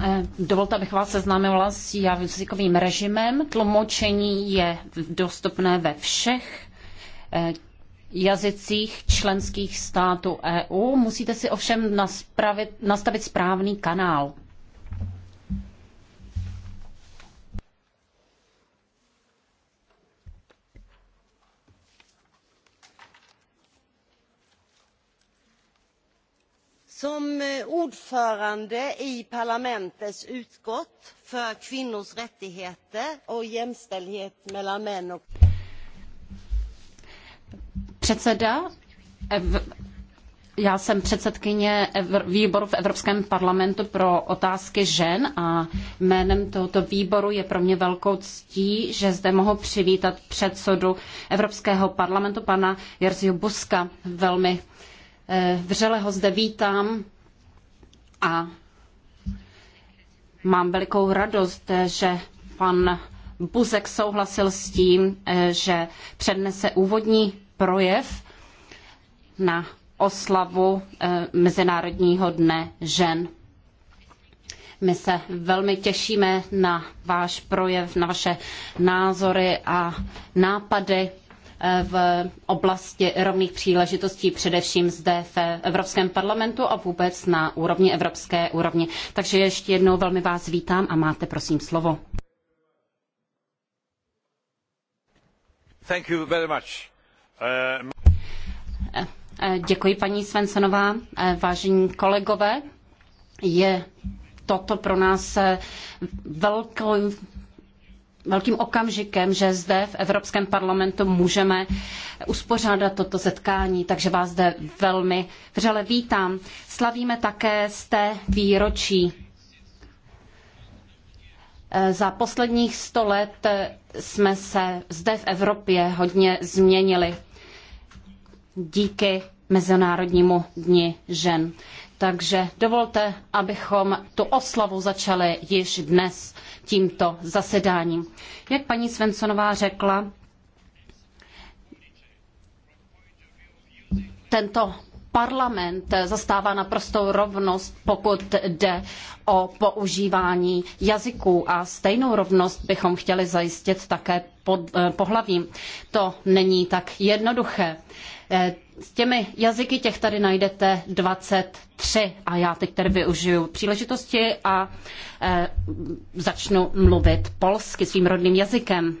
Eh, dovolte, abych vás seznámila s jazykovým režimem. Tlumočení je dostupné ve všech eh, jazycích členských států EU. Musíte si ovšem nastavit správný kanál. Eh, ordförande i parlamentets utskott för kvinnors rättigheter och jämställdhet mellan män och Předseda, já jsem předsedkyně výboru v Evropském parlamentu pro otázky žen a jménem tohoto výboru je pro mě velkou ctí, že zde mohu přivítat předsedu Evropského parlamentu pana Jerzyho Buska. Velmi eh, vřele ho zde vítám a mám velikou radost, že pan Buzek souhlasil s tím, že přednese úvodní projev na oslavu eh, Mezinárodního dne žen. My se velmi těšíme na váš projev, na vaše názory a nápady v oblasti rovných příležitostí, především zde v Evropském parlamentu a vůbec na úrovni evropské úrovni. Takže ještě jednou velmi vás vítám a máte prosím slovo. Thank you very much. Uh... Děkuji paní Svensonová, eh, vážení kolegové. Je toto pro nás velkou, velkým okamžikem, že zde v Evropském parlamentu můžeme uspořádat toto setkání, takže vás zde velmi vřele vítám. Slavíme také z té výročí. Eh, za posledních sto let eh, jsme se zde v Evropě hodně změnili díky Mezinárodnímu dni žen. Takže dovolte, abychom tu oslavu začali již dnes tímto zasedáním. Jak paní Svensonová řekla, tento parlament zastává naprostou rovnost, pokud jde o používání jazyků a stejnou rovnost bychom chtěli zajistit také pod, eh, pohlavím. To není tak jednoduché. Eh, s těmi jazyky těch tady najdete 23 a já teď tady využiju příležitosti a eh, začnu mluvit polsky svým rodným jazykem.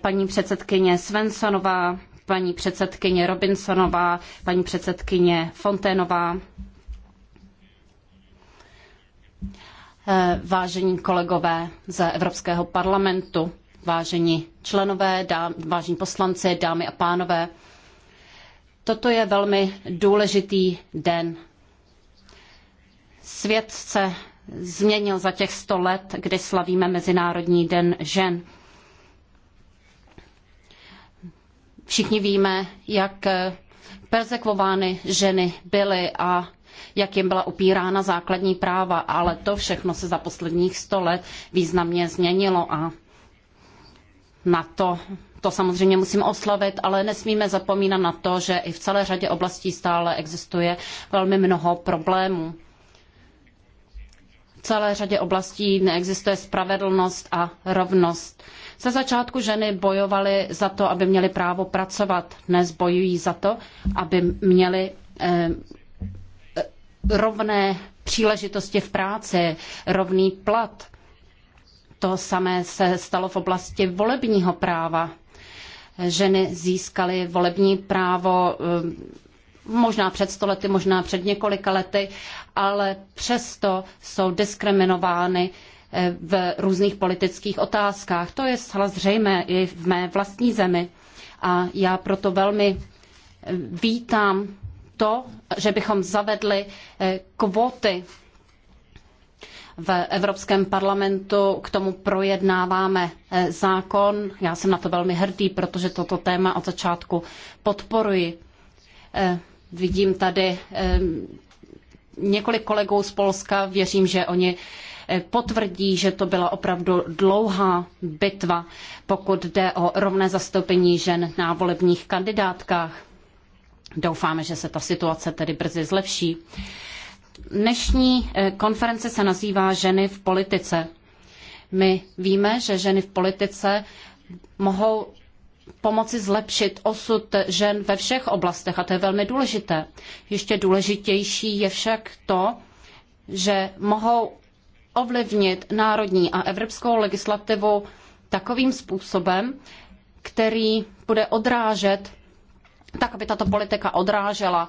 Paní předsedkyně Svensonová, paní předsedkyně Robinsonová, paní předsedkyně Fonténová, Eh, vážení kolegové z Evropského parlamentu, vážení členové, dá, vážení poslanci, dámy a pánové. Toto je velmi důležitý den. Svět se změnil za těch sto let, kdy slavíme Mezinárodní den žen. Všichni víme, jak eh, perzekvovány ženy byly a jak jim byla upírána základní práva, ale to všechno se za posledních sto let významně změnilo a na to to samozřejmě musíme oslavit, ale nesmíme zapomínat na to, že i v celé řadě oblastí stále existuje velmi mnoho problémů. V celé řadě oblastí neexistuje spravedlnost a rovnost. Ze začátku ženy bojovaly za to, aby měly právo pracovat. Dnes bojují za to, aby měly eh, rovné příležitosti v práci, rovný plat. To samé se stalo v oblasti volebního práva. Ženy získaly volební právo eh, možná před stolety, možná před několika lety, ale přesto jsou diskriminovány eh, v různých politických otázkách. To je zcela zřejmé i v mé vlastní zemi. A já proto velmi eh, vítám to, že bychom zavedli eh, kvóty v Evropském parlamentu k tomu projednáváme eh, zákon. Já jsem na to velmi hrdý, protože toto téma od začátku podporuji. Eh, vidím tady několik kolegů z Polska, věřím, že oni potvrdí, že to byla opravdu dlouhá bitva, pokud jde o rovné zastoupení žen na volebních kandidátkách. Doufáme, že se ta situace tedy brzy zlepší. Dnešní eh, konference se nazývá Ženy v politice. My víme, že ženy v politice mohou pomoci zlepšit osud žen ve všech oblastech a to je velmi důležité. Ještě důležitější je však to, že mohou ovlivnit národní a evropskou legislativu takovým způsobem, který bude odrážet tak aby tato politika odrážela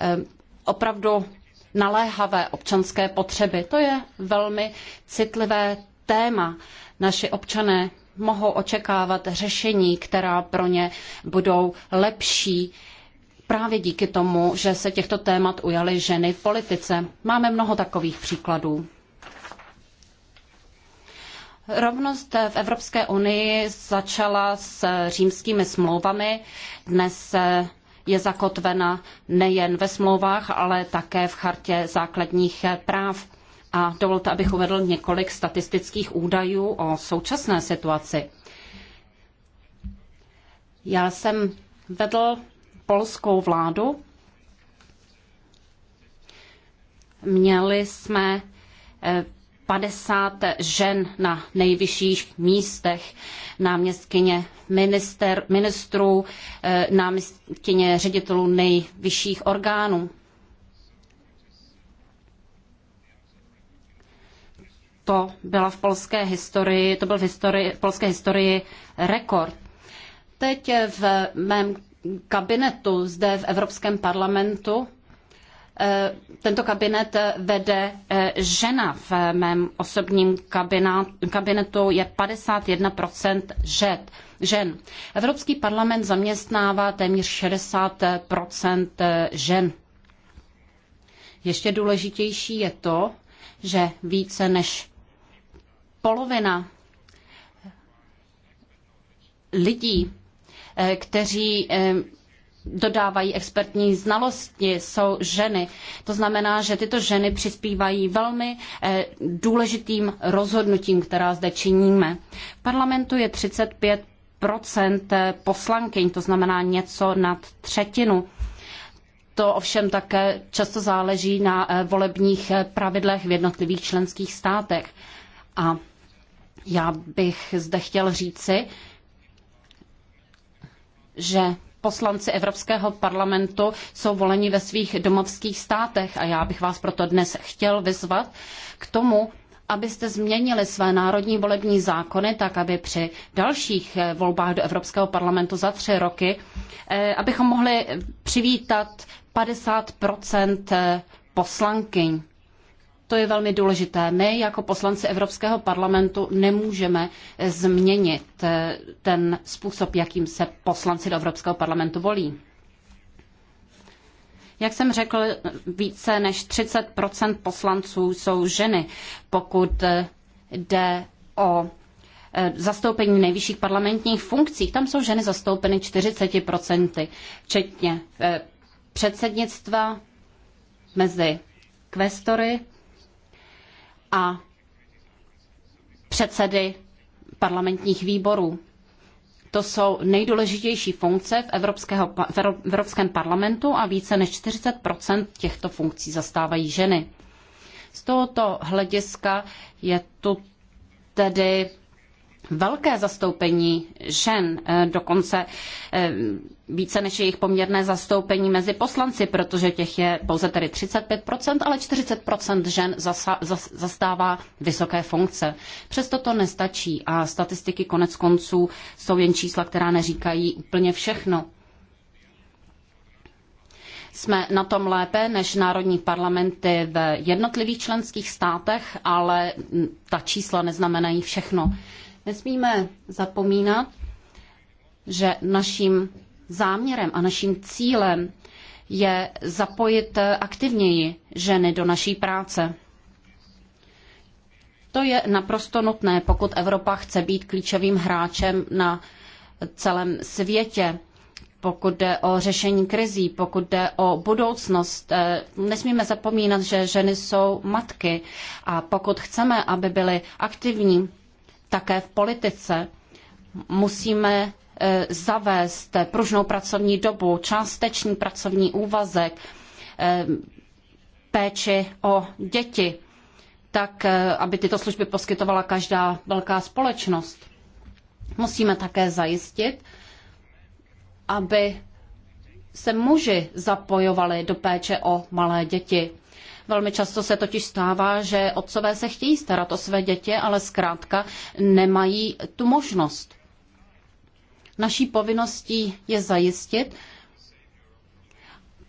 eh, opravdu naléhavé občanské potřeby. To je velmi citlivé téma. Naši občané mohou očekávat řešení, která pro ně budou lepší právě díky tomu, že se těchto témat ujaly ženy v politice. Máme mnoho takových příkladů. Rovnost v Evropské unii začala s římskými smlouvami, dnes je zakotvena nejen ve smlouvách, ale také v chartě základních práv. A dovolte, abych uvedl několik statistických údajů o současné situaci. Já jsem vedl polskou vládu. Měli jsme eh, 50 žen na nejvyšších místech, náměstkyně minister, ministrů, eh, náměstkyně ředitelů nejvyšších orgánů. To byla v polské historii, to byl v, historii, v polské historii rekord. Teď v mém kabinetu zde v Evropském parlamentu Eh, tento kabinet vede eh, žena. V eh, mém osobním kabinetu je 51% žen. žen. Evropský parlament zaměstnává téměř 60% žen. Ještě důležitější je to, že více než polovina lidí, kteří dodávají expertní znalosti, jsou ženy. To znamená, že tyto ženy přispívají velmi eh, důležitým rozhodnutím, která zde činíme. V parlamentu je 35 eh, poslankyň, to znamená něco nad třetinu. To ovšem také často záleží na eh, volebních pravidlech v jednotlivých členských státech. A já bych zde chtěl říci, že poslanci Evropského parlamentu jsou voleni ve svých domovských státech a já bych vás proto dnes chtěl vyzvat k tomu, abyste změnili své národní volební zákony tak, aby při dalších eh, volbách do Evropského parlamentu za tři roky, eh, abychom mohli přivítat 50 eh, poslankyň. To je velmi důležité. My jako poslanci Evropského parlamentu nemůžeme změnit eh, ten způsob, jakým se poslanci do Evropského parlamentu volí. Jak jsem řekl, více než 30 poslanců jsou ženy, pokud eh, jde o eh, zastoupení v nejvyšších parlamentních funkcích. Tam jsou ženy zastoupeny 40%, včetně předsednictva mezi kvestory a předsedy parlamentních výborů. To jsou nejdůležitější funkce v, Evropského, v Evropském parlamentu a více než 40 těchto funkcí zastávají ženy. Z tohoto hlediska je tu tedy velké zastoupení žen, eh, dokonce eh, více než jejich poměrné zastoupení mezi poslanci, protože těch je pouze tedy 35%, ale 40% žen zastává vysoké funkce. Přesto to nestačí a statistiky konec konců jsou jen čísla, která neříkají úplně všechno. Jsme na tom lépe než národní parlamenty v jednotlivých členských státech, ale ta čísla neznamenají všechno. Hmm Nesmíme zapomínat, že naším záměrem a naším cílem je zapojit aktivněji ženy do naší práce. To je naprosto nutné, pokud Evropa chce být klíčovým hráčem na celém světě. Pokud jde o řešení krizí, pokud jde o budoucnost, eh, nesmíme zapomínat, že ženy jsou matky a pokud chceme, aby byly aktivní také v politice. Musíme e, zavést pružnou pracovní dobu, částečný pracovní úvazek, e, péči o děti, tak e, aby tyto služby poskytovala každá velká společnost. Musíme také zajistit, aby se muži zapojovali do péče o malé děti. Velmi často se totiž stává, že otcové se chtějí starat o své děti, ale zkrátka nemají tu možnost. Naší povinností je zajistit,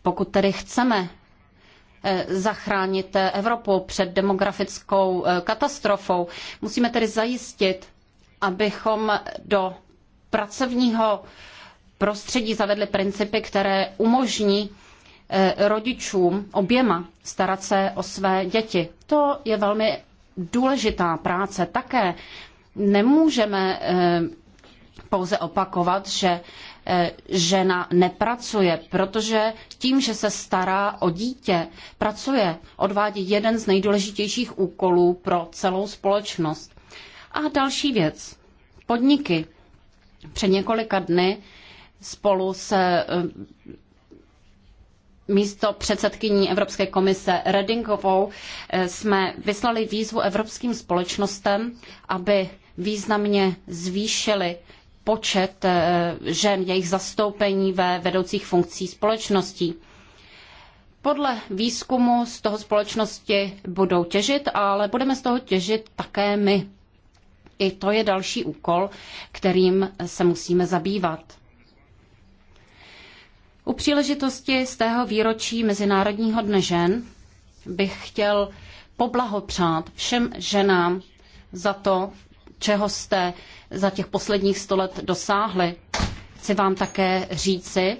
pokud tedy chceme eh, zachránit eh, Evropu před demografickou eh, katastrofou, musíme tedy zajistit, abychom do pracovního prostředí zavedli principy, které umožní Eh, rodičům oběma starat se o své děti. To je velmi důležitá práce. Také nemůžeme eh, pouze opakovat, že eh, žena nepracuje, protože tím, že se stará o dítě, pracuje, odvádí jeden z nejdůležitějších úkolů pro celou společnost. A další věc. Podniky před několika dny spolu se místo předsedkyní Evropské komise Redingovou eh, jsme vyslali výzvu evropským společnostem, aby významně zvýšili počet eh, žen, jejich zastoupení ve vedoucích funkcích společností. Podle výzkumu z toho společnosti budou těžit, ale budeme z toho těžit také my. I to je další úkol, kterým se musíme zabývat. U příležitosti z tého výročí Mezinárodního dne žen bych chtěl poblahopřát všem ženám za to, čeho jste za těch posledních sto let dosáhli. Chci vám také říci,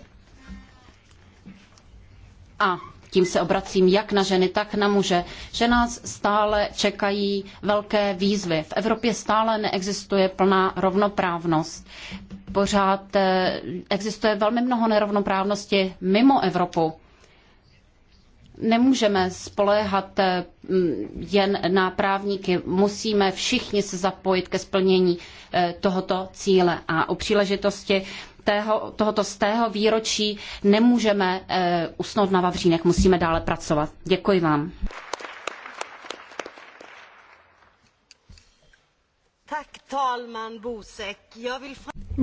a tím se obracím jak na ženy, tak na muže, že nás stále čekají velké výzvy. V Evropě stále neexistuje plná rovnoprávnost pořád eh, existuje velmi mnoho nerovnoprávnosti mimo Evropu. Nemůžeme spoléhat eh, jen na právníky, musíme všichni se zapojit ke splnění eh, tohoto cíle a u příležitosti tého, tohoto z tého výročí nemůžeme usnout na Vavřínek, musíme dále pracovat. Děkuji vám.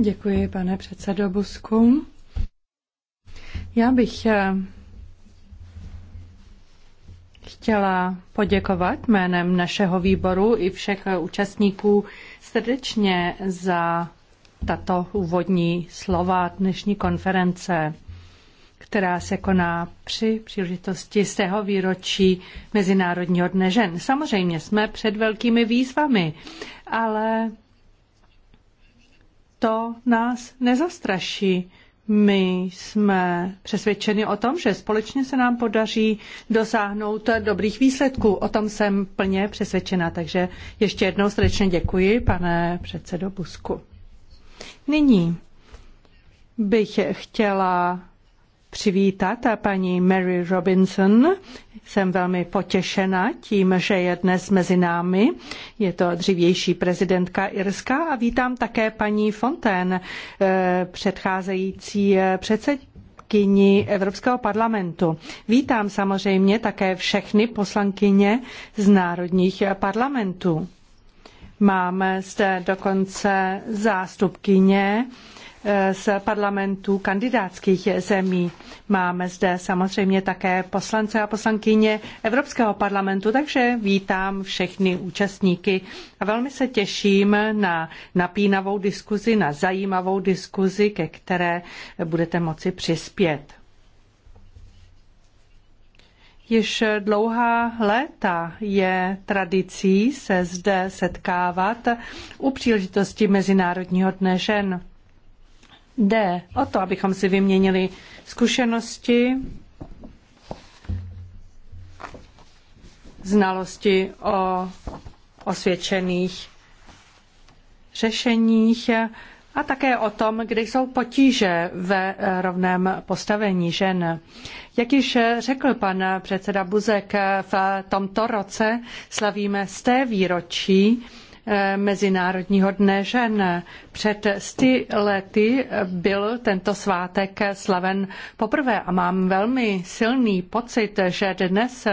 Děkuji, pane předsedo Busku. Já bych eh, chtěla poděkovat jménem našeho výboru i všech eh, účastníků srdečně za tato úvodní slova dnešní konference která se koná při příležitosti z tého výročí Mezinárodního dne žen. Samozřejmě jsme před velkými výzvami, ale to nás nezastraší. My jsme přesvědčeni o tom, že společně se nám podaří dosáhnout dobrých výsledků. O tom jsem plně přesvědčena, takže ještě jednou srdečně děkuji, pane předsedo Busku. Nyní bych chtěla přivítat paní Mary Robinson. Jsem velmi potěšena tím, že je dnes mezi námi. Je to dřívější prezidentka Irska a vítám také paní Fontaine, eh, předcházející eh, předsedkyni Evropského parlamentu. Vítám samozřejmě také všechny poslankyně z národních parlamentů. Máme zde dokonce zástupkyně z parlamentů kandidátských zemí. Máme zde samozřejmě také poslance a poslankyně Evropského parlamentu, takže vítám všechny účastníky a velmi se těším na napínavou diskuzi, na zajímavou diskuzi, ke které budete moci přispět. Již dlouhá léta je tradicí se zde setkávat u příležitosti Mezinárodního dne žen jde o to, abychom si vyměnili zkušenosti, znalosti o osvědčených řešeních a také o tom, kde jsou potíže ve rovném postavení žen. Jak již řekl pan předseda Buzek, v tomto roce slavíme z té výročí Mezinárodního dne žen. Před sty lety byl tento svátek slaven poprvé a mám velmi silný pocit, že dnes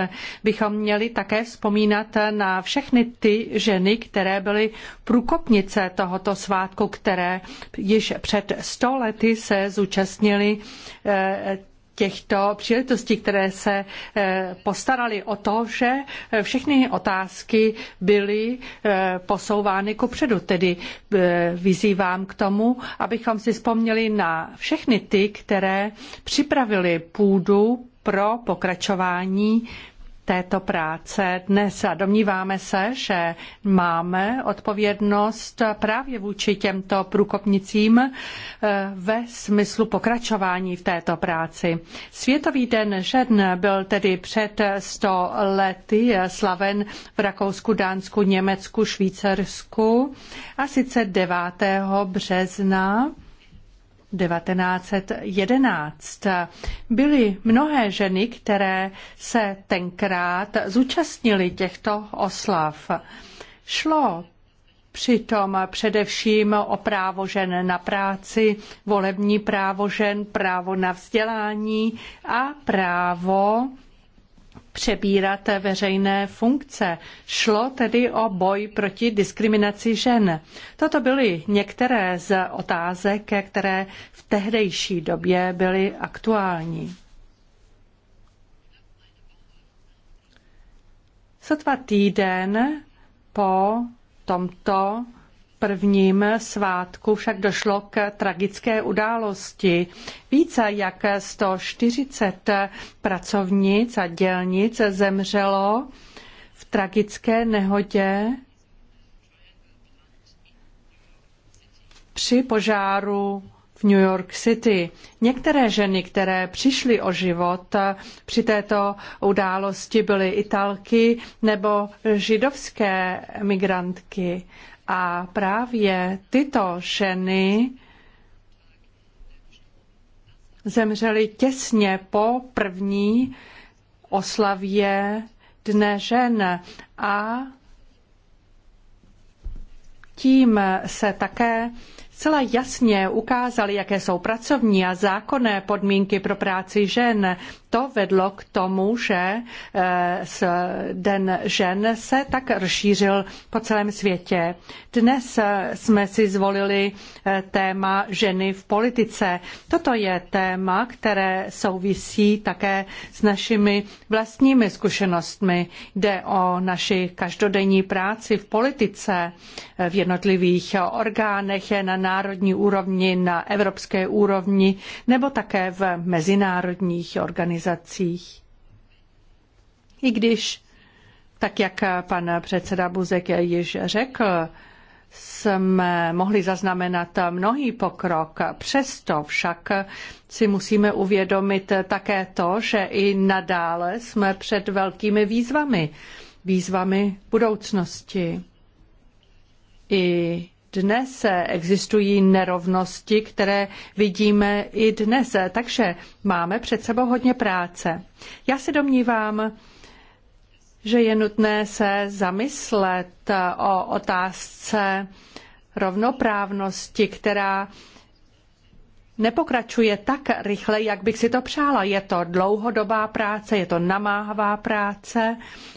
bychom měli také vzpomínat na všechny ty ženy, které byly průkopnice tohoto svátku, které již před sto lety se zúčastnili eh, těchto příležitostí, které se eh, postarali o to, že eh, všechny otázky byly eh, posouvány předu, Tedy vyzývám k tomu, abychom si vzpomněli na všechny ty, které připravili půdu pro pokračování této práce dnes a domníváme se, že máme odpovědnost právě vůči těmto průkopnicím eh, ve smyslu pokračování v této práci. Světový den žen byl tedy před 100 lety slaven v Rakousku, Dánsku, Německu, Švýcarsku a sice 9. března 1911. Byly mnohé ženy, které se tenkrát zúčastnily těchto oslav. Šlo Přitom především o právo žen na práci, volební právo žen, právo na vzdělání a právo přebírat veřejné funkce. Šlo tedy o boj proti diskriminaci žen. Toto byly některé z otázek, které v tehdejší době byly aktuální. Sotva týden po tomto prvním svátku však došlo k tragické události. Více jak 140 pracovnic a dělnic zemřelo v tragické nehodě při požáru v New York City. Některé ženy, které přišly o život při této události, byly italky nebo židovské migrantky. A právě tyto ženy zemřely těsně po první oslavě Dne žen a tím se také celá jasně ukázali, jaké jsou pracovní a zákonné podmínky pro práci žen, to vedlo k tomu, že eh, Den žen se tak rozšířil po celém světě. Dnes eh, jsme si zvolili eh, téma ženy v politice. Toto je téma, které souvisí také s našimi vlastními zkušenostmi. Jde o naši každodenní práci v politice, v jednotlivých orgánech na národní úrovni, na evropské úrovni nebo také v mezinárodních organizacích organizacích. I když, tak jak pan předseda Buzek již řekl, jsme mohli zaznamenat mnohý pokrok. Přesto však si musíme uvědomit také to, že i nadále jsme před velkými výzvami, výzvami budoucnosti. I dnes existují nerovnosti, které vidíme i dnes, takže máme před sebou hodně práce. Já se domnívám, že je nutné se zamyslet o otázce rovnoprávnosti, která nepokračuje tak rychle, jak bych si to přála. Je to dlouhodobá práce, je to namáhavá práce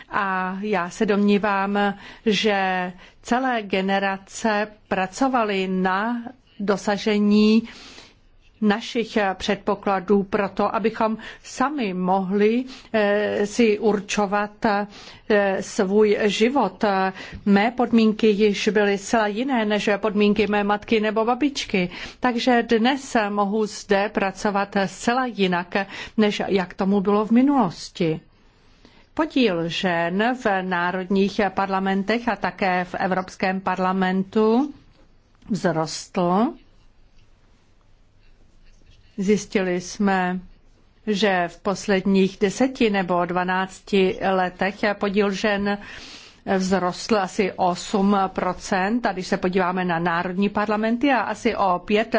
a já se domnívám, že celé generace pracovaly na dosažení našich eh, předpokladů pro to, abychom sami mohli eh, si určovat eh, svůj život. Mé podmínky již byly zcela jiné než podmínky mé matky nebo babičky, takže dnes mohu zde pracovat zcela jinak, než jak tomu bylo v minulosti. Podíl žen v národních parlamentech a také v Evropském parlamentu vzrostl Zjistili jsme, že v posledních deseti nebo dvanácti letech podíl žen vzrostl asi 8 a když se podíváme na národní parlamenty, a asi o 5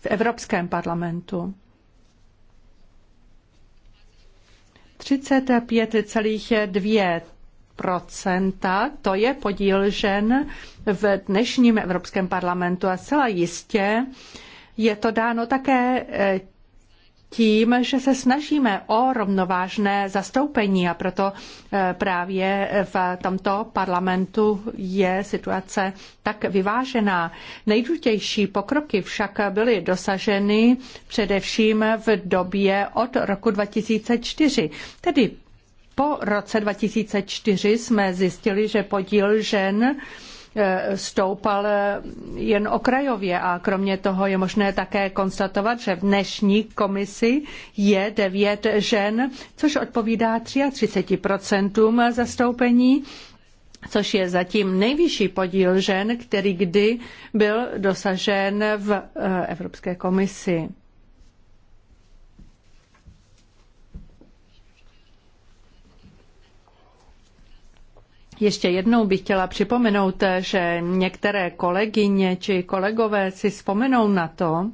v Evropském parlamentu. 35,2 to je podíl žen v dnešním Evropském parlamentu a zcela jistě je to dáno také eh, tím, že se snažíme o rovnovážné zastoupení a proto eh, právě v tomto parlamentu je situace tak vyvážená. Nejdůležitější pokroky však byly dosaženy především v době od roku 2004, tedy po roce 2004 jsme zjistili, že podíl žen Eh, stoupal eh, jen okrajově a kromě toho je možné také konstatovat, že v dnešní komisi je devět žen, což odpovídá 33% zastoupení což je zatím nejvyšší podíl žen, který kdy byl dosažen v eh, Evropské komisi. Ještě jednou bych chtěla připomenout, že některé kolegyně či kolegové si vzpomenou na to,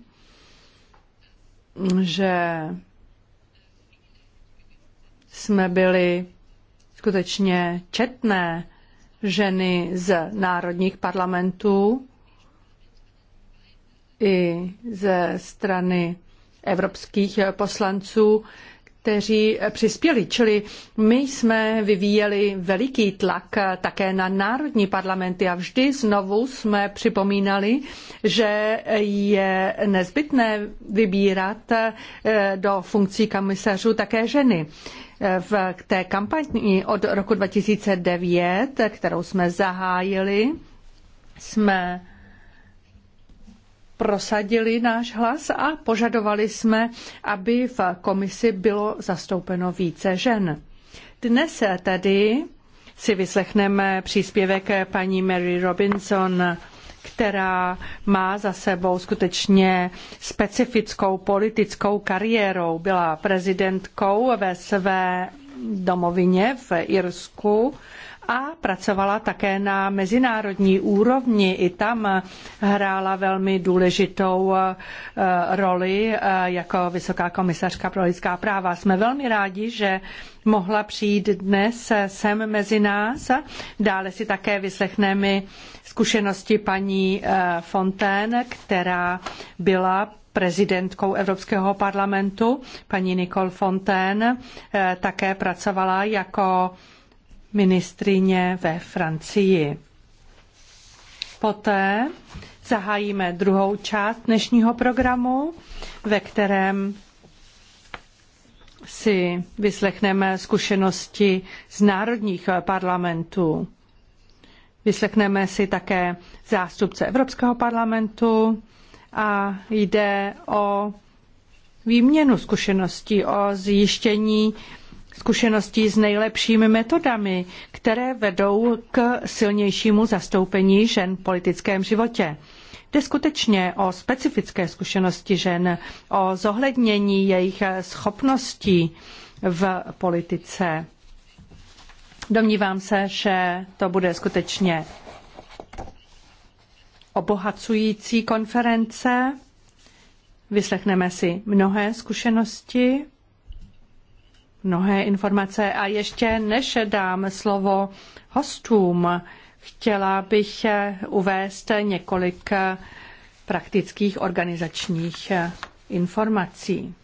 že jsme byli skutečně četné ženy z národních parlamentů i ze strany evropských poslanců, kteří přispěli. Čili my jsme vyvíjeli veliký tlak také na národní parlamenty a vždy znovu jsme připomínali, že je nezbytné vybírat eh, do funkcí komisařů také ženy v té kampani od roku 2009, kterou jsme zahájili, jsme prosadili náš hlas a požadovali jsme, aby v komisi bylo zastoupeno více žen. Dnes tedy si vyslechneme příspěvek paní Mary Robinson, která má za sebou skutečně specifickou politickou kariérou. Byla prezidentkou ve své domovině v Irsku a pracovala také na mezinárodní úrovni. I tam hrála velmi důležitou eh, roli eh, jako vysoká komisařka pro lidská práva. Jsme velmi rádi, že mohla přijít dnes sem mezi nás. Dále si také vyslechneme zkušenosti paní eh, Fontaine, která byla prezidentkou Evropského parlamentu. Paní Nicole Fontaine také pracovala jako ministrině ve Francii. Poté zahájíme druhou část dnešního programu, ve kterém si vyslechneme zkušenosti z národních parlamentů. Vyslechneme si také zástupce Evropského parlamentu a jde o výměnu zkušeností, o zjištění zkušeností s nejlepšími metodami, které vedou k silnějšímu zastoupení žen v politickém životě. Jde skutečně o specifické zkušenosti žen, o zohlednění jejich schopností v politice. Domnívám se, že to bude skutečně obohacující konference. Vyslechneme si mnohé zkušenosti mnohé informace. A ještě než dám slovo hostům, chtěla bych uvést několik praktických organizačních informací.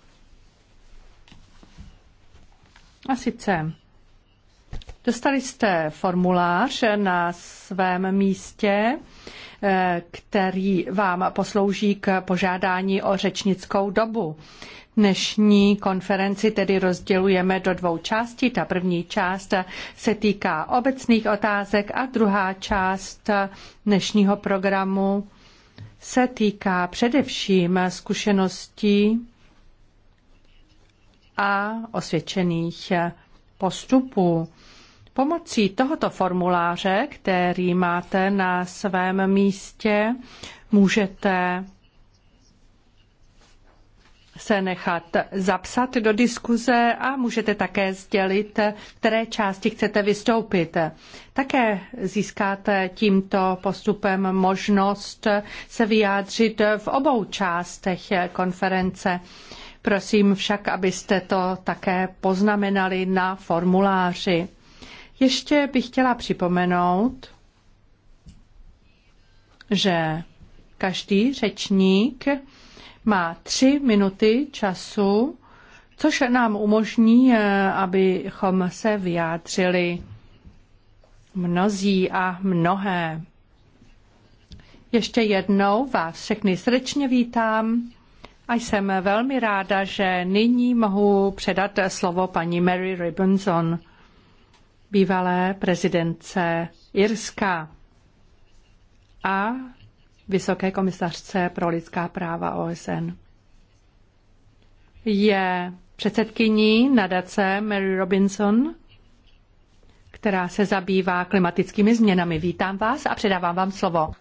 A sice Dostali jste formulář na svém místě, eh, který vám poslouží k požádání o řečnickou dobu. Dnešní konferenci tedy rozdělujeme do dvou částí. Ta první část se týká obecných otázek a druhá část dnešního programu se týká především zkušeností a osvědčených postupů. Pomocí tohoto formuláře, který máte na svém místě, můžete se nechat zapsat do diskuze a můžete také sdělit, které části chcete vystoupit. Také získáte tímto postupem možnost se vyjádřit v obou částech konference. Prosím však, abyste to také poznamenali na formuláři. Ještě bych chtěla připomenout, že každý řečník má tři minuty času, což nám umožní, eh, abychom se vyjádřili mnozí a mnohé. Ještě jednou vás všechny srdečně vítám a jsem velmi ráda, že nyní mohu předat slovo paní Mary Ribbonson bývalé prezidence Irska a vysoké komisařce pro lidská práva OSN. Je předsedkyní nadace Mary Robinson, která se zabývá klimatickými změnami. Vítám vás a předávám vám slovo.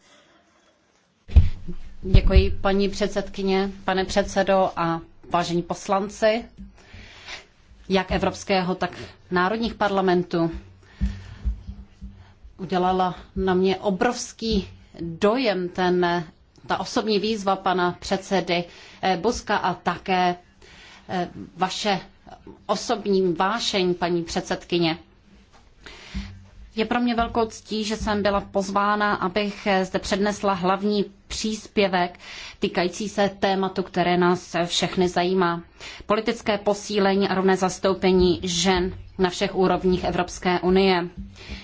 Děkuji paní předsedkyně, pane předsedo a vážení poslanci jak evropského, tak národních parlamentů, udělala na mě obrovský dojem ten, ta osobní výzva pana předsedy eh, Buska a také eh, vaše osobní vášeň, paní předsedkyně. Je pro mě velkou ctí, že jsem byla pozvána, abych zde přednesla hlavní příspěvek týkající se tématu, které nás všechny zajímá. Politické posílení a rovné zastoupení žen na všech úrovních Evropské unie.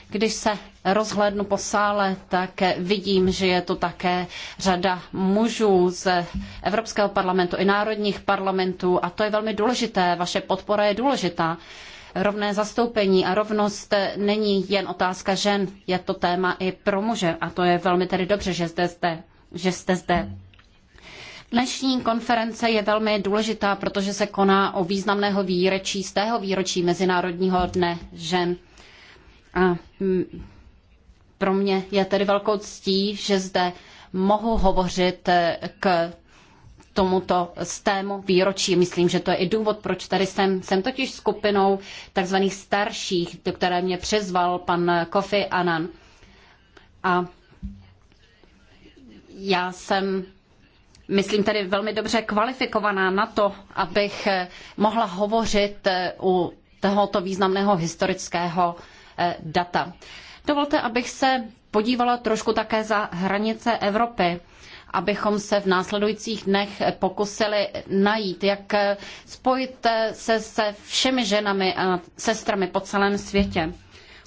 Když se rozhlédnu po sále, tak vidím, že je to také řada mužů z Evropského parlamentu i národních parlamentů a to je velmi důležité. Vaše podpora je důležitá. Rovné zastoupení a rovnost není jen otázka žen, je to téma i pro muže a to je velmi tedy dobře, že jste, zde, že jste zde. Dnešní konference je velmi důležitá, protože se koná o významného výročí, z tého výročí Mezinárodního dne žen. A mm, pro mě je tedy velkou ctí, že zde mohu hovořit eh, k tomuto stému výročí. Myslím, že to je i důvod, proč tady jsem. Jsem totiž skupinou tzv. starších, do které mě přizval pan Kofi Annan. A já jsem, myslím, tady velmi dobře kvalifikovaná na to, abych mohla hovořit eh, u tohoto významného historického eh, data. Dovolte, abych se podívala trošku také za hranice Evropy abychom se v následujících dnech pokusili najít, jak spojit se se všemi ženami a sestrami po celém světě.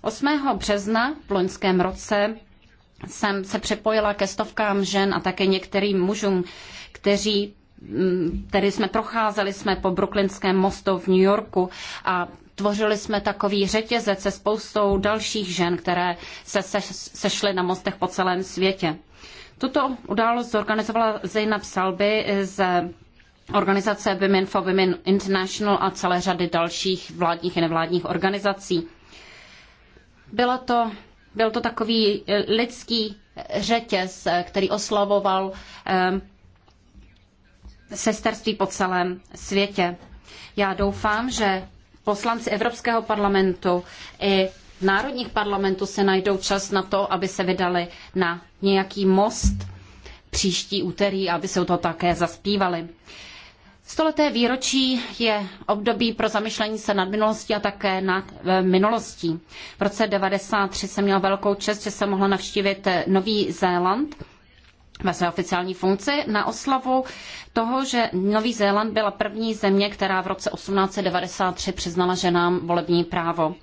8. března v loňském roce jsem se připojila ke stovkám žen a také některým mužům, kteří který mm, jsme procházeli jsme po Brooklynském mostu v New Yorku a tvořili jsme takový řetězec se spoustou dalších žen, které se sešly na mostech po celém světě. Tuto událost zorganizovala Zeynab Salby z organizace Women for Women International a celé řady dalších vládních i nevládních organizací. Bylo to, byl to takový eh, lidský řetěz, eh, který oslavoval eh, sesterství po celém světě. Já doufám, že poslanci Evropského parlamentu i národních parlamentů se najdou čas na to, aby se vydali na nějaký most příští úterý, aby se to také zaspívali. Stoleté výročí je období pro zamyšlení se nad minulostí a také nad eh, minulostí. V roce 1993 jsem měla velkou čest, že jsem mohla navštívit eh, Nový Zéland ve své oficiální funkci na oslavu toho, že Nový Zéland byla první země, která v roce 1893 přiznala ženám volební právo.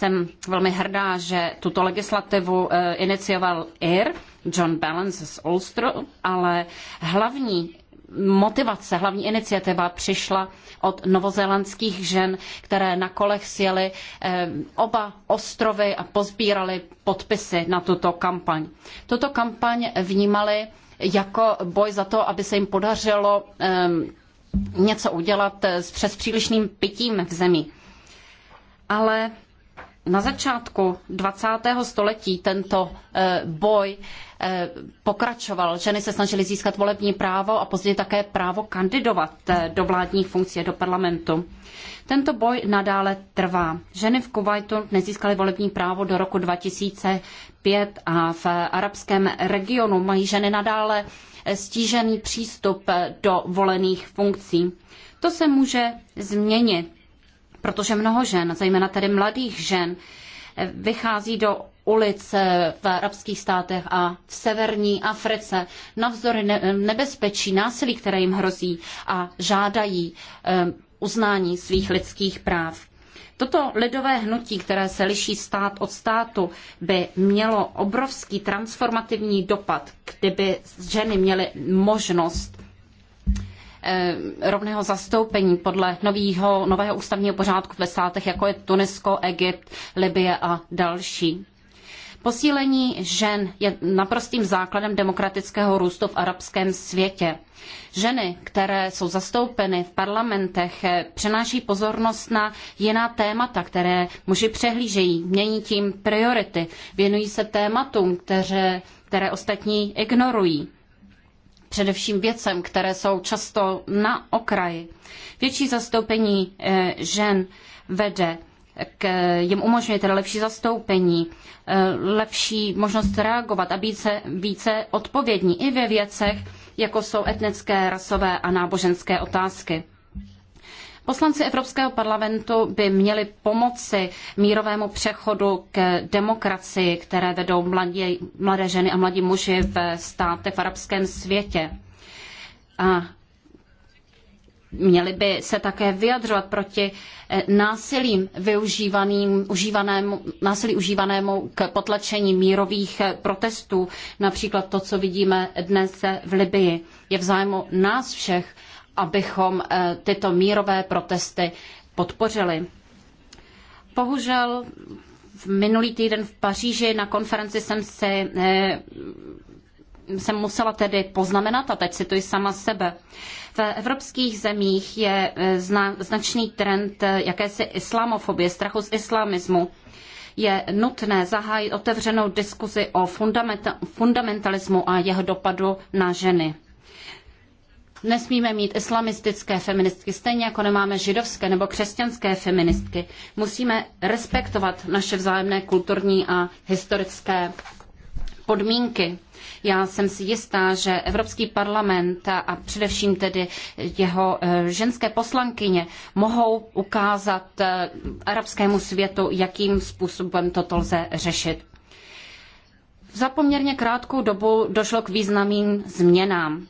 Jsem velmi hrdá, že tuto legislativu eh, inicioval IR, John Balance z Ulster, ale hlavní motivace, hlavní iniciativa přišla od novozélandských žen, které na kolech sjeli eh, oba ostrovy a pozbírali podpisy na tuto kampaň. Tuto kampaň vnímali jako boj za to, aby se jim podařilo eh, něco udělat s přespřílišným pitím v zemi. Ale na začátku 20. století tento eh, boj eh, pokračoval. Ženy se snažily získat volební právo a později také právo kandidovat eh, do vládních funkcí do parlamentu. Tento boj nadále trvá. Ženy v Kuwaitu nezískaly volební právo do roku 2005 a v arabském regionu mají ženy nadále stížený přístup do volených funkcí. To se může změnit protože mnoho žen, zejména tedy mladých žen, vychází do ulic v arabských státech a v severní Africe navzdory nebezpečí, násilí, které jim hrozí a žádají eh, uznání svých lidských práv. Toto lidové hnutí, které se liší stát od státu, by mělo obrovský transformativní dopad, kdyby ženy měly možnost Eh, rovného zastoupení podle novýho, nového ústavního pořádku ve státech, jako je Tunisko, Egypt, Libye a další. Posílení žen je naprostým základem demokratického růstu v arabském světě. Ženy, které jsou zastoupeny v parlamentech, eh, přenáší pozornost na jiná témata, které muži přehlížejí, mění tím priority, věnují se tématům, které, které ostatní ignorují především věcem, které jsou často na okraji. Větší zastoupení eh, žen vede k, jim umožňuje teda lepší zastoupení, eh, lepší možnost reagovat a být se více odpovědní i ve věcech, jako jsou etnické, rasové a náboženské otázky. Poslanci Evropského parlamentu by měli pomoci mírovému přechodu k demokracii, které vedou mladí, mladé ženy a mladí muži v státech v arabském světě. A měli by se také vyjadřovat proti eh, násilím využívaným, užívanému, násilí užívanému k potlačení mírových eh, protestů. Například to, co vidíme dnes eh, v Libyi, je v zájmu nás všech, abychom eh, tyto mírové protesty podpořili. Bohužel v minulý týden v Paříži na konferenci jsem si eh, jsem musela tedy poznamenat, a teď cituji sama sebe. V evropských zemích je eh, značný trend jakési islamofobie, strachu z islamismu. Je nutné zahájit otevřenou diskuzi o fundamentalismu a jeho dopadu na ženy. Nesmíme mít islamistické feministky, stejně jako nemáme židovské nebo křesťanské feministky. Musíme respektovat naše vzájemné kulturní a historické podmínky. Já jsem si jistá, že Evropský parlament a především tedy jeho eh, ženské poslankyně mohou ukázat eh, arabskému světu, jakým způsobem toto lze řešit. Za poměrně krátkou dobu došlo k významným změnám.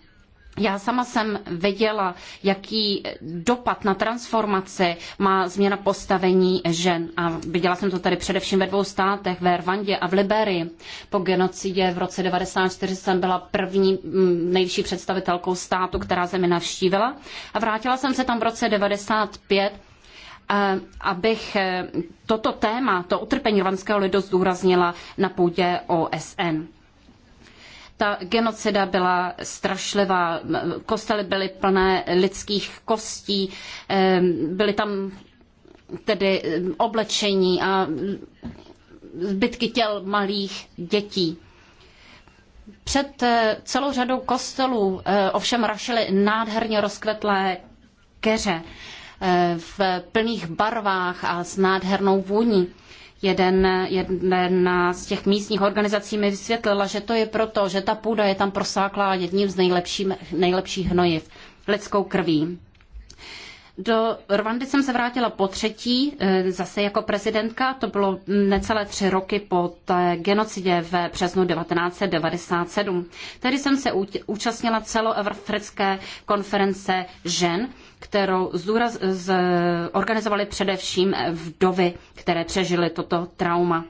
Já sama jsem viděla, jaký dopad na transformaci má změna postavení žen. A viděla jsem to tady především ve dvou státech, ve Rwandě a v Liberii. Po genocidě v roce 1994 jsem byla první mm, nejvyšší představitelkou státu, která zemi navštívila. A vrátila jsem se tam v roce 1995 eh, abych eh, toto téma, to utrpení rwandského lidu zdůraznila na půdě OSN ta genocida byla strašlivá, kostely byly plné lidských kostí, byly tam tedy oblečení a zbytky těl malých dětí. Před eh, celou řadou kostelů eh, ovšem rašily nádherně rozkvetlé keře eh, v plných barvách a s nádhernou vůní jeden, jeden z těch místních organizací mi vysvětlila, že to je proto, že ta půda je tam prosáklá jedním z nejlepších, nejlepších hnojiv, lidskou krví. Do Rwandy jsem se vrátila po třetí, e, zase jako prezidentka, to bylo necelé tři roky po té genocidě v březnu 1997. Tedy jsem se účastnila celoevropské konference žen, kterou zúraz, z, organizovali především vdovy, které přežily toto trauma.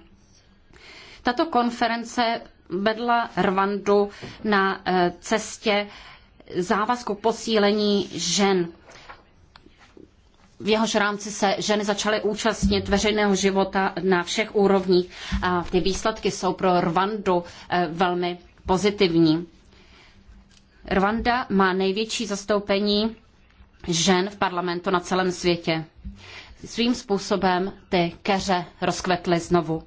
Tato konference vedla Rwandu na e, cestě závazku posílení žen v jehož rámci se ženy začaly účastnit veřejného života na všech úrovních a ty výsledky jsou pro Rwandu eh, velmi pozitivní. Rwanda má největší zastoupení žen v parlamentu na celém světě. Svým způsobem ty keře rozkvetly znovu.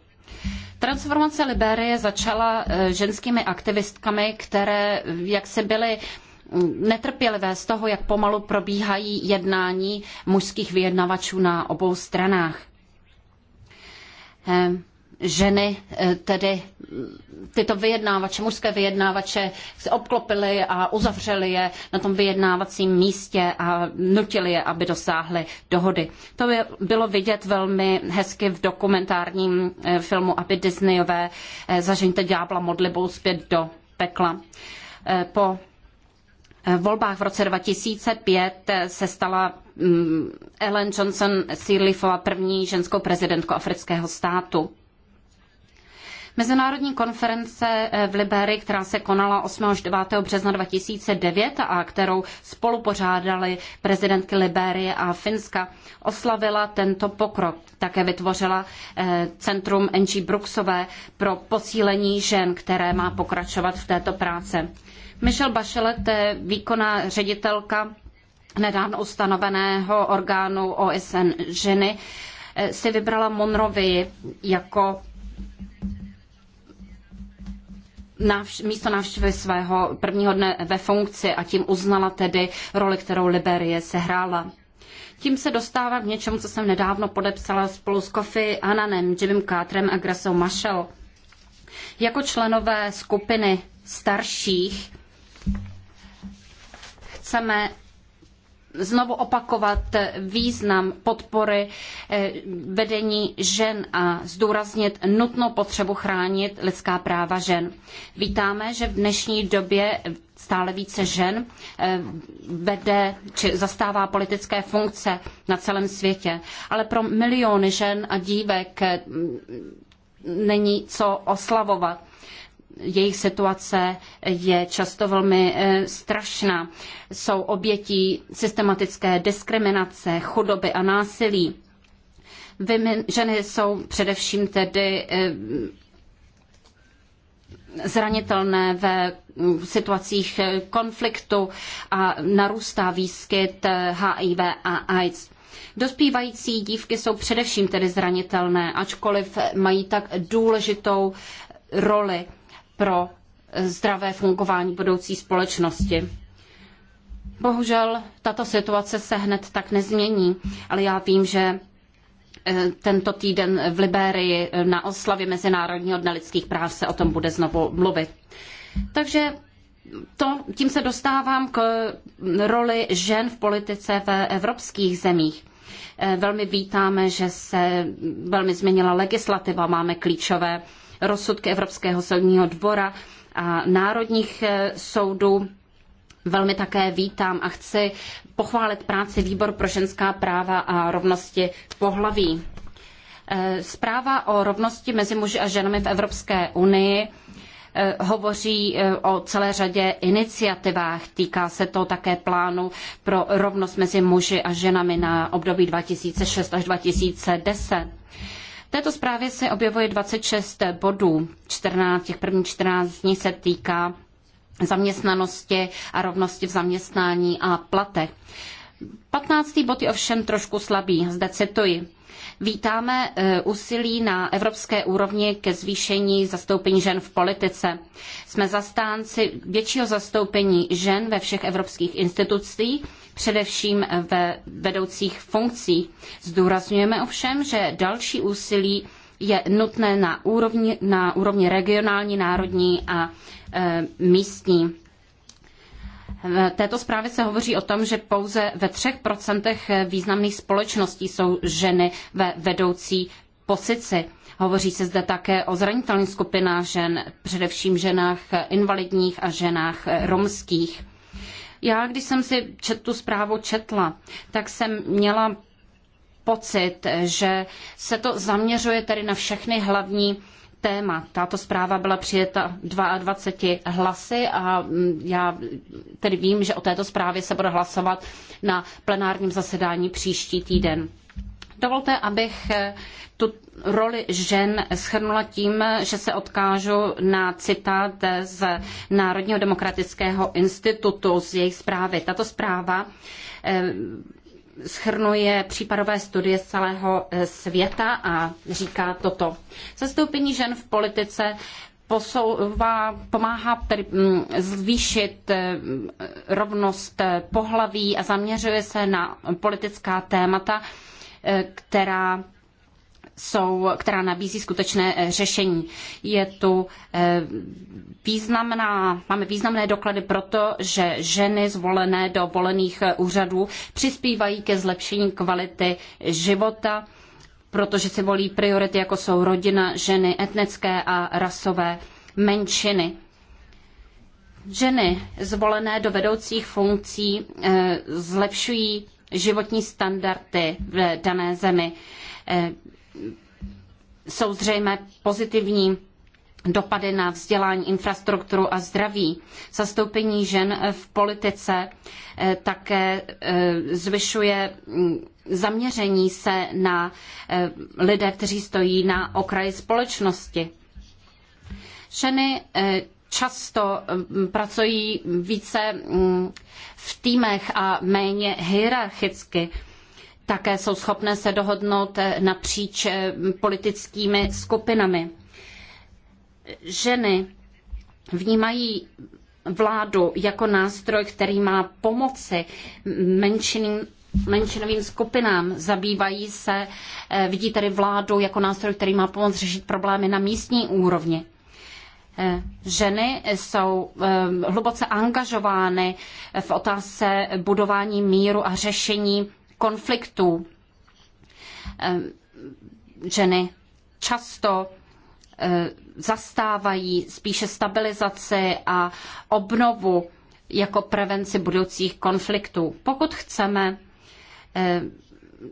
Transformace Liberie začala eh, ženskými aktivistkami, které eh, jaksi byly netrpělivé z toho, jak pomalu probíhají jednání mužských vyjednavačů na obou stranách. Ehm, ženy eh, tedy mm, tyto vyjednávače, mužské vyjednávače se a uzavřeli je na tom vyjednávacím místě a nutili je, aby dosáhly dohody. To by bylo vidět velmi hezky v dokumentárním eh, filmu, aby Disneyové eh, zažeňte ďábla modlibou zpět do pekla. Po Eh, volbách v roce 2005 eh, se stala mm, Ellen Johnson Sirleafová první ženskou prezidentkou afrického státu. Mezinárodní konference eh, v Liberii, která se konala 8. až 9. března 2009 a kterou spolu prezidentky Liberie a Finska, oslavila tento pokrok. Také vytvořila centrum NG Brooksové pro posílení žen, které má pokračovat v této práci. Michelle Bachelet, výkonná ředitelka nedávno ustanoveného orgánu OSN ženy, eh, si vybrala Monrovii jako návš- místo návštěvy svého prvního dne ve funkci a tím uznala tedy roli, kterou Liberie sehrála. Tím se dostává k něčemu, co jsem nedávno podepsala spolu s Kofi Ananem, Jimem Kátrem a Grasou Mašel. Jako členové skupiny starších chceme znovu opakovat význam podpory eh, vedení žen a zdůraznit nutnou potřebu chránit lidská práva žen. Vítáme, že v dnešní době stále více žen eh, vede či zastává politické funkce na celém světě. Ale pro miliony žen a dívek eh, není co oslavovat jejich situace je často velmi eh, strašná. Jsou obětí systematické diskriminace, chudoby a násilí. Vymy, ženy jsou především tedy eh, zranitelné ve situacích eh, konfliktu a narůstá výskyt HIV a AIDS. Dospívající dívky jsou především tedy zranitelné, ačkoliv mají tak důležitou roli pro zdravé fungování budoucí společnosti. Bohužel tato situace se hned tak nezmění, ale já vím, že eh, tento týden v Libérii na oslavě Mezinárodního dne lidských práv se o tom bude znovu mluvit. Takže to, tím se dostávám k roli žen v politice v evropských zemích. Eh, velmi vítáme, že se velmi změnila legislativa, máme klíčové rozsudky Evropského soudního dvora a národních eh, soudů. Velmi také vítám a chci pochválit práci Výbor pro ženská práva a rovnosti pohlaví. Eh, Zpráva o rovnosti mezi muži a ženami v Evropské unii eh, hovoří o celé řadě iniciativách. Týká se to také plánu pro rovnost mezi muži a ženami na období 2006 až 2010 této zprávě se objevuje 26 bodů. 14, těch prvních 14 dní se týká zaměstnanosti a rovnosti v zaměstnání a platech. 15. bod je ovšem trošku slabý. Zde cituji. Vítáme e, úsilí na evropské úrovni ke zvýšení zastoupení žen v politice. Jsme zastánci většího zastoupení žen ve všech evropských institucích především ve vedoucích funkcích. Zdůrazňujeme ovšem, že další úsilí je nutné na úrovni, na úrovni regionální, národní a e, místní. V této zprávě se hovoří o tom, že pouze ve třech procentech významných společností jsou ženy ve vedoucí pozici. Hovoří se zde také o zranitelných skupinách žen, především ženách invalidních a ženách romských. Já, když jsem si čet, tu zprávu četla, tak jsem měla pocit, že se to zaměřuje tedy na všechny hlavní téma. Tato zpráva byla přijeta 22 hlasy a mm, já tedy vím, že o této zprávě se bude hlasovat na plenárním zasedání příští týden. Dovolte, abych eh, tu roli žen schrnula tím, že se odkážu na citát z Národního demokratického institutu z jejich zprávy. Tato zpráva eh, schrnuje případové studie z celého eh, světa a říká toto. Zastoupení žen v politice posouvá, pomáhá mm, zvýšit rovnost pohlaví a zaměřuje se na politická témata, která jsou, která nabízí skutečné eh, řešení. Je tu eh, významná, máme významné doklady pro to, že ženy zvolené do volených eh, úřadů přispívají ke zlepšení kvality života, protože si volí priority, jako jsou rodina, ženy, etnické a rasové menšiny. Ženy zvolené do vedoucích funkcí zlepšují životní standardy v dané zemi eh, jsou zřejmé pozitivní dopady na vzdělání, infrastrukturu a zdraví. Zastoupení žen v politice eh, také eh, zvyšuje mm, zaměření se na lidé, kteří stojí na okraji společnosti. Ženy často mm, pracují více mm, v týmech a méně hierarchicky. Také jsou schopné se dohodnout eh, napříč eh, politickými skupinami. Ženy vnímají vládu jako nástroj, který má pomoci menšiným menšinovým skupinám, zabývají se, eh, vidí tedy vládu jako nástroj, který má pomoct řešit problémy na místní úrovni. Eh, ženy jsou eh, hluboce angažovány v otázce budování míru a řešení konfliktů. Eh, ženy často zastávají spíše stabilizaci a obnovu jako prevenci budoucích konfliktů. Pokud chceme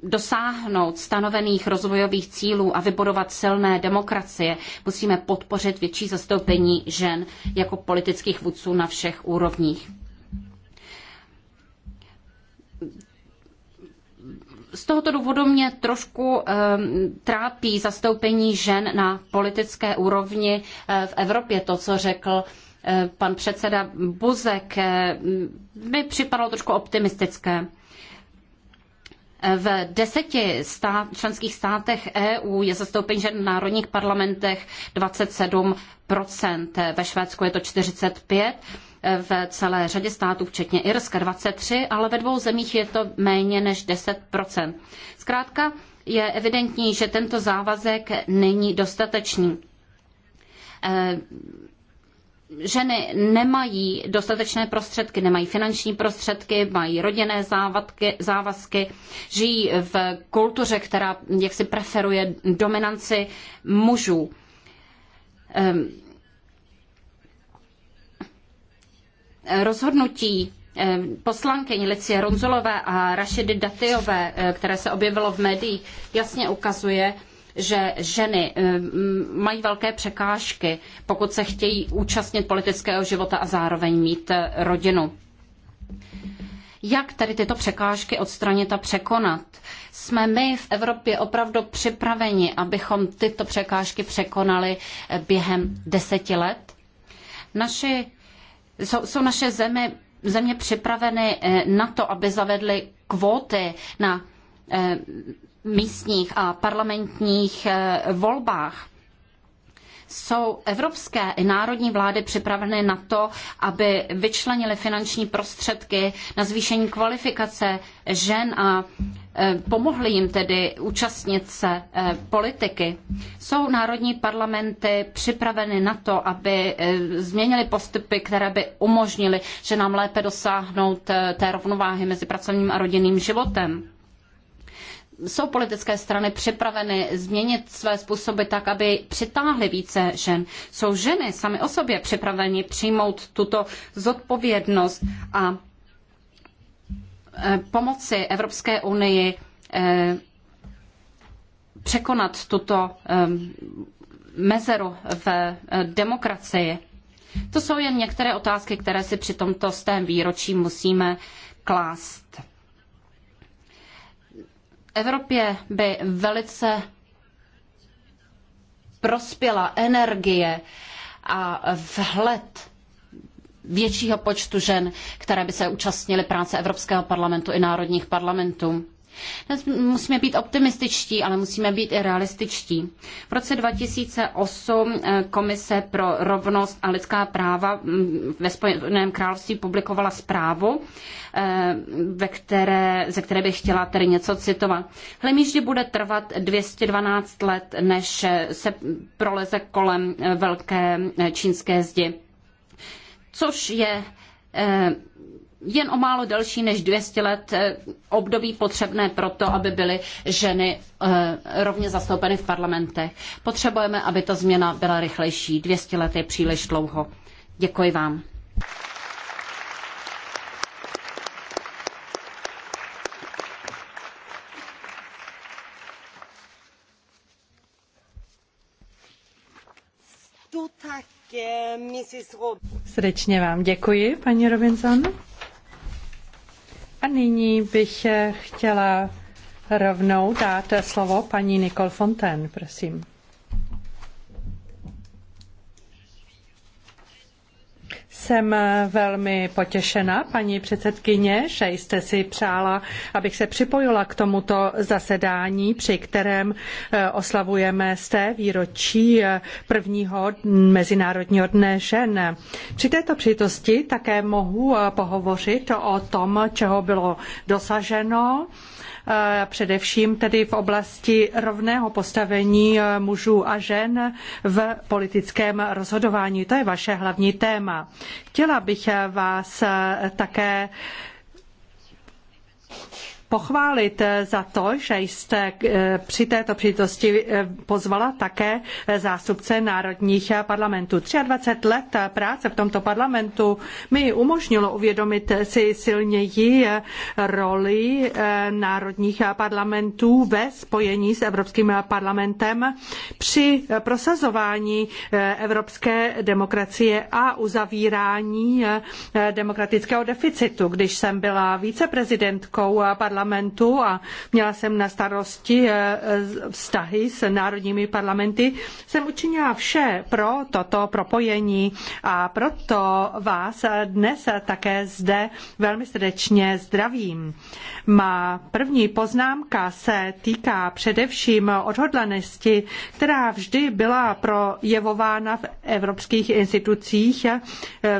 dosáhnout stanovených rozvojových cílů a vybudovat silné demokracie, musíme podpořit větší zastoupení žen jako politických vůdců na všech úrovních. z tohoto důvodu mě trošku um, trápí zastoupení žen na politické úrovni eh, v Evropě. To, co řekl eh, pan předseda Buzek, mi připadalo trošku optimistické. V deseti stát, členských státech EU je zastoupení žen v národních parlamentech 27 ve Švédsku je to 45 v celé řadě států, včetně Irska 23, ale ve dvou zemích je to méně než 10 Zkrátka je evidentní, že tento závazek není dostatečný ženy nemají dostatečné prostředky, nemají finanční prostředky, mají rodinné závadky, závazky, žijí v kultuře, která jaksi preferuje dominanci mužů. Ehm, rozhodnutí ehm, poslankyň Licie Ronzulové a Rašidy Datyové, eh, které se objevilo v médiích, jasně ukazuje, že ženy eh, mají velké překážky, pokud se chtějí účastnit politického života a zároveň mít eh, rodinu. Jak tedy tyto překážky odstranit a překonat? Jsme my v Evropě opravdu připraveni, abychom tyto překážky překonali eh, během deseti let? Naši, jsou, jsou naše zemi, země připraveny na to, aby zavedly kvóty na místních a parlamentních eh, volbách. Jsou evropské i národní vlády připraveny na to, aby vyčlenily finanční prostředky na zvýšení kvalifikace žen a eh, pomohly jim tedy účastnit se eh, politiky. Jsou národní parlamenty připraveny na to, aby změnily postupy, které by umožnily, že nám lépe dosáhnout té rovnováhy mezi pracovním a rodinným životem? jsou politické strany připraveny změnit své způsoby tak, aby přitáhly více žen? Jsou ženy sami o sobě připraveni přijmout tuto zodpovědnost a eh, pomoci Evropské unii eh, překonat tuto eh, mezeru v demokracii? To jsou jen některé otázky, které si při tomto stém výročí musíme klást. Evropě by velice prospěla energie a vhled většího počtu žen, které by se účastnily práce Evropského parlamentu i národních parlamentů. Musíme být optimističtí, ale musíme být i realističtí. V roce 2008 eh, Komise pro rovnost a lidská práva mm, ve Spojeném království publikovala zprávu, eh, ve které, ze které bych chtěla tedy něco citovat. Hlemíždě bude trvat 212 let, než eh, se proleze kolem velké čínské zdi, což je jen o málo delší než 200 let eh, období potřebné pro to, aby byly ženy eh, rovně zastoupeny v parlamentech. Potřebujeme, aby ta změna byla rychlejší. 200 let je příliš dlouho. Děkuji vám. Srdečně vám děkuji, paní Robinson. A nyní bych chtěla rovnou dát slovo paní Nicole Fontaine, prosím. Jsem velmi potěšena, paní předsedkyně, že jste si přála, abych se připojila k tomuto zasedání, při kterém eh, oslavujeme sté výročí eh, prvního Mezinárodního dne žen. Při této přítosti také mohu eh, pohovořit o tom, čeho bylo dosaženo především tedy v oblasti rovného postavení e, mužů a žen v politickém rozhodování. To je vaše hlavní téma. Chtěla bych e, vás e, také pochválit eh, za to, že jste eh, při této příležitosti eh, pozvala také zástupce národních parlamentů. 23 let práce v tomto parlamentu mi umožnilo uvědomit si silněji roli národních parlamentů ve spojení s Evropským parlamentem při prosazování evropské demokracie a uzavírání demokratického deficitu. Když jsem byla viceprezidentkou parlamentu, parlamentu a měla jsem na starosti eh, vztahy s národními parlamenty, jsem učinila vše pro toto propojení a proto vás dnes také zde velmi srdečně zdravím. Má první poznámka se týká především odhodlanosti, která vždy byla projevována v evropských institucích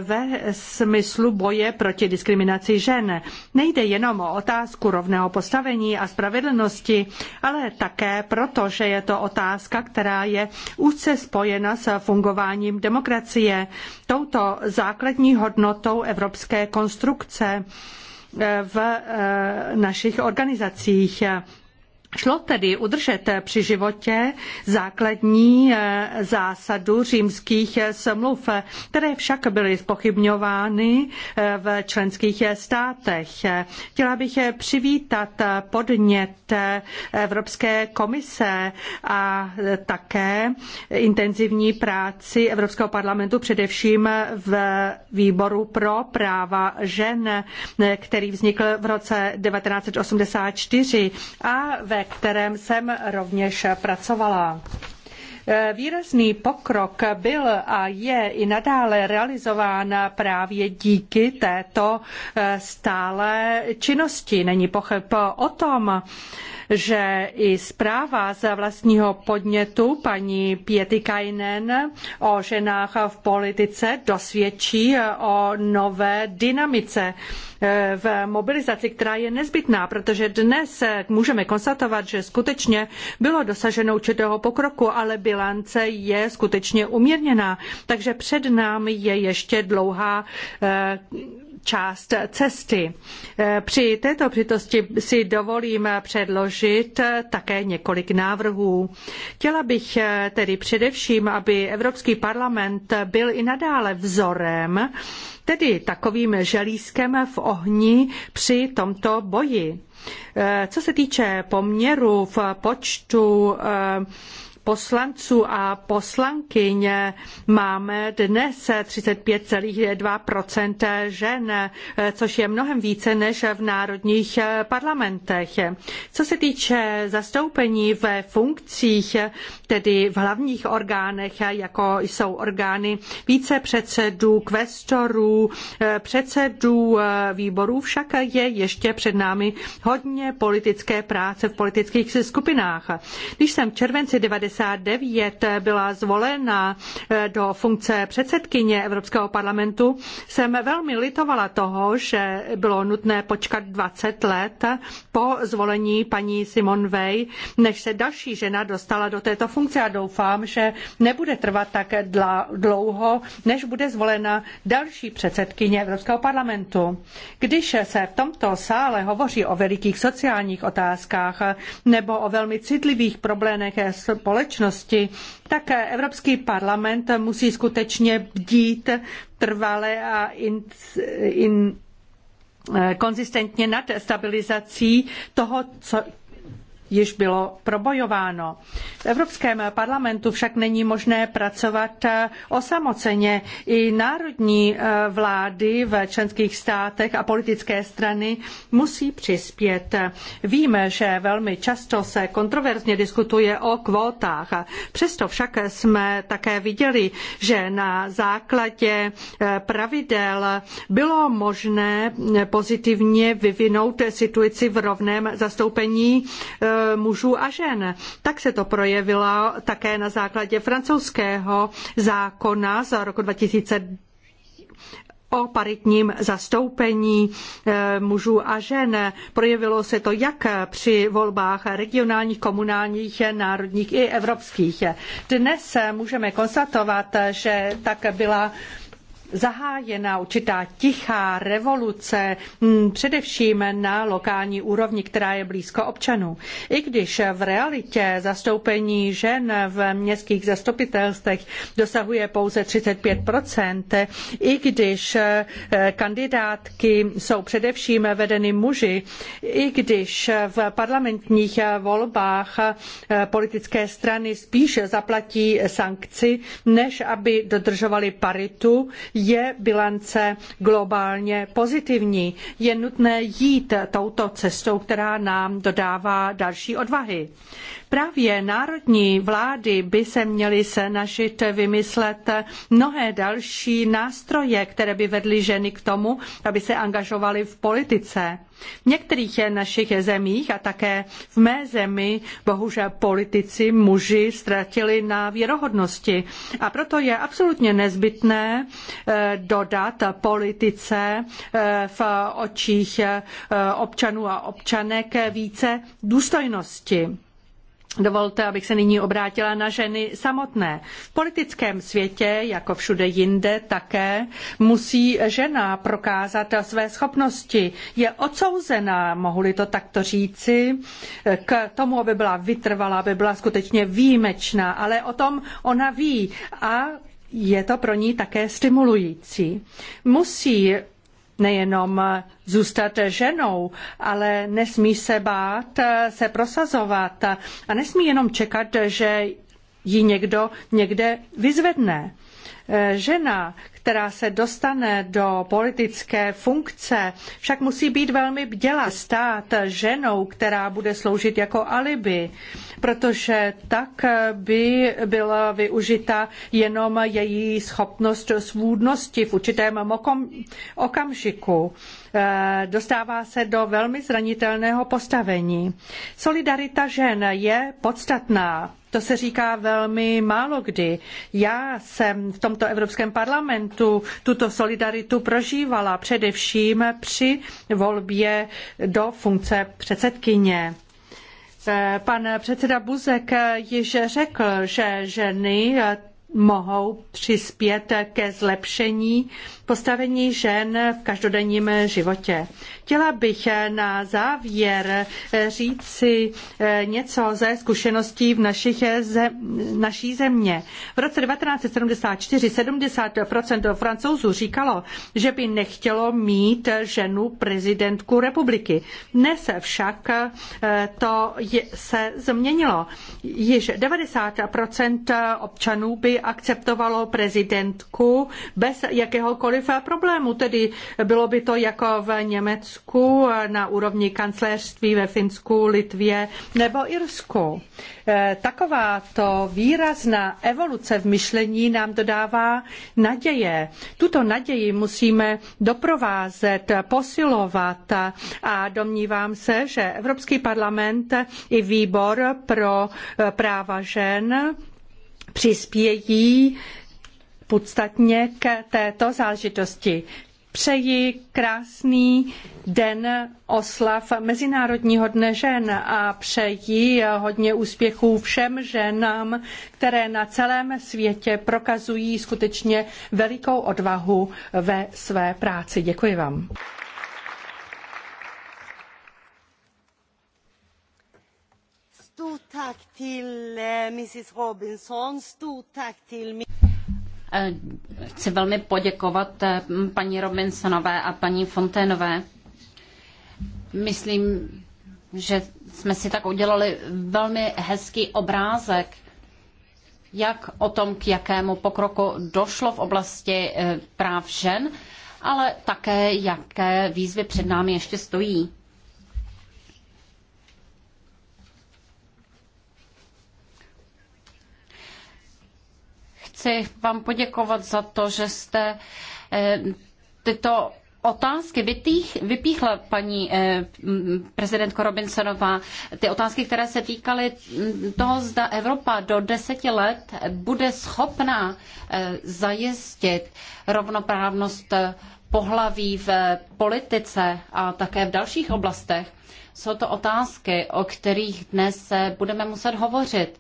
ve smyslu boje proti diskriminaci žen. Nejde jenom o otázku rovného postavení a spravedlnosti, ale také proto, že je to otázka, která je úzce spojena s fungováním demokracie, touto základní hodnotou evropské konstrukce v eh, našich organizacích. Šlo tedy udržet při životě základní eh, zásadu římských eh, smluv, které však byly spochybňovány eh, v členských státech. Chtěla bych přivítat podnět Evropské komise a také intenzivní práci Evropského parlamentu, především v výboru pro práva žen, který vznikl v roce 1984 a ve kterém jsem rovněž pracovala. E, výrazný pokrok byl a je i nadále realizován právě díky této e, stále činnosti. Není pochyb o tom že i zpráva z vlastního podnětu paní Pietikainen o ženách v politice dosvědčí o nové dynamice eh, v mobilizaci, která je nezbytná, protože dnes můžeme konstatovat, že skutečně bylo dosaženo určitého pokroku, ale bilance je skutečně uměrněná. Takže před námi je ještě dlouhá eh, část cesty. E, při této přitosti si dovolím předložit také několik návrhů. Chtěla bych e, tedy především, aby Evropský parlament byl i nadále vzorem, tedy takovým želízkem v ohni při tomto boji. E, co se týče poměru v počtu poslanců a poslankyň máme dnes 35,2 žen, což je mnohem více než v národních parlamentech. Co se týče zastoupení ve funkcích, tedy v hlavních orgánech, jako jsou orgány vícepředsedů, kvestorů, předsedů výborů, však je ještě před námi hodně politické práce v politických skupinách. Když jsem v červenci 90 99 byla zvolena eh, do funkce předsedkyně Evropského parlamentu, jsem velmi litovala toho, že bylo nutné počkat 20 let po zvolení paní Simon Weil, než se další žena dostala do této funkce a doufám, že nebude trvat tak dlouho, než bude zvolena další předsedkyně Evropského parlamentu. Když se v tomto sále hovoří o velikých sociálních otázkách nebo o velmi citlivých problémech společnosti, společnosti, tak Evropský parlament musí skutečně bdít trvale a in, in eh, konzistentně nad stabilizací toho, co, již bylo probojováno. V Evropském parlamentu však není možné pracovat eh, osamoceně. I národní eh, vlády v členských státech a politické strany musí přispět. Víme, že velmi často se kontroverzně diskutuje o kvótách. Přesto však jsme také viděli, že na základě eh, pravidel bylo možné pozitivně vyvinout situaci v rovném zastoupení mužů a žen. Tak se to projevilo také na základě francouzského zákona za roku 2000 o paritním zastoupení eh, mužů a žen. Projevilo se to jak při volbách regionálních, komunálních, národních i evropských. Dnes můžeme konstatovat, že tak byla zahájena určitá tichá revoluce, mm, především na lokální úrovni, která je blízko občanů. I když v realitě zastoupení žen v městských zastupitelstvech dosahuje pouze 35 i když eh, kandidátky jsou především vedeny muži, i když v parlamentních volbách eh, politické strany spíše zaplatí sankci, než aby dodržovali paritu, je bilance globálně pozitivní. Je nutné jít touto cestou, která nám dodává další odvahy. Právě národní vlády by se měly snažit vymyslet mnohé další nástroje, které by vedly ženy k tomu, aby se angažovaly v politice. V některých našich zemích a také v mé zemi bohužel politici, muži ztratili na věrohodnosti. A proto je absolutně nezbytné eh, dodat politice eh, v očích eh, občanů a občanek více důstojnosti. Dovolte, abych se nyní obrátila na ženy samotné. V politickém světě, jako všude jinde, také musí žena prokázat své schopnosti. Je odsouzená, mohu-li to takto říci, k tomu, aby byla vytrvalá, aby byla skutečně výjimečná, ale o tom ona ví a je to pro ní také stimulující. Musí nejenom zůstat ženou, ale nesmí se bát se prosazovat a nesmí jenom čekat, že ji někdo někde vyzvedne. Žena, která se dostane do politické funkce, však musí být velmi bdělá stát ženou, která bude sloužit jako alibi protože tak by byla využita jenom její schopnost svůdnosti v určitém okamžiku. Eh, dostává se do velmi zranitelného postavení. Solidarita žen je podstatná. To se říká velmi málo kdy. Já jsem v tomto Evropském parlamentu tuto solidaritu prožívala především při volbě do funkce předsedkyně. Pan předseda Buzek již řekl, že ženy mohou přispět ke zlepšení postavení žen v každodenním životě. Chtěla bych na závěr eh, říci eh, něco ze zkušeností v našich zem, naší země. V roce 1974 70% francouzů říkalo, že by nechtělo mít ženu prezidentku republiky. Dnes však eh, to je, se změnilo. Již 90% občanů by akceptovalo prezidentku bez jakéhokoliv jakýchkoliv problémů. Tedy bylo by to jako v Německu na úrovni kancléřství ve Finsku, Litvě nebo Irsku. E, takováto výrazná evoluce v myšlení nám dodává naděje. Tuto naději musíme doprovázet, posilovat a domnívám se, že Evropský parlament i výbor pro práva žen přispějí podstatně k této záležitosti. Přeji krásný den oslav Mezinárodního dne žen a přeji hodně úspěchů všem ženám, které na celém světě prokazují skutečně velikou odvahu ve své práci. Děkuji vám. Stort tack eh, Mrs Robinson, stort tack Eh, chci velmi poděkovat eh, paní Robinsonové a paní Fonténové. Myslím, že jsme si tak udělali velmi hezký obrázek, jak o tom, k jakému pokroku došlo v oblasti eh, práv žen, ale také jaké výzvy před námi ještě stojí. chci vám poděkovat za to, že jste eh, tyto otázky vytých, vypíchla paní eh, prezidentko Robinsonová, ty otázky, které se týkaly toho, zda Evropa do deseti let bude schopná eh, zajistit rovnoprávnost pohlaví v politice a také v dalších oblastech. Jsou to otázky, o kterých dnes budeme muset hovořit.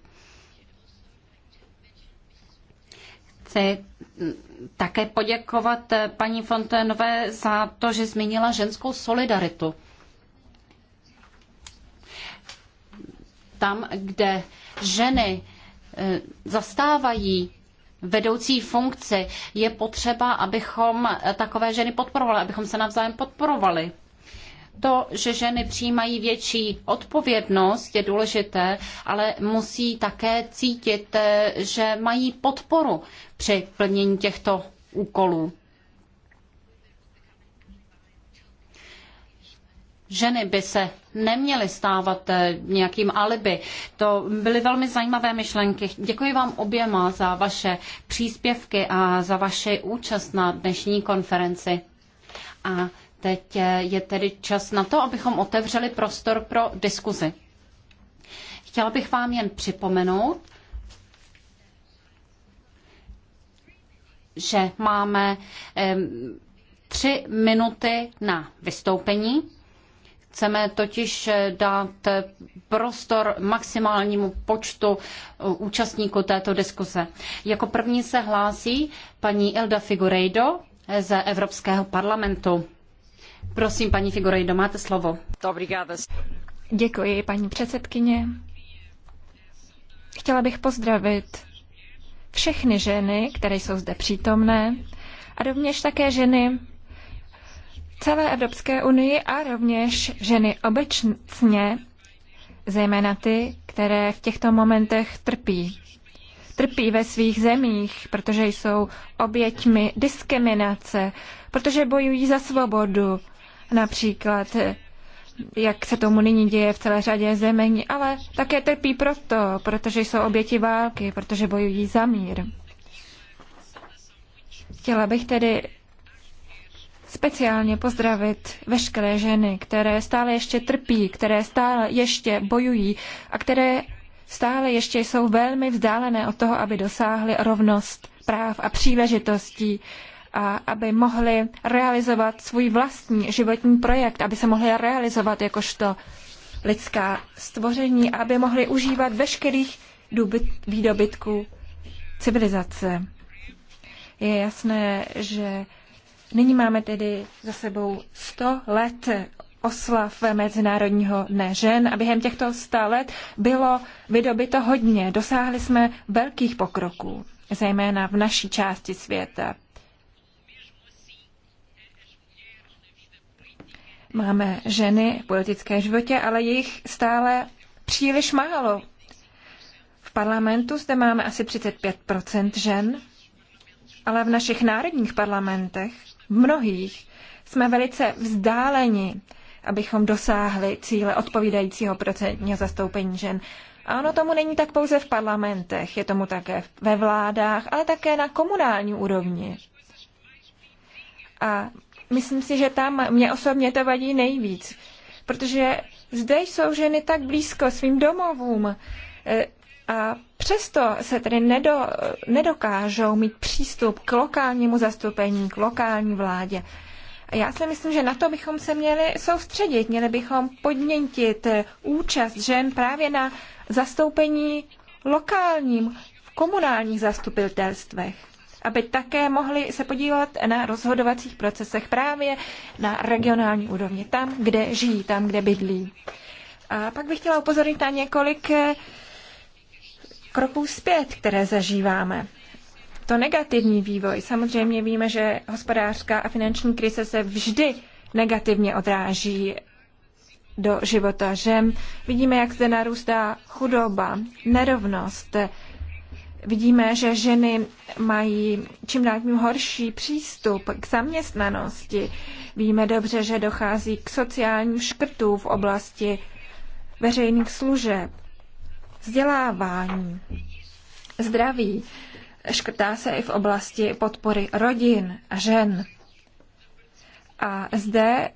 chci také poděkovat paní Fontenové za to, že zmínila ženskou solidaritu. Tam, kde ženy eh, zastávají vedoucí funkci, je potřeba, abychom eh, takové ženy podporovali, abychom se navzájem podporovali to, že ženy přijímají větší odpovědnost, je důležité, ale musí také cítit, eh, že mají podporu při plnění těchto úkolů. ženy by se neměly stávat eh, nějakým alibi. To byly velmi zajímavé myšlenky. Děkuji vám oběma za vaše příspěvky a za vaši účast na dnešní konferenci. A Teď je tedy čas na to, abychom otevřeli prostor pro diskuzi. Chtěla bych vám jen připomenout, že máme tři minuty na vystoupení. Chceme totiž dát prostor maximálnímu počtu e, účastníků této diskuse. Jako první se hlásí paní Ilda Figurejdo ze Evropského parlamentu. Prosím, paní Figurejdo, máte slovo. Děkuji, paní předsedkyně. Chtěla bych pozdravit všechny ženy, které jsou zde přítomné, a rovněž také ženy celé Evropské unii a rovněž ženy obecně, zejména ty, které v těchto momentech trpí. Trpí ve svých zemích, protože jsou oběťmi diskriminace, protože bojují za svobodu, Například jak se tomu nyní děje v celé řadě zemí, ale také trpí proto, protože jsou oběti války, protože bojují za mír. Chtěla bych tedy speciálně pozdravit veškeré ženy, které stále ještě trpí, které stále ještě bojují a které stále ještě jsou velmi vzdálené od toho, aby dosáhly rovnost práv a příležitostí a aby mohli realizovat svůj vlastní životní projekt, aby se mohli realizovat jakožto lidská stvoření, aby mohli užívat veškerých výdobytků civilizace. Je jasné, že nyní máme tedy za sebou 100 let oslav Mezinárodního dne žen a během těchto 100 let bylo vydobyto hodně. Dosáhli jsme velkých pokroků, zejména v naší části světa. Máme ženy v politické životě, ale jejich stále příliš málo. V parlamentu zde máme asi 35 žen, ale v našich národních parlamentech, v mnohých, jsme velice vzdáleni, abychom dosáhli cíle odpovídajícího procentního zastoupení žen. A ono tomu není tak pouze v parlamentech, je tomu také ve vládách, ale také na komunální úrovni. A myslím si, že tam mě osobně to vadí nejvíc, protože zde jsou ženy tak blízko svým domovům e, a přesto se tedy nedo, nedokážou mít přístup k lokálnímu zastoupení, k lokální vládě. Já si myslím, že na to bychom se měli soustředit. Měli bychom podnětit e, účast žen právě na zastoupení lokálním v komunálních zastupitelstvech aby také mohli se podílet na rozhodovacích procesech právě na regionální úrovni, tam, kde žijí, tam, kde bydlí. A pak bych chtěla upozornit na několik eh, kroků zpět, které zažíváme to negativní vývoj. Samozřejmě víme, že hospodářská a finanční krize se vždy negativně odráží do života žen. Vidíme, jak zde narůstá chudoba, nerovnost, vidíme, že ženy mají čím dál tím horší přístup k zaměstnanosti. Víme dobře, že dochází k sociálním škrtu v oblasti veřejných služeb, vzdělávání, zdraví. Škrtá se i v oblasti podpory rodin a žen. A zde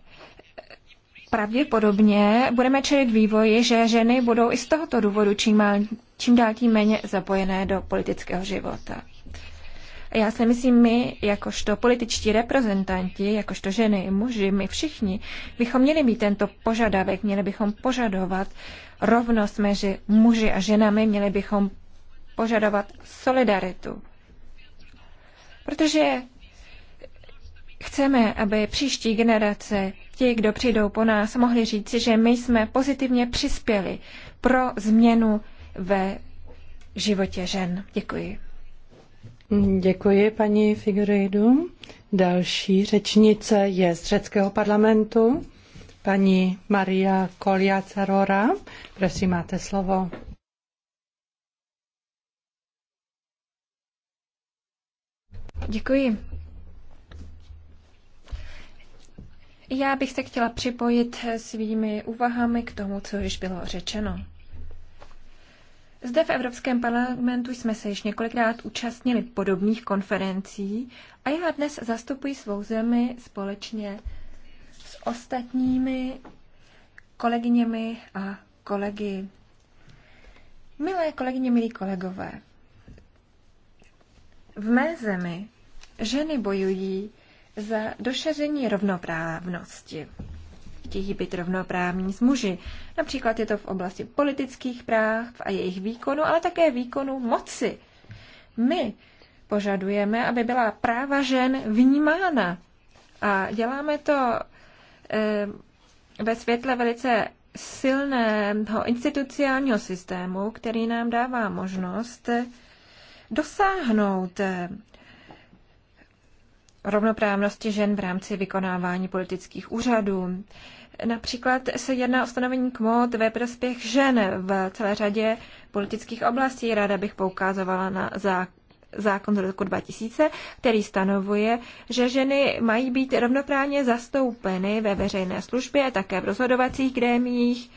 pravděpodobně budeme čelit vývoji, že ženy budou i z tohoto důvodu čím čím dál tím méně zapojené do politického života. Já si myslím, my, jakožto političtí reprezentanti, jakožto ženy i muži, my všichni, bychom měli mít tento požadavek, měli bychom požadovat rovnost mezi muži a ženami, měli bychom požadovat solidaritu. Protože chceme, aby příští generace, ti, kdo přijdou po nás, mohli říci, že my jsme pozitivně přispěli pro změnu ve životě žen. Děkuji. Děkuji, paní Figueiredu. Další řečnice je z řeckého parlamentu, paní Maria Koliacarora. Prosím, máte slovo. Děkuji. Já bych se chtěla připojit svými úvahami k tomu, co již bylo řečeno. Zde v Evropském parlamentu jsme se již několikrát účastnili podobných konferencí a já dnes zastupuji svou zemi společně s ostatními kolegyněmi a kolegy. Milé kolegyně, milí kolegové, v mé zemi ženy bojují za došeření rovnoprávnosti chtějí být rovnoprávní s muži. Například je to v oblasti politických práv a jejich výkonu, ale také výkonu moci. My požadujeme, aby byla práva žen vnímána. A děláme to e, ve světle velice silného institucionálního systému, který nám dává možnost dosáhnout eh, rovnoprávnosti žen v rámci vykonávání politických úřadů. Například se jedná o stanovení kmot ve prospěch žen v celé řadě politických oblastí. Ráda bych poukázovala na zákon zákon z roku 2000, který stanovuje, že ženy mají být rovnoprávně zastoupeny ve veřejné službě, také v rozhodovacích grémiích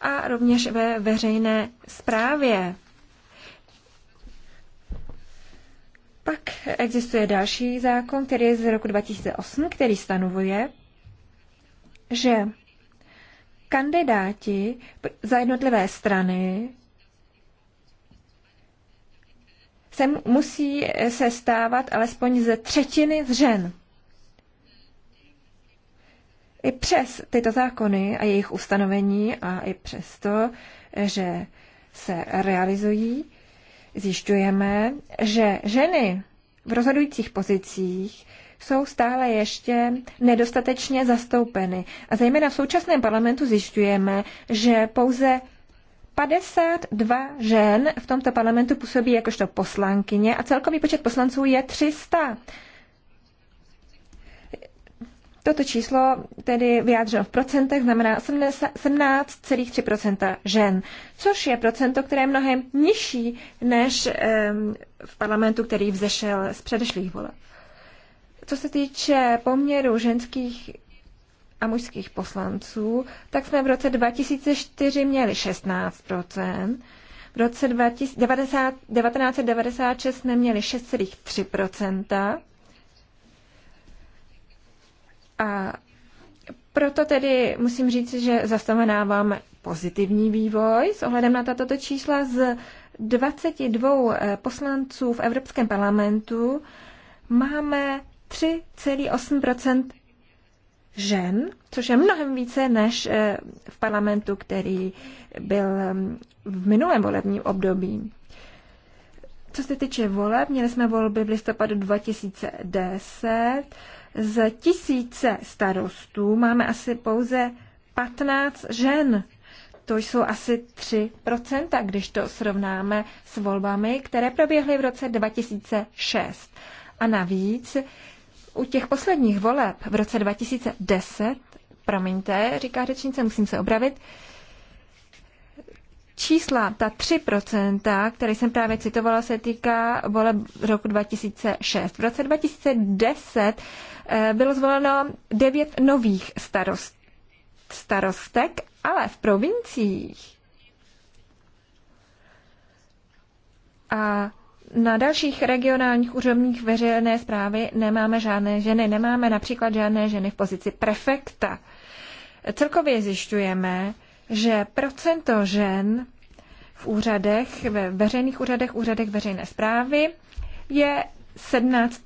a rovněž ve veřejné správě. Pak existuje další zákon, který je z roku 2008, který stanovuje, že kandidáti za jednotlivé strany se musí se stávat alespoň ze třetiny žen. I přes tyto zákony a jejich ustanovení a i přesto, že se realizují, zjišťujeme, že ženy v rozhodujících pozicích jsou stále ještě nedostatečně zastoupeny. A zejména v současném parlamentu zjišťujeme, že pouze 52 žen v tomto parlamentu působí jakožto poslankyně a celkový počet poslanců je 300. Toto číslo tedy vyjádřeno v procentech znamená 17,3 žen, což je procento, které je mnohem nižší než v parlamentu, který vzešel z předešlých voleb. Co se týče poměru ženských a mužských poslanců, tak jsme v roce 2004 měli 16 v roce 20, 90, 1996 jsme měli 6,3 a proto tedy musím říct, že zastavenávám pozitivní vývoj s ohledem na tato čísla z 22 eh, poslanců v Evropském parlamentu máme 3,8 žen, což je mnohem více než eh, v parlamentu, který byl mm, v minulém volebním období. Co se týče voleb, měli jsme volby v listopadu 2010. Z tisíce starostů máme asi pouze 15 žen. To jsou asi 3%, když to srovnáme s volbami, které proběhly v roce 2006. A navíc u těch posledních voleb v roce 2010, promiňte, říká řečnice, musím se obravit, čísla, ta 3%, které jsem právě citovala, se týká voleb roku 2006. V roce 2010 eh, bylo zvoleno 9 nových starost, starostek, ale v provinciích a na dalších regionálních úřovních veřejné zprávy nemáme žádné ženy. Nemáme například žádné ženy v pozici prefekta. Celkově zjišťujeme, že procento žen v úřadech, ve veřejných úřadech, úřadech veřejné zprávy je 17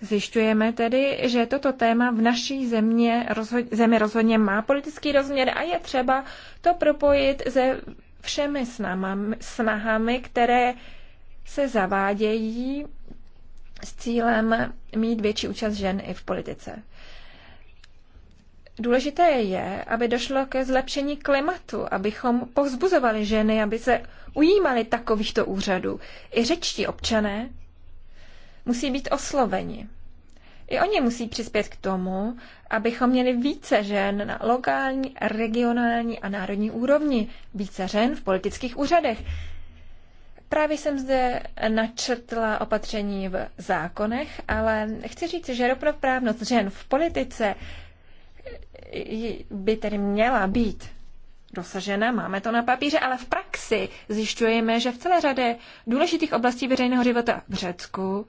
Zjišťujeme tedy, že toto téma v naší země, rozhod, zemi rozhodně má politický rozměr a je třeba to propojit se všemi snahami, snahami které se zavádějí s cílem mít větší účast žen i v politice. Důležité je, aby došlo ke zlepšení klimatu, abychom povzbuzovali ženy, aby se ujímali takovýchto úřadů. I řečtí občané musí být osloveni. I oni musí přispět k tomu, abychom měli více žen na lokální, regionální a národní úrovni, více žen v politických úřadech. Právě jsem zde načetla opatření v zákonech, ale chci říct, že rovnoprávnost žen v politice by tedy měla být dosažena, máme to na papíře, ale v praxi zjišťujeme, že v celé řadě důležitých oblastí veřejného života v Řecku,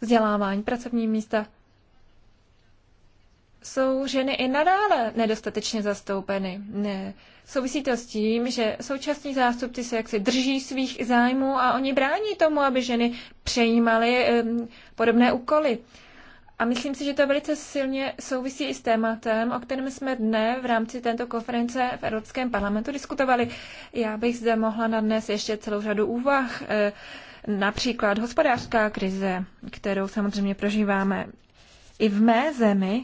vzdělávání, pracovní místa, jsou ženy i nadále nedostatečně zastoupeny. Ne. Souvisí to s tím, že současní zástupci se jaksi drží svých zájmů a oni brání tomu, aby ženy přejímaly um, podobné úkoly. A myslím si, že to velice silně souvisí i s tématem, o kterém jsme dne v rámci této konference v Evropském parlamentu diskutovali. Já bych zde mohla dnes ještě celou řadu úvah, eh, například hospodářská krize, kterou samozřejmě prožíváme i v mé zemi.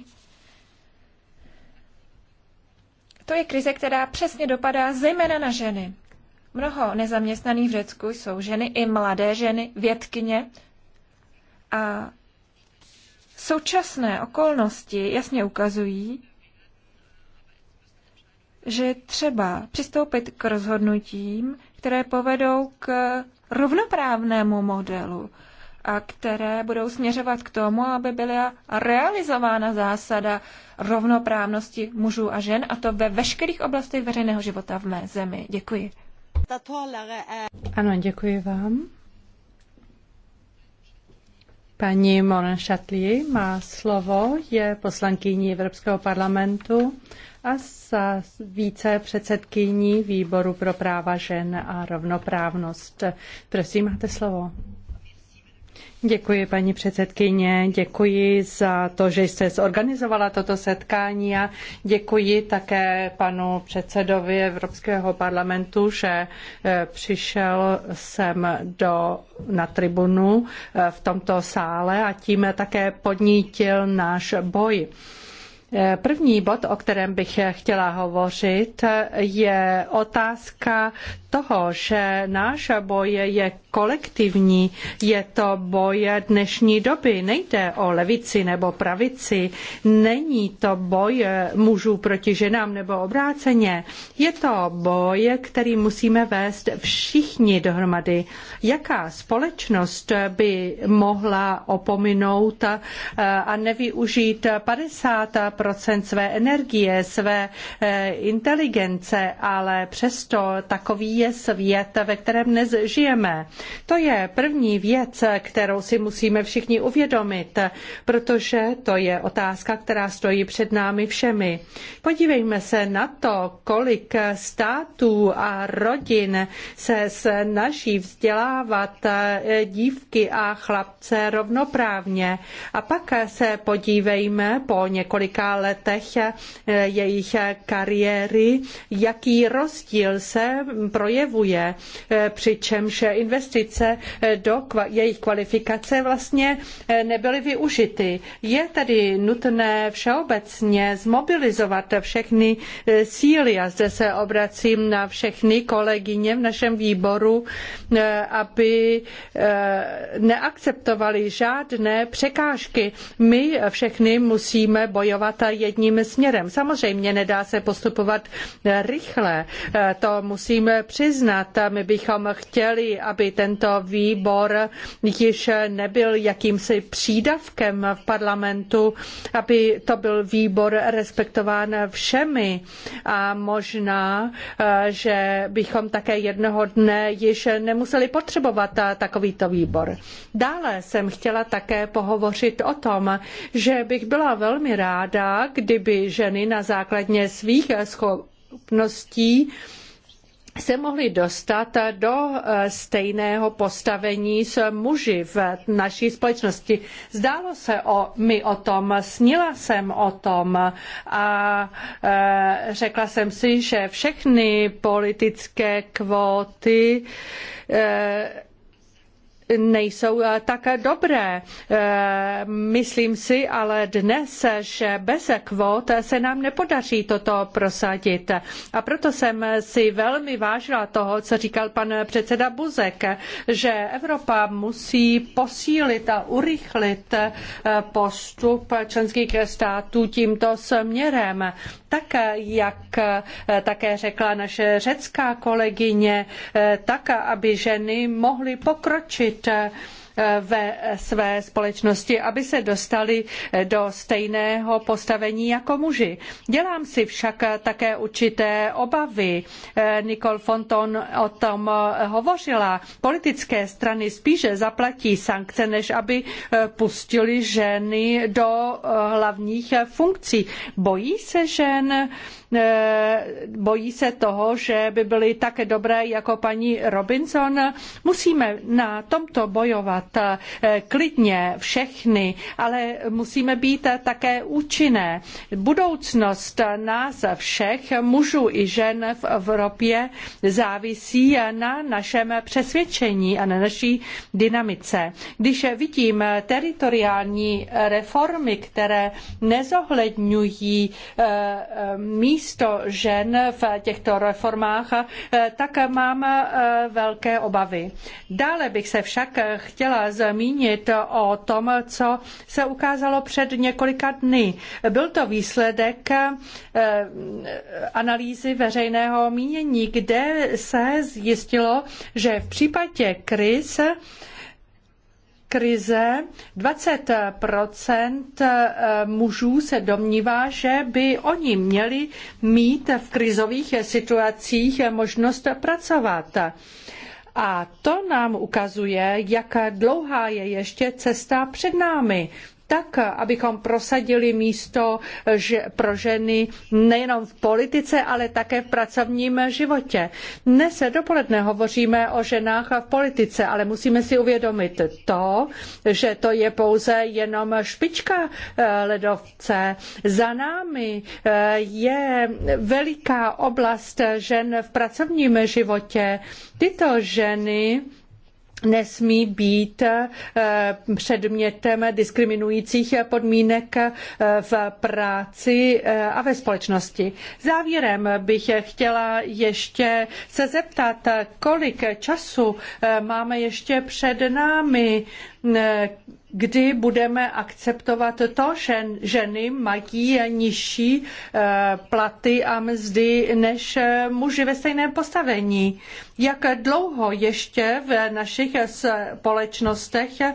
To je krize, která přesně dopadá zejména na ženy. Mnoho nezaměstnaných v Řecku jsou ženy, i mladé ženy, vědkyně. A Současné okolnosti jasně ukazují, že třeba přistoupit k rozhodnutím, které povedou k rovnoprávnému modelu a které budou směřovat k tomu, aby byla realizována zásada rovnoprávnosti mužů a žen, a to ve veškerých oblastech veřejného života v mé zemi. Děkuji. Ano, děkuji vám. Paní Moran Šatlí má slovo, je poslankyní Evropského parlamentu a za více předsedkyní výboru pro práva žen a rovnoprávnost. Prosím, máte slovo. Děkuji, paní předsedkyně, děkuji za to, že jste zorganizovala toto setkání a děkuji také panu předsedovi Evropského parlamentu, že eh, přišel sem do, na tribunu eh, v tomto sále a tím také podnítil náš boj. Eh, první bod, o kterém bych chtěla hovořit, je otázka toho, že náš boj je kolektivní, je to boj dnešní doby. Nejde o levici nebo pravici, není to boj mužů proti ženám nebo obráceně. Je to boj, který musíme vést všichni dohromady. Jaká společnost by mohla opominout eh, a nevyužít 50 své energie, své eh, inteligence, ale přesto takový je je svět, ve kterém dnes žijeme. To je první věc, kterou si musíme všichni uvědomit, protože to je otázka, která stojí před námi všemi. Podívejme se na to, kolik států a rodin se snaží vzdělávat eh, dívky a chlapce rovnoprávně. A pak se podívejme po několika letech eh, jejich kariéry, jaký rozdíl se projevuje projevuje, eh, přičemž investice eh, do jejich kvalifikace vlastně eh, nebyly využity. Je tedy nutné všeobecně zmobilizovat všechny síly a zde se obracím na všechny kolegyně v našem výboru, aby neakceptovali žádné překážky. My všechny musíme bojovat jedním směrem. Samozřejmě nedá se postupovat rychle. To musím přiznat. My bychom chtěli, aby tento výbor již nebyl jakýmsi přídavkem v parlamentu, aby to byl výbor respektován všemi. A možná, že bychom také jednoho dne již nemuseli potřebovat takovýto výbor. Dále jsem chtěla také pohovořit o tom, že bych byla velmi ráda, kdyby ženy na základě svých schopností schopností se mohli dostat do eh, stejného postavení s muži v naší společnosti. Zdálo se o, mi o tom, snila jsem o tom a e, řekla jsem si, že všechny politické kvóty e, nejsou eh, tak dobré. Eh, myslím si ale dnes, že bez kvót se nám nepodaří toto prosadit. A proto jsem si velmi vážila toho, co říkal pan předseda Buzek, že Evropa musí posílit a urychlit eh, postup členských států tímto směrem. Tak, jak také řekla naše řecká kolegyně, tak, aby ženy mohly pokročit učit eh, ve své společnosti, aby se dostali eh, do stejného postavení jako muži. Dělám si však eh, také určité obavy. Nicole Fonton o tom hovořila. Politické strany spíše zaplatí sankce, než aby pustili ženy do hlavních funkcí. Bojí se žen? Eh, bojí se toho, že by byly tak dobré jako paní Robinson. Musíme na tomto bojovat eh, klidně všechny, ale musíme být také účinné. Budoucnost nás všech, mužů i žen v Evropě, závisí na našem přesvědčení a na naší dynamice. Když vidím teritoriální reformy, které nezohledňují eh, míst, místo žen v těchto reformách, eh, tak mám eh, velké obavy. Dále bych se však chtěla zmínit o tom, co se ukázalo před několika dny. Byl to výsledek eh, analýzy veřejného mínění, kde se zjistilo, že v případě krize krize 20 eh, mužů se domnívá, že by oni měli mít v krizových situacích možnost pracovat. A to nám ukazuje, jak dlouhá je ještě cesta před námi tak, abychom prosadili místo pro ženy nejenom v politice, ale také v pracovním životě. Dnes dopoledne hovoříme o ženách v politice, ale musíme si uvědomit to, že to je pouze jenom špička eh, ledovce. Za námi eh, je veliká oblast žen v pracovním životě. Tyto ženy nesmí být eh, předmětem diskriminujících podmínek eh, v práci eh, a ve společnosti. Závěrem bych chtěla ještě se zeptat, kolik času máme ještě před námi, kdy budeme akceptovat to, že ženy mají nižší eh, platy a mzdy než eh, muži ve stejném postavení. Jak dlouho ještě v našich společnostech eh,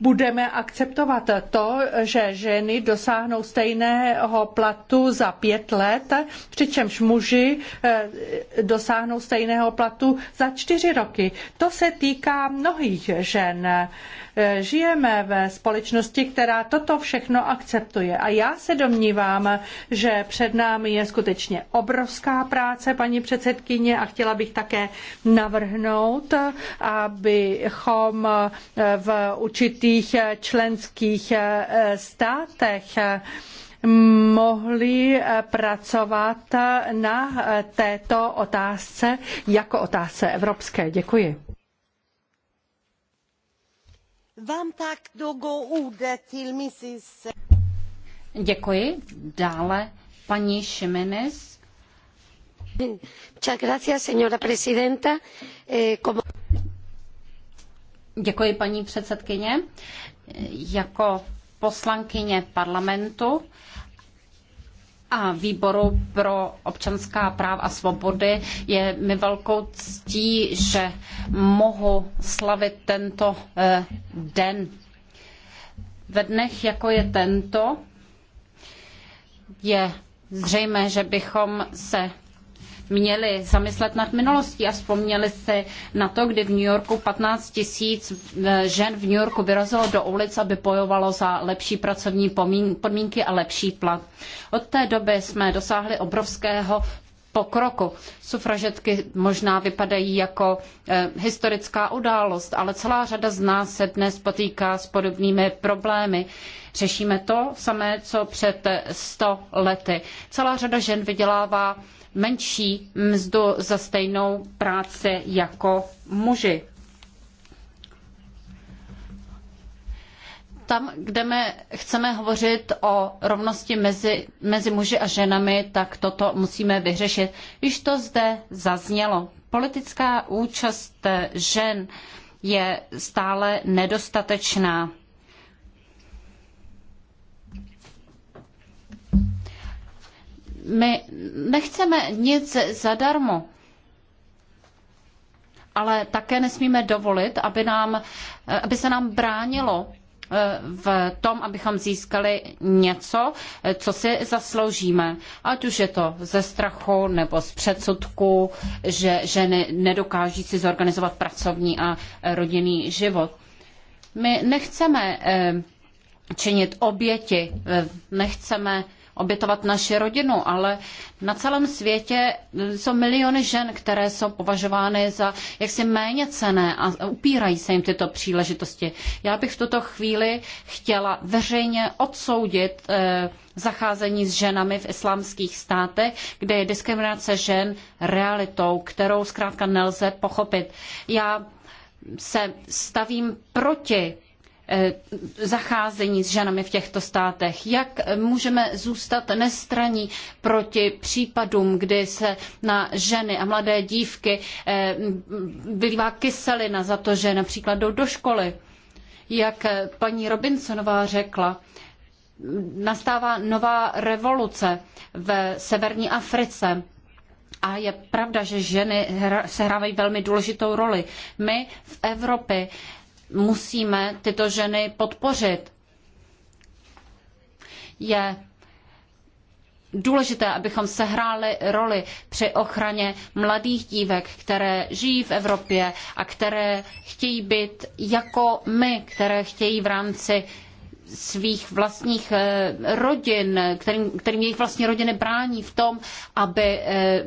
budeme akceptovat to, že ženy dosáhnou stejného platu za pět let, přičemž muži eh, dosáhnou stejného platu za čtyři roky. To se týká mnohých žen. Žijeme ve společnosti, která toto všechno akceptuje. A já se domnívám, že před námi je skutečně obrovská práce, paní předsedkyně, a chtěla bych také navrhnout, abychom v určitých členských eh, státech eh, mohli eh, pracovat na této otázce jako otázce evropské. Děkuji. Děkuji. Dále paní Šimenez. Eh, Děkuji, paní předsedkyně. Jako poslankyně parlamentu a výboru pro občanská práva a svobody je mi velkou ctí, že mohu slavit tento eh, den. Ve dnech, jako je tento, je zřejmé, že bychom se měli zamyslet nad minulostí a vzpomněli si na to, kdy v New Yorku 15 tisíc eh, žen v New Yorku vyrazilo do ulic, aby bojovalo za lepší pracovní podmínky a lepší plat. Od té doby jsme dosáhli obrovského pokroku. Sufražetky možná vypadají jako e, historická událost, ale celá řada z nás se dnes potýká s podobnými problémy. Řešíme to samé, co před 100 lety. Celá řada žen vydělává menší mzdu za stejnou práci jako muži. tam, kde my chceme hovořit o rovnosti mezi, mezi muži a ženami, tak toto musíme vyřešit. Již to zde zaznělo. Politická účast žen je stále nedostatečná. My nechceme nic zadarmo, ale také nesmíme dovolit, aby, nám, aby se nám bránilo eh, v tom, abychom získali něco, co si zasloužíme. Ať už je to ze strachu nebo z předsudku, že ženy nedokáží si zorganizovat pracovní a rodinný život. My nechceme eh, činit oběti, eh, nechceme obětovat naši rodinu, ale na celém světě jsou miliony žen, které jsou považovány za jaksi méně cené a upírají se jim tyto příležitosti. Já bych v tuto chvíli chtěla veřejně odsoudit eh, zacházení s ženami v islámských státech, kde je diskriminace žen realitou, kterou zkrátka nelze pochopit. Já se stavím proti Eh, zacházení s ženami v těchto státech. Jak můžeme zůstat nestraní proti případům, kdy se na ženy a mladé dívky eh, vylívá kyselina za to, že například jdou do školy? Jak paní Robinsonová řekla, nastává nová revoluce v severní Africe. A je pravda, že ženy sehrávají velmi důležitou roli. My v Evropě musíme tyto ženy podpořit. Je důležité, abychom sehráli roli při ochraně mladých dívek, které žijí v Evropě a které chtějí být jako my, které chtějí v rámci svých vlastních eh, rodin, kterým, kterým jejich vlastní rodiny brání v tom, aby eh,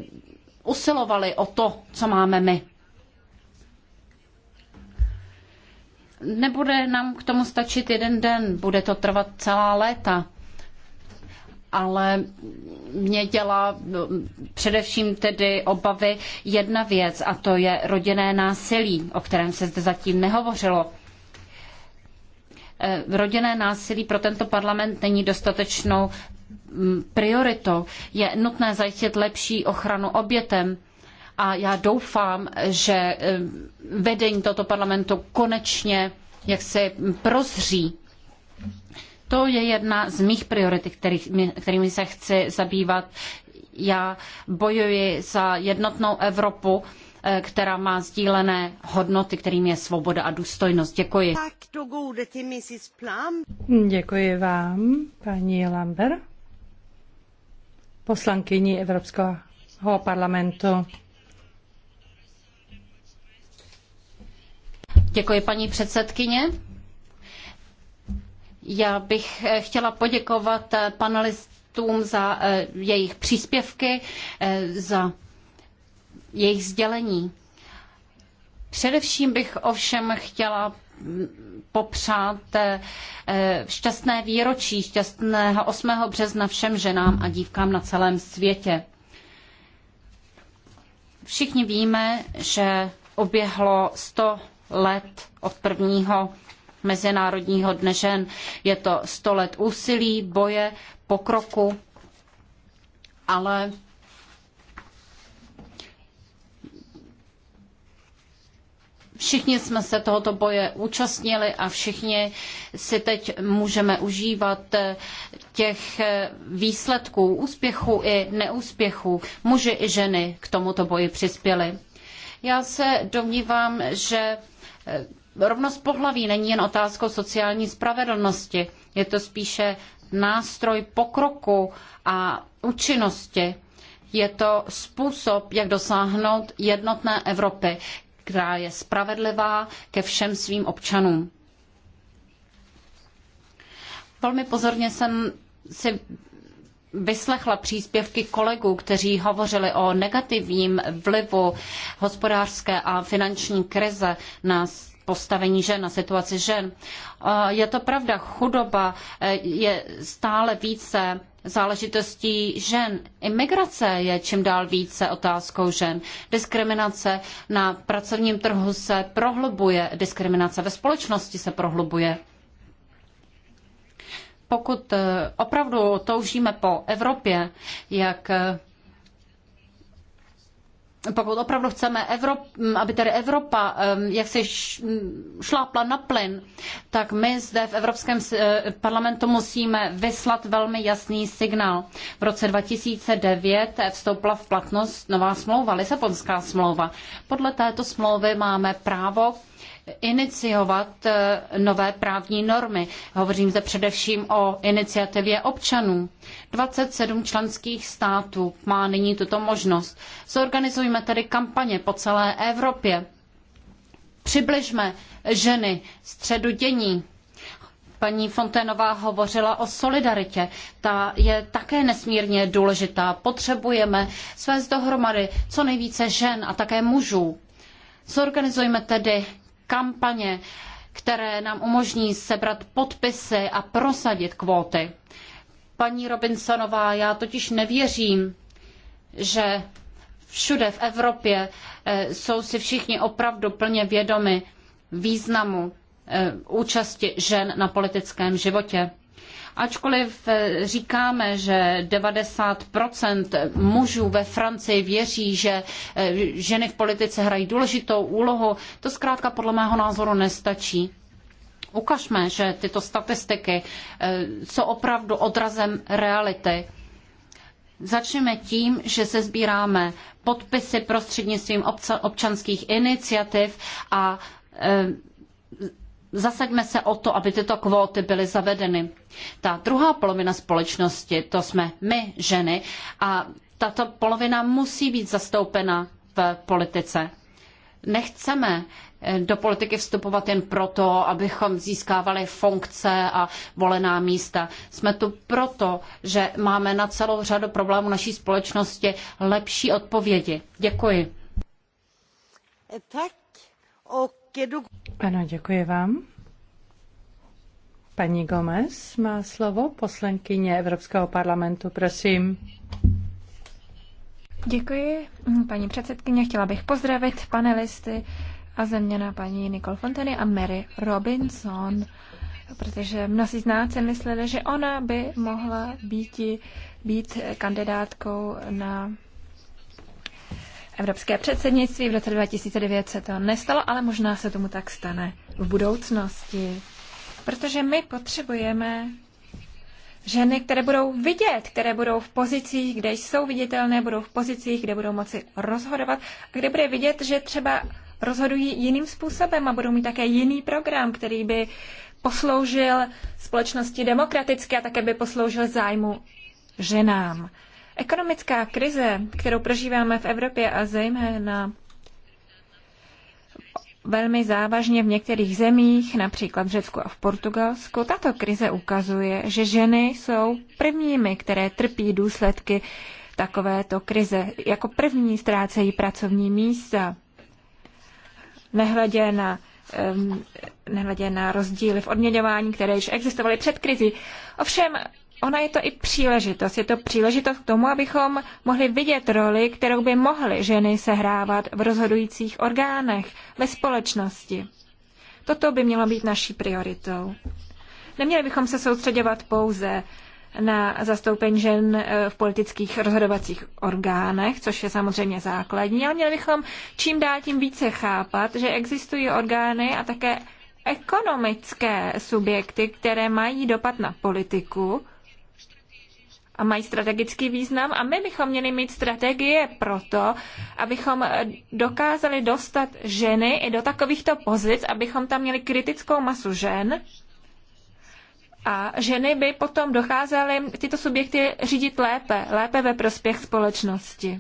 usilovali o to, co máme my. Nebude nám k tomu stačit jeden den, bude to trvat celá léta. Ale mě dělá no, především tedy obavy jedna věc, a to je rodinné násilí, o kterém se zde zatím nehovořilo eh, rodinné násilí pro tento parlament není dostatečnou mm, prioritou. Je nutné zajistit lepší ochranu obětem a já doufám, že eh, vedení tohoto parlamentu konečně jak se prozří. To je jedna z mých priorit, kterými, se chci zabývat. Já bojuji za jednotnou Evropu, eh, která má sdílené hodnoty, kterým je svoboda a důstojnost. Děkuji. Děkuji vám, paní Lambert, poslankyni Evropského parlamentu. Děkuji, paní předsedkyně. Já bych eh, chtěla poděkovat eh, panelistům za eh, jejich příspěvky, za jejich sdělení. Především bych ovšem chtěla mm, popřát šťastné výročí, šťastného 8. března všem ženám a dívkám na celém světě. Všichni víme, že oběhlo 100 let od prvního Mezinárodního dne žen. Je to 100 let úsilí, boje, pokroku, ale všichni jsme se tohoto boje účastnili a všichni si teď můžeme užívat eh, těch eh, výsledků, úspěchů i neúspěchů. Muži i ženy k tomuto boji přispěli. Já se domnívám, že Eh, rovnost pohlaví není jen otázkou sociální spravedlnosti, je to spíše nástroj pokroku a účinnosti. Je to způsob, jak dosáhnout jednotné Evropy, která je spravedlivá ke všem svým občanům. Velmi pozorně jsem si vyslechla příspěvky kolegů, kteří hovořili o negativním vlivu hospodářské a finanční krize na postavení žen, na situaci žen. Je to pravda, chudoba e, je stále více záležitostí žen. Imigrace je čím dál více otázkou žen. Diskriminace na pracovním trhu se prohlubuje, diskriminace ve společnosti se prohlubuje pokud eh, opravdu toužíme po Evropě, jak eh, pokud opravdu chceme, Evrop, mm, aby tady Evropa eh, jak se mm, šlápla na plyn, tak my zde v Evropském parlamentu musíme vyslat velmi jasný signál. V roce 2009 vstoupila v platnost nová smlouva, Lisabonská smlouva. Podle této smlouvy máme právo iniciovat eh, nové právní normy. Hovořím zde především o iniciativě občanů. 27 členských států má nyní tuto možnost. Zorganizujme tedy kampaně po celé Evropě. Přibližme ženy středu dění. Paní Fonténová hovořila o solidaritě. Ta je také nesmírně důležitá. Potřebujeme svést dohromady co nejvíce žen a také mužů. Zorganizujme tedy kampaně, které nám umožní sebrat podpisy a prosadit kvóty. Paní Robinsonová, já totiž nevěřím, že všude v Evropě eh, jsou si všichni opravdu plně vědomi významu eh, účasti žen na politickém životě. Ačkoliv eh, říkáme, že 90% mužů ve Francii věří, že eh, ženy v politice hrají důležitou úlohu, to zkrátka podle mého názoru nestačí. Ukažme, že tyto statistiky eh, jsou opravdu odrazem reality. Začneme tím, že se sbíráme podpisy prostřednictvím občanských iniciativ a zasaďme se o to, aby tyto kvóty byly zavedeny. Ta druhá polovina společnosti, to jsme my, ženy, a tato polovina musí být zastoupena v politice. Nechceme eh, do politiky vstupovat jen proto, abychom získávali funkce a volená místa. Jsme tu proto, že máme na celou řadu problémů naší společnosti lepší odpovědi. Děkuji. Eh, tak, ok. Ano, děkuji vám. Paní Gomez má slovo, poslankyně Evropského parlamentu, prosím. Děkuji, paní předsedkyně. Chtěla bych pozdravit panelisty a zeměna paní Nicole Fontany a Mary Robinson, protože mnozí z nás mysleli, že ona by mohla být, být kandidátkou na evropské předsednictví. V roce 2009 se to nestalo, ale možná se tomu tak stane v budoucnosti. Protože my potřebujeme ženy, které budou vidět, které budou v pozicích, kde jsou viditelné, budou v pozicích, kde budou moci rozhodovat a kde bude vidět, že třeba rozhodují jiným způsobem a budou mít také jiný program, který by posloužil společnosti demokraticky a také by posloužil zájmu ženám. Ekonomická krize, kterou prožíváme v Evropě a zejména velmi závažně v některých zemích, například v Řecku a v Portugalsku, tato krize ukazuje, že ženy jsou prvními, které trpí důsledky takovéto krize. Jako první ztrácejí pracovní místa, nehledě na um, nehledě na rozdíly v odměňování, které již existovaly před krizí. Ovšem, ona je to i příležitost. Je to příležitost k tomu, abychom mohli vidět roli, kterou by mohly ženy sehrávat v rozhodujících orgánech, ve společnosti. Toto by mělo být naší prioritou. Neměli bychom se soustředovat pouze na zastoupení žen eh, v politických rozhodovacích orgánech, což je samozřejmě základní, ale měli bychom čím dál tím více chápat, že existují orgány a také ekonomické subjekty, které mají dopad na politiku a mají strategický význam a my bychom měli mít strategie proto, abychom dokázali dostat ženy i do takovýchto pozic, abychom tam měli kritickou masu žen, a ženy by potom dokázaly tyto subjekty řídit lépe, lépe ve prospěch společnosti.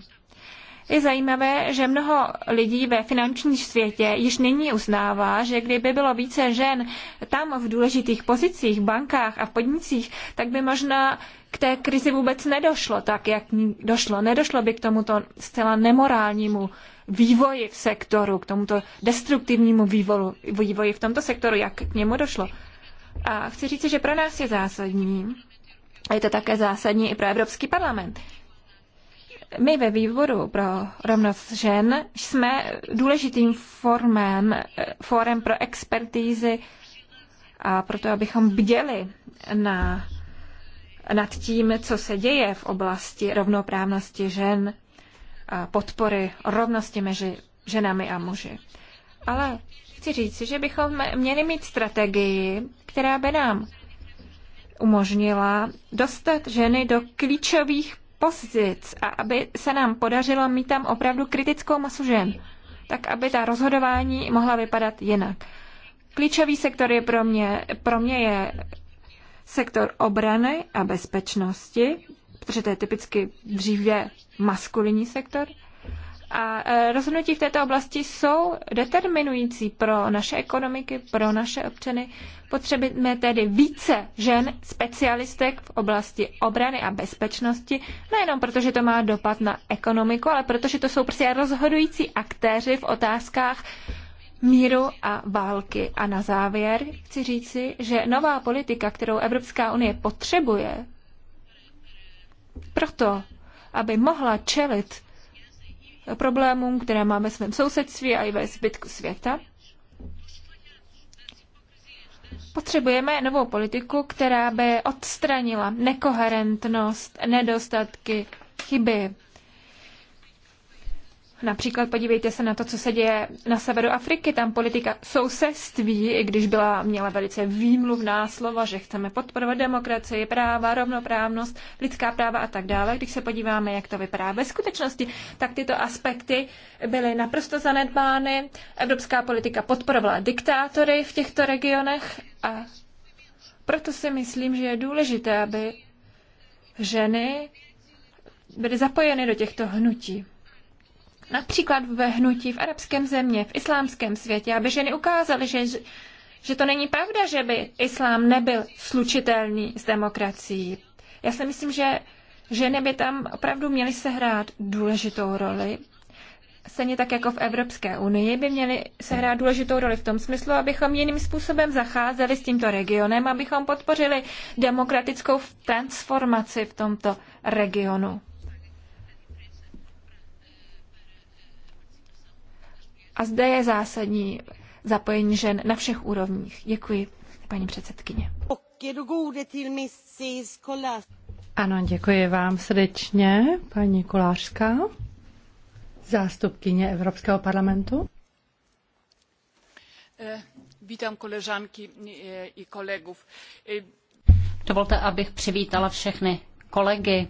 Je zajímavé, že mnoho lidí ve finančním světě již nyní uznává, že kdyby bylo více žen tam v důležitých pozicích, v bankách a v podnicích, tak by možná k té krizi vůbec nedošlo tak, jak došlo. Nedošlo by k tomuto zcela nemorálnímu vývoji v sektoru, k tomuto destruktivnímu vývoji v tomto sektoru, jak k němu došlo. A chci říct, že pro nás je zásadní, a je to také zásadní i pro Evropský parlament, my ve výboru pro rovnost žen jsme důležitým formem, fórem pro expertízy a proto, abychom bděli na, nad tím, co se děje v oblasti rovnoprávnosti žen a podpory rovnosti mezi ženami a muži. Ale chci říct, že bychom měli mít strategii, která by nám umožnila dostat ženy do klíčových pozic a aby se nám podařilo mít tam opravdu kritickou masu žen, tak aby ta rozhodování mohla vypadat jinak. Klíčový sektor je pro mě, pro mě je sektor obrany a bezpečnosti, protože to je typicky dříve maskulinní sektor, a e, rozhodnutí v této oblasti jsou determinující pro naše ekonomiky, pro naše občany. Potřebujeme tedy více žen, specialistek v oblasti obrany a bezpečnosti, nejenom protože to má dopad na ekonomiku, ale protože to jsou prostě rozhodující aktéři v otázkách míru a války. A na závěr chci říci, že nová politika, kterou Evropská unie potřebuje, proto, aby mohla čelit problémům, které máme v svém sousedství a i ve zbytku světa. Potřebujeme novou politiku, která by odstranila nekoherentnost, nedostatky, chyby. Například podívejte se na to, co se děje na severu Afriky. Tam politika sousedství, i když byla, měla velice výmluvná slova, že chceme podporovat demokracii, práva, rovnoprávnost, lidská práva a tak dále. Když se podíváme, jak to vypadá ve skutečnosti, tak tyto aspekty byly naprosto zanedbány. Evropská politika podporovala diktátory v těchto regionech a proto si myslím, že je důležité, aby ženy byly zapojeny do těchto hnutí například ve hnutí v arabském země, v islámském světě, aby ženy ukázaly, že, že to není pravda, že by islám nebyl slučitelný s demokracií. Já si myslím, že ženy by tam opravdu měly sehrát důležitou roli. Stejně tak jako v Evropské unii by měly sehrát důležitou roli v tom smyslu, abychom jiným způsobem zacházeli s tímto regionem, abychom podpořili demokratickou transformaci v tomto regionu. A zde je zásadní zapojení žen na všech úrovních. Děkuji, paní předsedkyně. Ano, děkuji vám srdečně, paní Kolářská, zástupkyně Evropského parlamentu. Eh, vítám koleżanki eh, i kolegów. Eh, Dovolte, abych přivítala všechny kolegy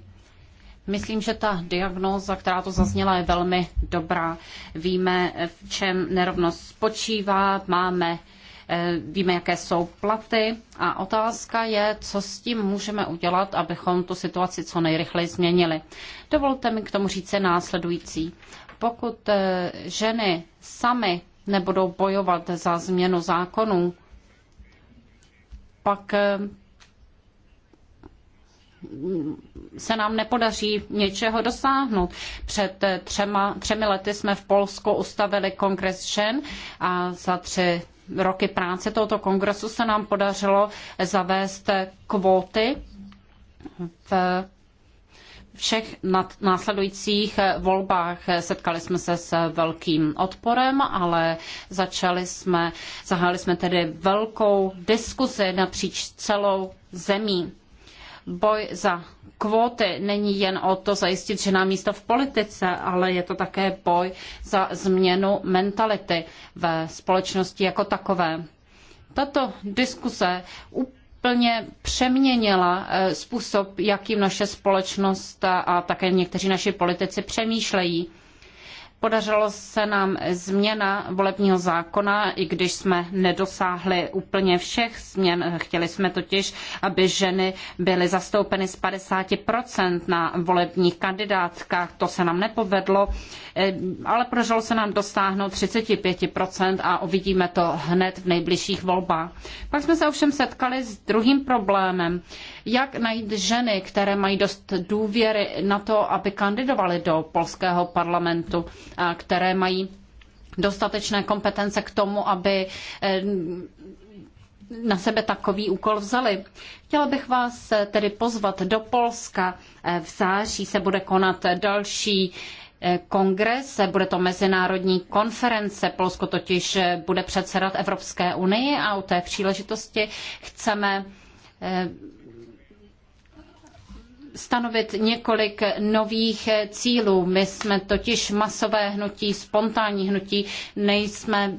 Myslím, že ta diagnóza, která to zazněla, je velmi dobrá. Víme, v čem nerovnost spočívá, máme, eh, víme, jaké jsou platy a otázka je, co s tím můžeme udělat, abychom tu situaci co nejrychleji změnili. Dovolte mi k tomu říct následující. Pokud eh, ženy samy nebudou bojovat za změnu zákonů, pak eh, se nám nepodaří něčeho dosáhnout. Před eh, třema, třemi lety jsme v Polsku ustavili kongres žen a za tři roky práce tohoto kongresu se nám podařilo zavést eh, kvóty v všech nad, následujících eh, volbách setkali jsme se s velkým odporem, ale začali jsme, zahájili jsme tedy velkou diskuzi napříč celou zemí. Boj za kvóty není jen o to zajistit žena místo v politice, ale je to také boj za změnu mentality ve společnosti jako takové. Tato diskuse úplně přeměnila eh, způsob, jakým naše společnost a také někteří naši politici přemýšlejí. Podařilo se nám změna volebního zákona, i když jsme nedosáhli úplně všech změn. Chtěli jsme totiž, aby ženy byly zastoupeny z 50% na volebních kandidátkách. To se nám nepovedlo, eh, ale podařilo se nám dosáhnout 35% a uvidíme to hned v nejbližších volbách. Pak jsme se ovšem setkali s druhým problémem. Jak najít ženy, které mají dost důvěry na to, aby kandidovaly do polského parlamentu, a které mají dostatečné kompetence k tomu, aby eh, na sebe takový úkol vzali. Chtěla bych vás eh, tedy pozvat do Polska. Eh, v září se bude konat další kongres, bude to mezinárodní konference. Polsko totiž bude předsedat Evropské unii a u té příležitosti chceme stanovit několik nových cílů. My jsme totiž masové hnutí, spontánní hnutí, nejsme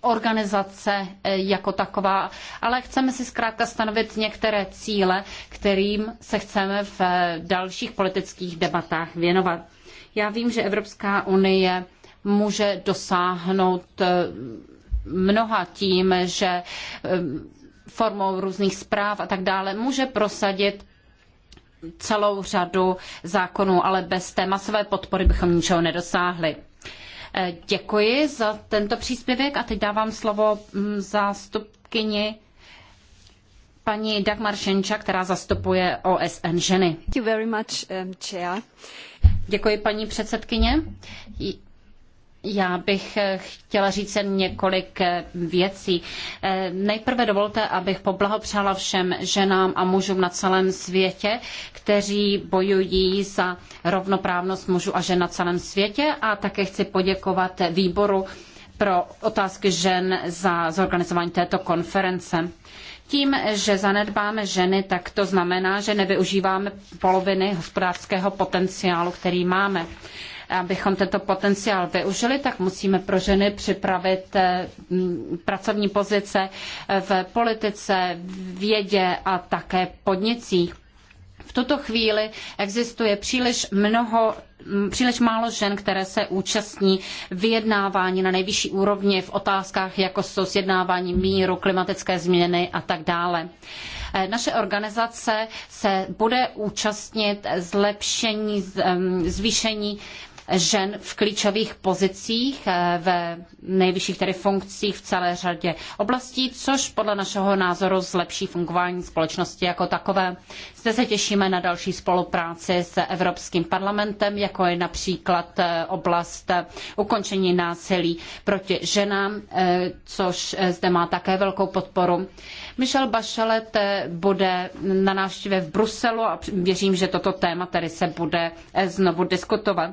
organizace jako taková, ale chceme si zkrátka stanovit některé cíle, kterým se chceme v dalších politických debatách věnovat. Já vím, že Evropská unie může dosáhnout eh, mnoha tím, že eh, formou různých zpráv a tak dále může prosadit celou řadu zákonů, ale bez té masové podpory bychom ničeho nedosáhli. Eh, děkuji za tento příspěvek a teď dávám slovo mm, zástupkyni paní Dagmar Šenča, která zastupuje OSN ženy. Um, děkuji, paní předsedkyně. Já bych eh, chtěla říct jen několik eh, věcí. Eh, nejprve dovolte, abych poblahopřála všem ženám a mužům na celém světě, kteří bojují za rovnoprávnost mužů a žen na celém světě a také chci poděkovat výboru pro otázky žen za zorganizování této konference. Tím, že zanedbáme ženy, tak to znamená, že nevyužíváme poloviny hospodářského potenciálu, který máme abychom tento potenciál využili, tak musíme pro ženy připravit eh, pracovní pozice eh, v politice, vědě a také podnicích. V tuto chvíli existuje příliš mnoho příliš málo žen, které se účastní vyjednávání na nejvyšší úrovni v otázkách, jako jsou sjednávání míru, klimatické změny a tak dále. Eh, naše organizace se bude účastnit zlepšení, zvýšení žen v klíčových pozicích, eh, ve nejvyšších tedy funkcích v celé řadě oblastí, což podle našeho názoru zlepší fungování společnosti jako takové. Zde se těšíme na další spolupráci s Evropským parlamentem, jako je například eh, oblast eh, ukončení násilí proti ženám, což zde má také velkou podporu. Michel Bachelet bude na návštěvě v Bruselu a věřím, že toto téma tedy se bude znovu diskutovat.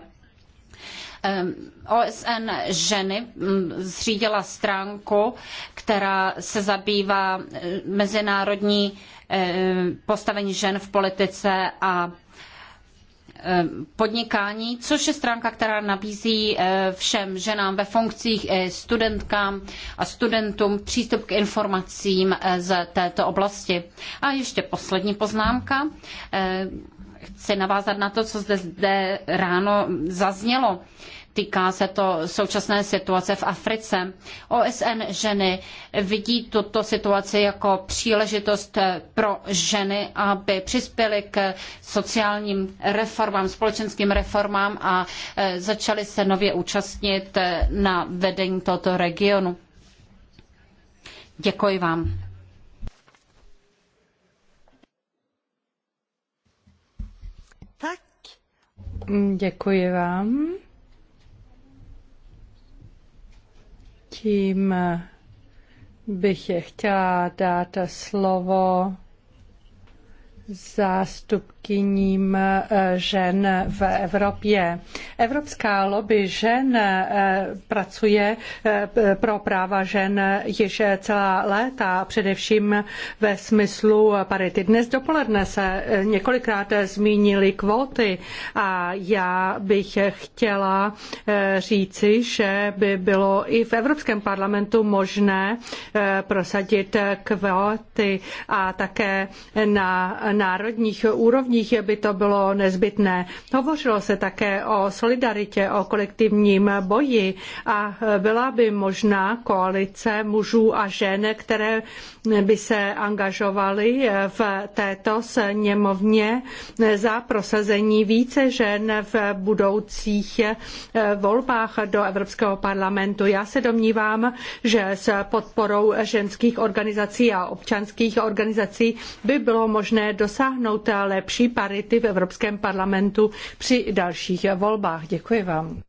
OSN ženy zřídila stránku, která se zabývá e, mezinárodní e, postavení žen v politice a e, podnikání, což je stránka, která nabízí všem ženám ve funkcích i studentkám a studentům přístup k informacím z této oblasti. A ještě poslední poznámka chci navázat na to, co zde, zde ráno zaznělo. Týká se to současné situace v Africe. OSN ženy vidí tuto situaci jako příležitost pro ženy, aby přispěly k sociálním reformám, společenským reformám a e, začaly se nově účastnit e, na vedení tohoto regionu. Děkuji vám. Děkuji vám. Tím bych je chtěla dát slovo zástupkyním eh, žen v Evropě. Evropská lobby žen eh, pracuje eh, pro práva žen již celá léta, především ve smyslu parity. Dnes dopoledne se několikrát zmínili kvóty a já bych chtěla říci, že by bylo i v Evropském parlamentu možné prosadit kvóty a také na národních úrovních by to bylo nezbytné. Hovořilo se také o solidaritě, o kolektivním boji a byla by možná koalice mužů a žen, které by se angažovaly v této sněmovně za prosazení více žen v budoucích volbách do Evropského parlamentu. Já se domnívám, že s podporou ženských organizací a občanských organizací by bylo možné dosáhnout dosáhnout lepší parity v Evropském parlamentu při dalších volbách. Děkuji vám.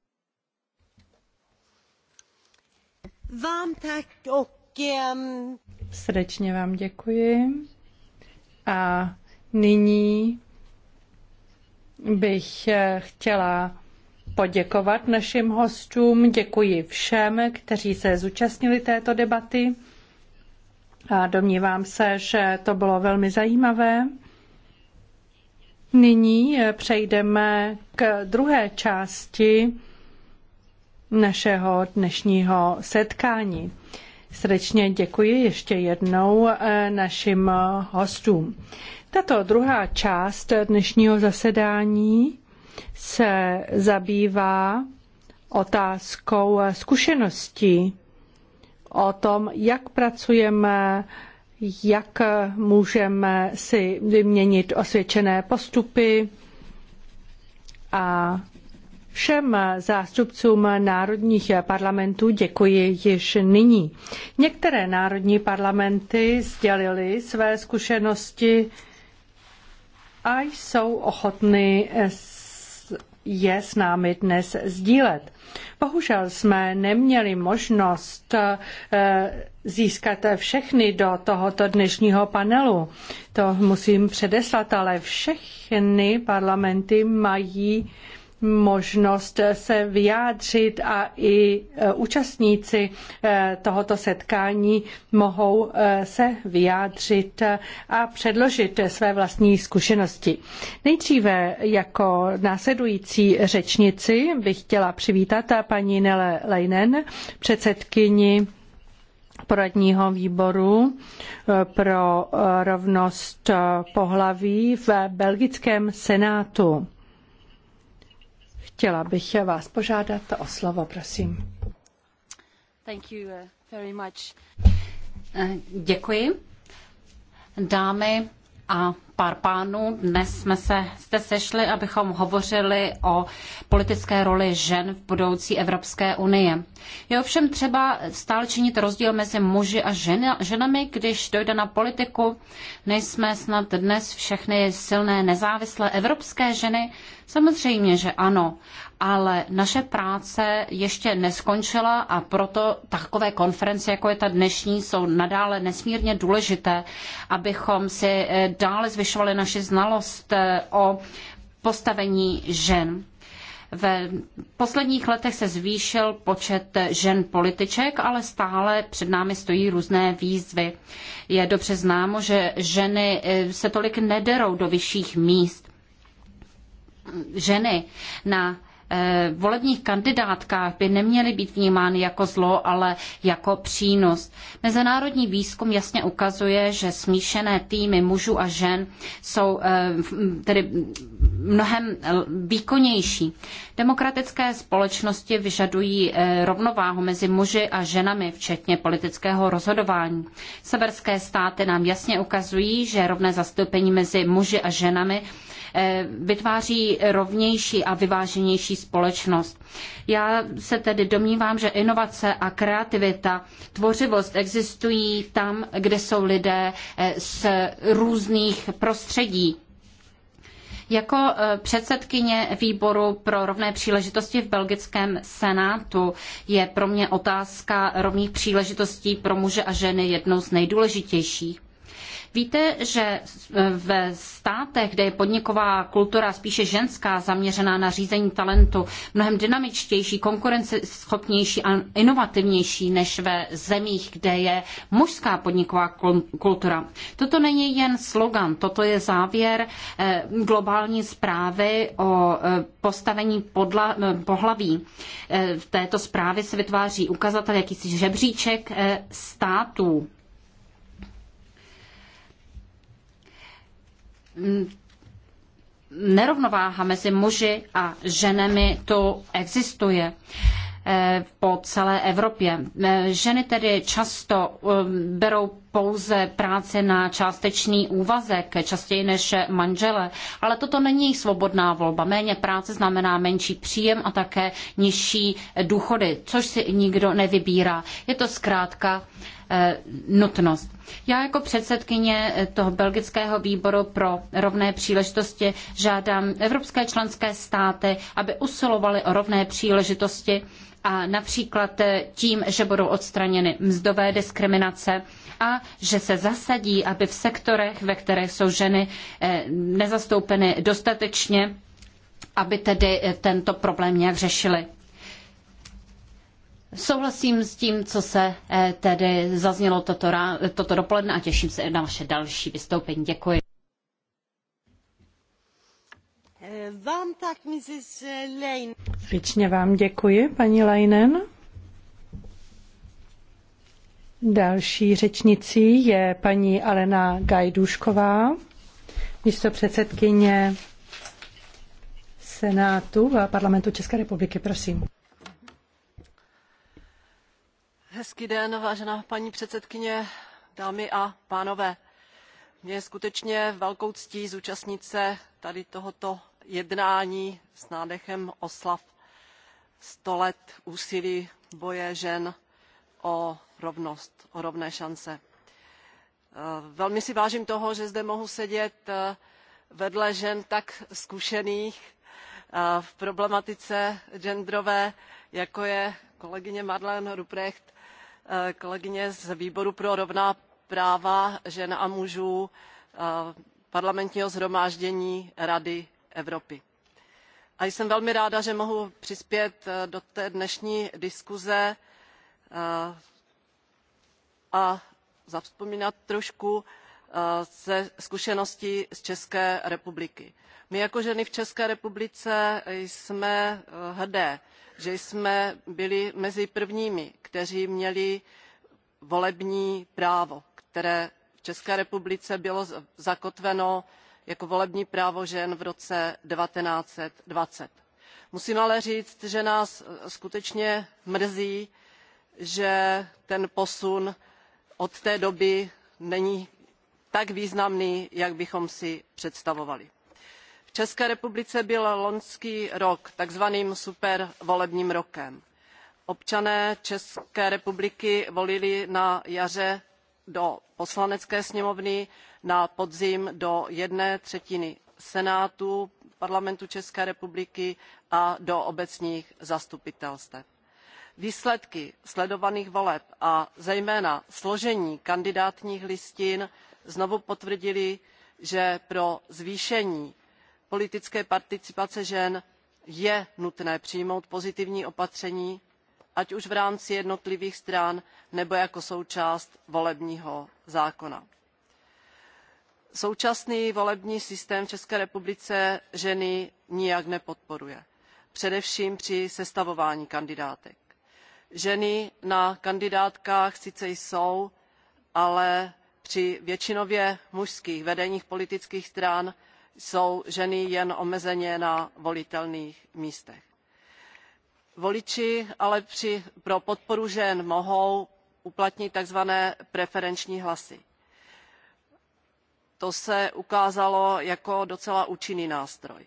Vám tak okem. Srdečně vám děkuji. A nyní bych eh, chtěla poděkovat našim hostům. Děkuji všem, kteří se zúčastnili této debaty. A domnívám se, že to bylo velmi zajímavé. Nyní eh, přejdeme k druhé části našeho dnešního setkání. Srdečně děkuji ještě jednou eh, našim eh, hostům. Tato druhá část dnešního zasedání se zabývá otázkou zkušeností o tom, jak pracujeme jak můžeme si vyměnit osvědčené postupy a Všem zástupcům národních parlamentů děkuji již nyní. Některé národní parlamenty sdělily své zkušenosti a jsou ochotny s je s námi dnes sdílet. Bohužel jsme neměli možnost eh, získat všechny do tohoto dnešního panelu. To musím předeslat, ale všechny parlamenty mají možnost se vyjádřit a i e, účastníci e, tohoto setkání mohou e, se vyjádřit a předložit své vlastní zkušenosti. Nejdříve jako následující řečnici bych chtěla přivítat paní Nele Leinen, předsedkyni poradního výboru pro rovnost pohlaví v belgickém senátu. Chtěla bych vás požádat o slovo, prosím. Thank you uh, very much. Eh, děkuji. Dámy a pár pánů, dnes jsme se zde sešli, abychom hovořili o politické roli žen v budoucí Evropské unie. Je ovšem třeba stále činit rozdíl mezi muži a ženami, když dojde na politiku. Nejsme snad dnes všechny silné nezávislé evropské ženy, Samozřejmě, že ano, ale naše práce ještě neskončila a proto takové konference, jako je ta dnešní, jsou nadále nesmírně důležité, abychom si eh, dále zvyšovali naši znalost eh, o postavení žen. V posledních letech se zvýšil počet žen političek, ale stále před námi stojí různé výzvy. Je dobře známo, že ženy eh, se tolik nederou do vyšších míst ženy na eh, volebních kandidátkách by neměly být vnímány jako zlo, ale jako přínos. Mezinárodní výzkum jasně ukazuje, že smíšené týmy mužů a žen jsou eh, tedy mnohem výkonnější. Demokratické společnosti vyžadují eh, rovnováhu mezi muži a ženami, včetně politického rozhodování. Severské státy nám jasně ukazují, že rovné zastoupení mezi muži a ženami Eh, vytváří rovnější a vyváženější společnost. Já se tedy domnívám, že inovace a kreativita, tvořivost existují tam, kde jsou lidé eh, z různých prostředí, jako eh, předsedkyně výboru pro rovné příležitosti v belgickém senátu je pro mě otázka rovných příležitostí pro muže a ženy jednou z nejdůležitějších. Víte, že ve státech, kde je podniková kultura spíše ženská, zaměřená na řízení talentu, mnohem dynamičtější, konkurenceschopnější a inovativnější než ve zemích, kde je mužská podniková kultura. Toto není jen slogan, toto je závěr eh, globální zprávy o eh, postavení podla, eh, pohlaví. V této zprávě se vytváří ukazatel jakýsi žebříček států. Mm, nerovnováha mezi muži a ženami tu existuje eh, po celé Evropě. Eh, ženy tedy často eh, berou pouze práce na částečný úvazek, častěji než manžele, ale toto není jejich svobodná volba. Méně práce znamená menší příjem a také nižší důchody, což si nikdo nevybírá. Je to zkrátka Eh, nutnost. Já jako předsedkyně eh, toho belgického výboru pro rovné příležitosti žádám evropské členské státy, aby usilovali o rovné příležitosti a například eh, tím, že budou odstraněny mzdové diskriminace a že se zasadí, aby v sektorech, ve kterých jsou ženy nezastoupeny dostatečně, aby tedy tento problém nějak řešili. Souhlasím s tím, co se eh, tedy zaznělo toto, toto dopoledne a těším se na vaše další vystoupení. Děkuji. Eh, vám tak, Mrs. Eh, Lane. Srdečně vám děkuji, paní Leinen. Další řečnicí je paní Alena Gajdušková, místo předsedkyně Senátu a parlamentu České republiky. Prosím. Hezký den, vážená paní předsedkyně, dámy a pánové. Mě je skutečně velkou ctí zúčastnit se tady tohoto jednání s nádechem oslav 100 let úsilí boje žen o rovnost, o rovné šance. Eh, velmi si vážím toho, že zde mohu sedět eh, vedle žen tak zkušených eh, v problematice genderové, jako je kolegyně Marlene Ruprecht, Eh, kolegyně z výboru pro rovná práva žen a mužů eh, parlamentního shromáždění rady evropy. a jsem velmi ráda že mohu přispět eh, do té dnešní diskuze a zavzpomínat trošku ze zkušeností z české republiky. my jako ženy v české republice jsme hrdé že jsme byli mezi prvními kteří měli volební právo které v české republice bylo zakotveno jako volební právo žen v roce. one thousand nine hundred and twenty musím ale říct že nás eh, skutečně mrzí že ten posun od té doby není tak významný jak bychom si představovali české republice byl loňský rok takzvaným supervolebním rokem. občané české republiky volili na jaře do poslanecké sněmovny na podzim do jedné třetiny senátu parlamentu české republiky a do obecních zastupitelstev. výsledky sledovaných voleb a zejména složení kandidátních listin znovu potvrdily že pro zvýšení politické participace žen je nutné přijmout pozitivní opatření ať už v rámci jednotlivých stran nebo jako součást volebního zákona. současný volební systém v české republice ženy nijak nepodporuje především při sestavování kandidátek. ženy na kandidátkách sice jsou ale při většinově mužských vedeních politických stran jsou ženy jen omezeně na volitelných místech. voliči ale při, pro podporu žen mohou uplatnit tzv. preferenční hlasy. to se ukázalo jako docela účinný nástroj.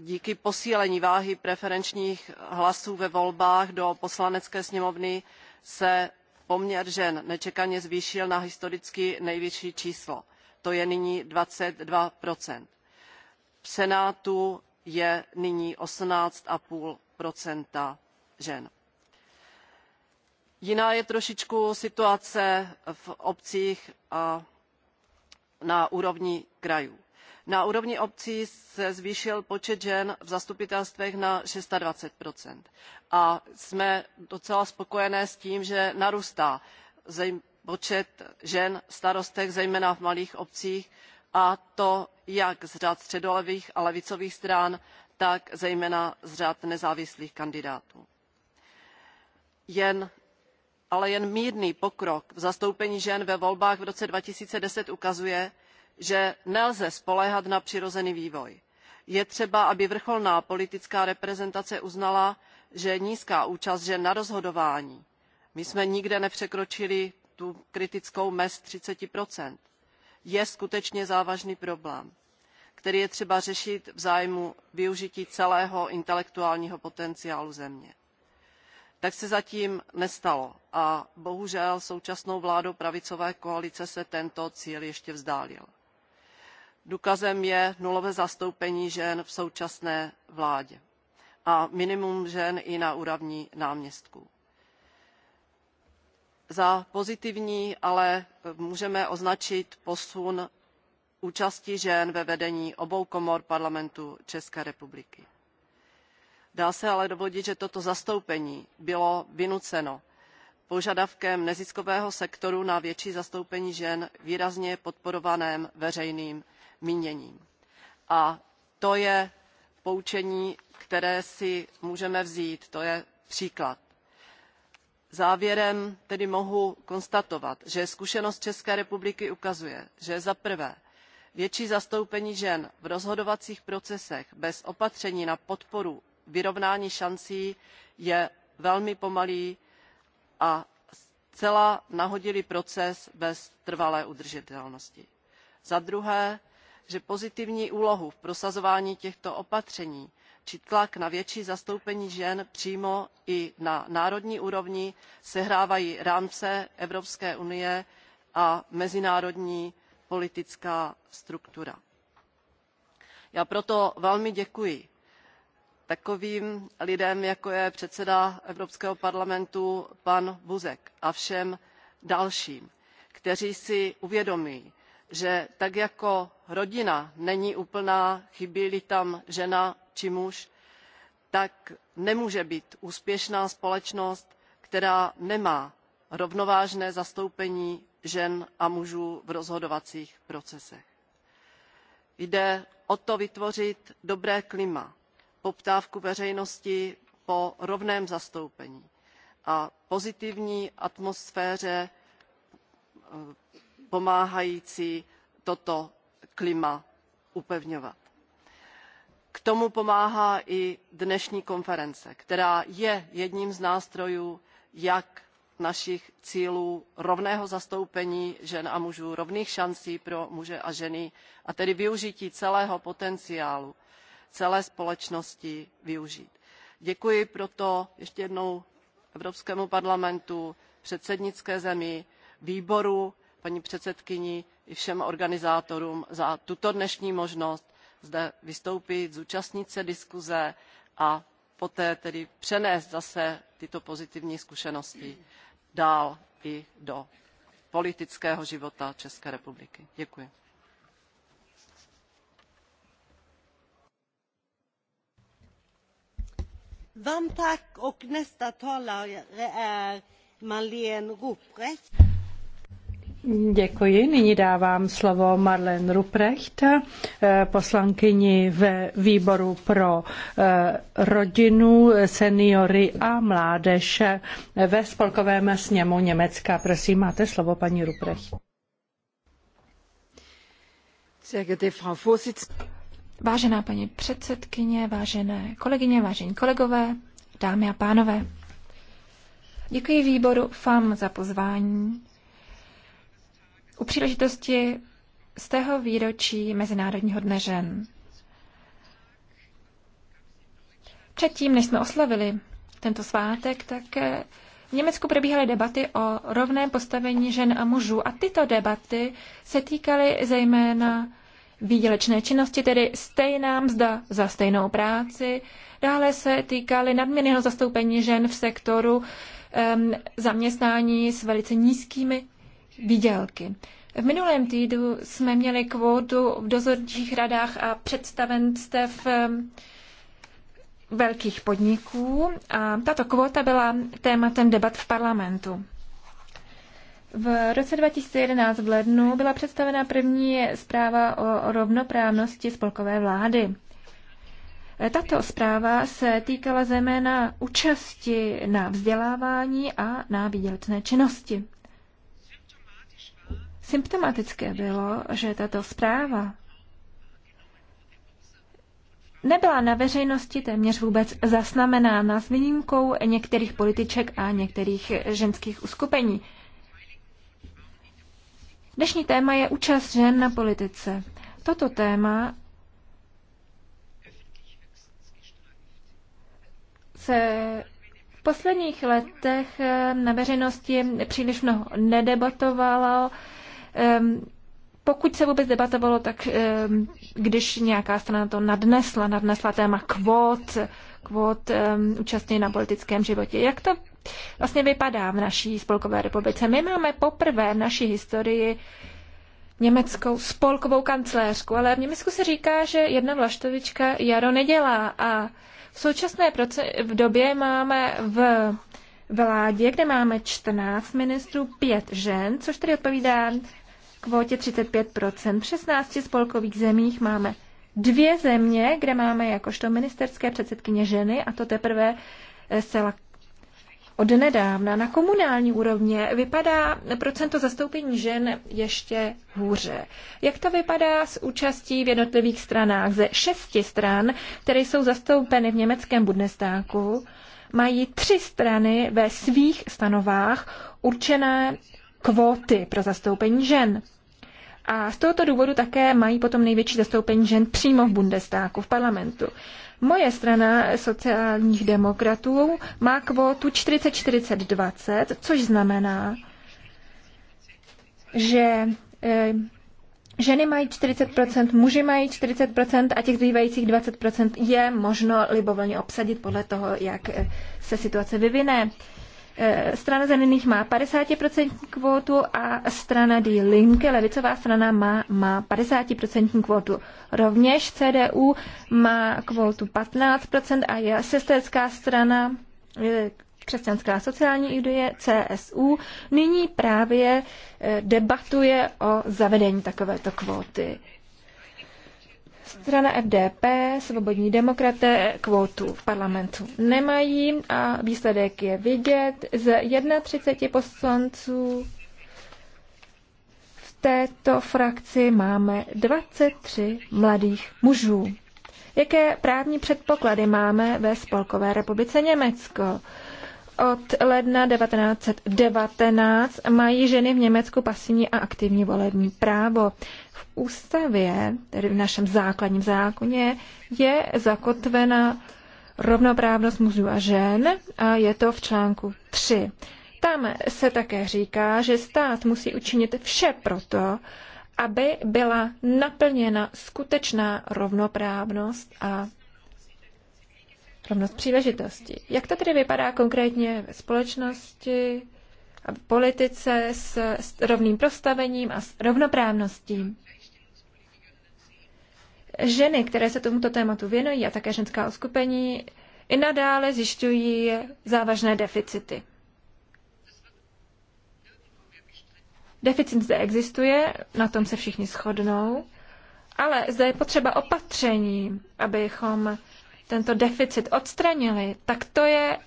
díky posílení váhy preferenčních hlasů ve volbách do poslanecké sněmovny se poměr žen nečekaně zvýšil na historicky nejvyšší číslo to je nyní twenty two v senátu je nyní five žen. Jiná je trošičku situace v obcích a na úrovni krajů. Na úrovni obcí se zvýšil počet žen v zastupitelstvech na 26 a jsme docela spokojené s tím, že narůstá počet žen starostek, zejména v malých obcích, a to jak z řad středolevých a levicových stran tak zejména z řad nezávislých kandidátů. Jen, ale jen mírný pokrok v zastoupení žen ve volbách v roce 2010 ukazuje, že nelze spoléhat na přirozený vývoj. Je třeba, aby vrcholná politická reprezentace uznala, že nízká účast žen na rozhodování, my jsme nikde nepřekročili tu kritickou mez 30 je skutečně závažný problém který je třeba řešit v zájmu využití celého intelektuálního potenciálu země. Tak se zatím nestalo a bohužel současnou vládou pravicové koalice se tento cíl ještě vzdálil. Důkazem je nulové zastoupení žen v současné vládě a minimum žen i na úrovni náměstků. Za pozitivní ale můžeme označit posun účasti žen ve vedení obou komor parlamentu české republiky. dá se ale dovodit že toto zastoupení bylo vynuceno požadavkem neziskového sektoru na větší zastoupení žen výrazně podporovaném veřejným míněním. a to je poučení které si můžeme vzít to je příklad. závěrem tedy mohu konstatovat že zkušenost české republiky ukazuje že za prvé větší zastoupení žen v rozhodovacích procesech bez opatření na podporu vyrovnání šancí je velmi pomalý a zcela nahodilý proces bez trvalé udržitelnosti. za druhé že pozitivní úlohu v prosazování těchto opatření či tlak na větší zastoupení žen přímo i na národní úrovni sehrávají rámce evropské unie a mezinárodní politická struktura. já proto velmi děkuji takovým lidem jako je předseda evropského parlamentu pan buzek a všem dalším kteří si uvědomí že tak jako rodina není úplná chybí li tam žena či muž tak nemůže být úspěšná společnost která nemá rovnovážné zastoupení žen a mužů v rozhodovacích procesech. jde o to vytvořit dobré klima poptávku veřejnosti po rovném zastoupení a pozitivní atmosféře eh, pomáhající toto klima upevňovat. k tomu pomáhá i dnešní konference která je jedním z nástrojů jak našich cílů rovného zastoupení žen a mužů rovných šancí pro muže a ženy a tedy využití celého potenciálu celé společnosti využít. děkuji proto ještě jednou evropskému parlamentu předsednické zemi výboru paní předsedkyni i všem organizátorům za tuto dnešní možnost zde vystoupit zúčastnit se diskuze a poté tedy přenést zase tyto pozitivní zkušenosti dál i do politického života České republiky. Děkuji. Vám tak, ok, nästa talare är Malien Ruprecht. Děkuji. Nyní dávám slovo Marlen Ruprecht, eh, poslankyni ve výboru pro eh, rodinu, seniory a mládež ve spolkovém sněmu Německa. Prosím, máte slovo, paní Ruprecht. Vážená paní předsedkyně, vážené kolegyně, vážení kolegové, dámy a pánové. Děkuji výboru FAM za pozvání u příležitosti z tého výročí Mezinárodního dne žen. Předtím, než jsme oslavili tento svátek, tak eh, v Německu probíhaly debaty o rovném postavení žen a mužů a tyto debaty se týkaly zejména výdělečné činnosti, tedy stejná mzda za stejnou práci. Dále se týkaly nadměrného zastoupení žen v sektoru um, zaměstnání s velice nízkými výdělky. V minulém týdnu jsme měli kvótu v dozorčích radách a představenstev ehm, velkých podniků a tato kvóta byla tématem debat v parlamentu. V roce 2011 v lednu byla představena první zpráva o rovnoprávnosti spolkové vlády. Tato zpráva se týkala zejména účasti na vzdělávání a na výdělečné činnosti. Symptomatické bylo, že tato zpráva nebyla na veřejnosti téměř vůbec zaznamenána s výjimkou některých političek a některých ženských uskupení. Dnešní téma je účast žen na politice. Toto téma se v posledních letech na veřejnosti příliš mnoho nedebatovalo, Ehm, pokud se vůbec debatovalo, tak ehm, když nějaká strana to nadnesla, nadnesla téma kvót, kvót ehm, účastní na politickém životě, jak to vlastně vypadá v naší spolkové republice? My máme poprvé v naší historii německou spolkovou kancléřku, ale v Německu se říká, že jedna vlaštovička jaro nedělá a v současné v době máme v vládě, kde máme 14 ministrů, 5 žen, což tedy odpovídá kvótě 35 V 16 spolkových zemích máme dvě země, kde máme jakožto ministerské předsedkyně ženy a to teprve eh, zcela od nedávna na komunální úrovně vypadá procento zastoupení žen ještě hůře. Jak to vypadá s účastí v jednotlivých stranách? Ze šesti stran, které jsou zastoupeny v německém Bundestagu, mají tři strany ve svých stanovách určené kvóty pro zastoupení žen. A z tohoto důvodu také mají potom největší zastoupení žen přímo v Bundestáku, v parlamentu. Moje strana sociálních demokratů má kvótu 40-40-20, což znamená, že e, ženy mají 40%, muži mají 40% a těch zbývajících 20% je možno libovolně obsadit podle toho, jak eh, se situace vyvine. E, Eh, strana zelených má 50% kvótu a strana Die Linke, levicová strana, má, má 50% kvótu. Rovněž CDU má kvótu 15% a je sesterská strana eh, křesťanská sociální ideje CSU nyní právě eh, debatuje o zavedení takovéto kvóty. Strana FDP, svobodní demokraté, kvótu v parlamentu nemají a výsledek je vidět. Z 31 poslanců v této frakci máme 23 mladých mužů. Jaké právní předpoklady máme ve Spolkové republice Německo? Od ledna 1919 mají ženy v Německu pasivní a aktivní volební právo v ústavě, tedy v našem základním zákoně, je zakotvena rovnoprávnost mužů a žen a je to v článku 3. Tam se také říká, že stát musí učinit vše proto, aby byla naplněna skutečná rovnoprávnost a rovnost příležitostí. Jak to tedy vypadá konkrétně ve společnosti a v politice s, s rovným prostavením a s rovnoprávností? ženy, které se tomuto tématu věnují a také ženská oskupení, i nadále zjišťují závažné deficity. Deficit zde existuje, na tom se všichni shodnou, ale zde je potřeba opatření, abychom tento deficit odstranili, tak to je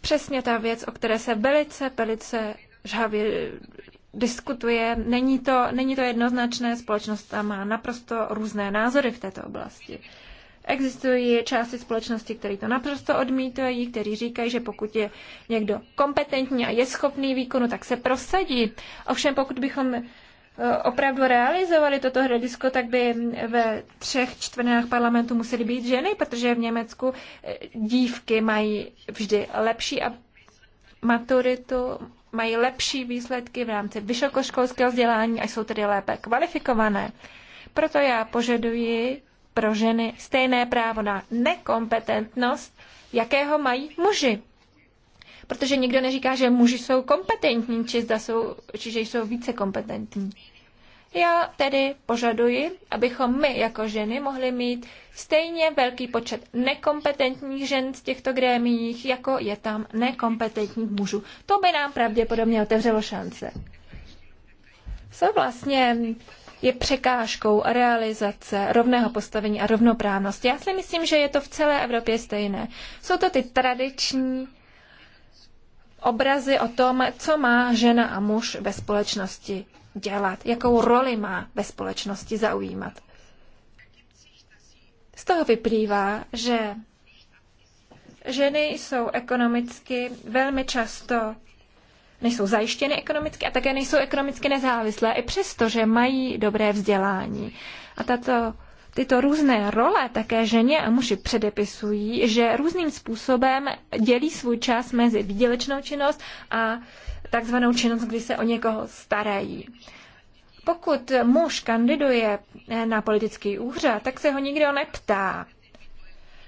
přesně ta věc, o které se velice, velice žhavě diskutuje. Není to, není to jednoznačné, společnost tam má naprosto různé názory v této oblasti. Existují části společnosti, které to naprosto odmítají, kteří říkají, že pokud je někdo kompetentní a je schopný výkonu, tak se prosadí. Ovšem, pokud bychom e, opravdu realizovali toto hledisko, tak by ve třech čtvrtinách parlamentu musely být ženy, protože v Německu e, dívky mají vždy lepší a maturitu, mají lepší výsledky v rámci vysokoškolského vzdělání a jsou tedy lépe kvalifikované. Proto já požaduji pro ženy stejné právo na nekompetentnost, jakého mají muži. Protože nikdo neříká, že muži jsou kompetentní, či, zda jsou, či že jsou více kompetentní. Já tedy požaduji, abychom my jako ženy mohli mít stejně velký počet nekompetentních žen z těchto grémiích, jako je tam nekompetentních mužů. To by nám pravděpodobně otevřelo šance. Co vlastně je překážkou realizace rovného postavení a rovnoprávnosti? Já si myslím, že je to v celé Evropě stejné. Jsou to ty tradiční obrazy o tom, co má žena a muž ve společnosti dělat, jakou roli má ve společnosti zaujímat. Z toho vyplývá, že ženy jsou ekonomicky velmi často nejsou zajištěny ekonomicky a také nejsou ekonomicky nezávislé, i přesto, že mají dobré vzdělání. A tato, tyto různé role také ženě a muži předepisují, že různým způsobem dělí svůj čas mezi výdělečnou činnost a takzvanou činnost, kdy se o někoho starají. Pokud muž kandiduje eh, na politický úřad, tak se ho nikdo neptá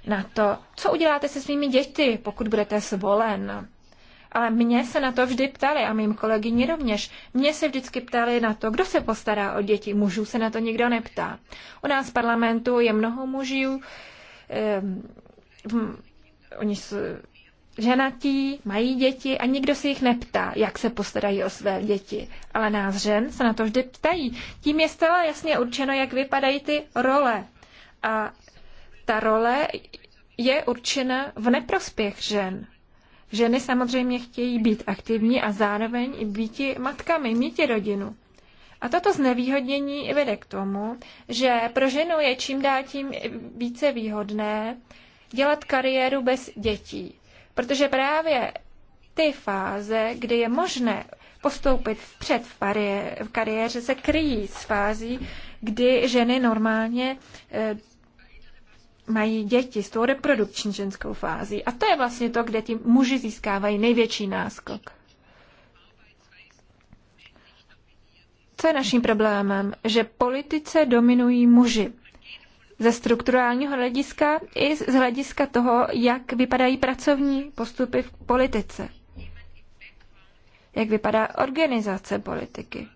na to, co uděláte se svými děti, pokud budete zvolen. Ale mě se na to vždy ptali a mým kolegyni rovněž. Mě se vždycky ptali na to, kdo se postará o děti. Mužů se na to nikdo neptá. U nás v parlamentu je mnoho mužů, um, oni jsou, ženatí, mají děti a nikdo se jich neptá, jak se postarají o své děti. Ale nás žen se na to vždy ptají. Tím je zcela jasně určeno, jak vypadají ty role. A ta role je určena v neprospěch žen. Ženy samozřejmě chtějí být aktivní a zároveň být matkami, mít rodinu. A toto znevýhodnění vede k tomu, že pro ženu je čím dál tím více výhodné dělat kariéru bez dětí. Protože právě ty fáze, kdy je možné postoupit vpřed v, parie, v kariéře, se kryjí s fází, kdy ženy normálně e, mají děti s tou reprodukční ženskou fází. A to je vlastně to, kde ti muži získávají největší náskok. Co je naším problémem? Že politice dominují muži ze strukturálního hlediska i z hlediska toho, jak vypadají pracovní postupy v politice, jak vypadá organizace politiky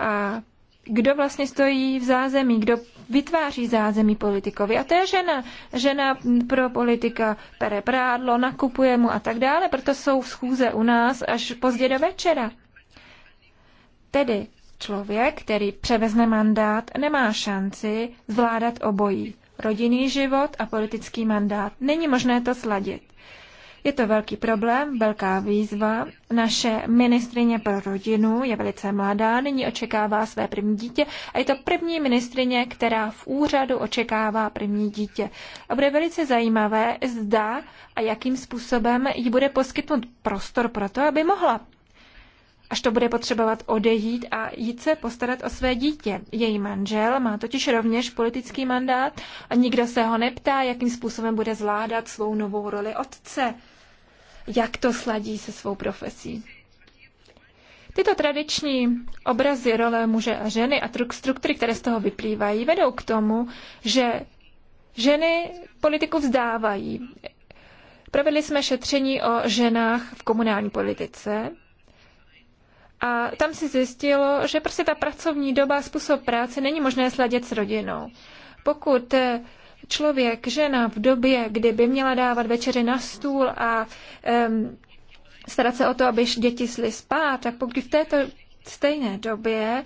a kdo vlastně stojí v zázemí, kdo vytváří zázemí politikovi. A to je žena. Žena pro politika pere prádlo, nakupuje mu a tak dále, proto jsou schůze u nás až pozdě do večera. Tedy Člověk, který převezme mandát, nemá šanci zvládat obojí. Rodinný život a politický mandát. Není možné to sladit. Je to velký problém, velká výzva. Naše ministrině pro rodinu je velice mladá, nyní očekává své první dítě a je to první ministrině, která v úřadu očekává první dítě. A bude velice zajímavé, zda a jakým způsobem jí bude poskytnut prostor pro to, aby mohla až to bude potřebovat odejít a jít se postarat o své dítě. Její manžel má totiž rovněž politický mandát a nikdo se ho neptá, jakým způsobem bude zvládat svou novou roli otce, jak to sladí se svou profesí. Tyto tradiční obrazy role muže a ženy a struktury, které z toho vyplývají, vedou k tomu, že ženy politiku vzdávají. Provedli jsme šetření o ženách v komunální politice a tam si zjistilo, že prostě ta pracovní doba, způsob práce není možné sladit s rodinou. Pokud eh, člověk, žena v době, kdy by měla dávat večeři na stůl a um, starat se o to, aby děti sly spát, tak pokud v této stejné době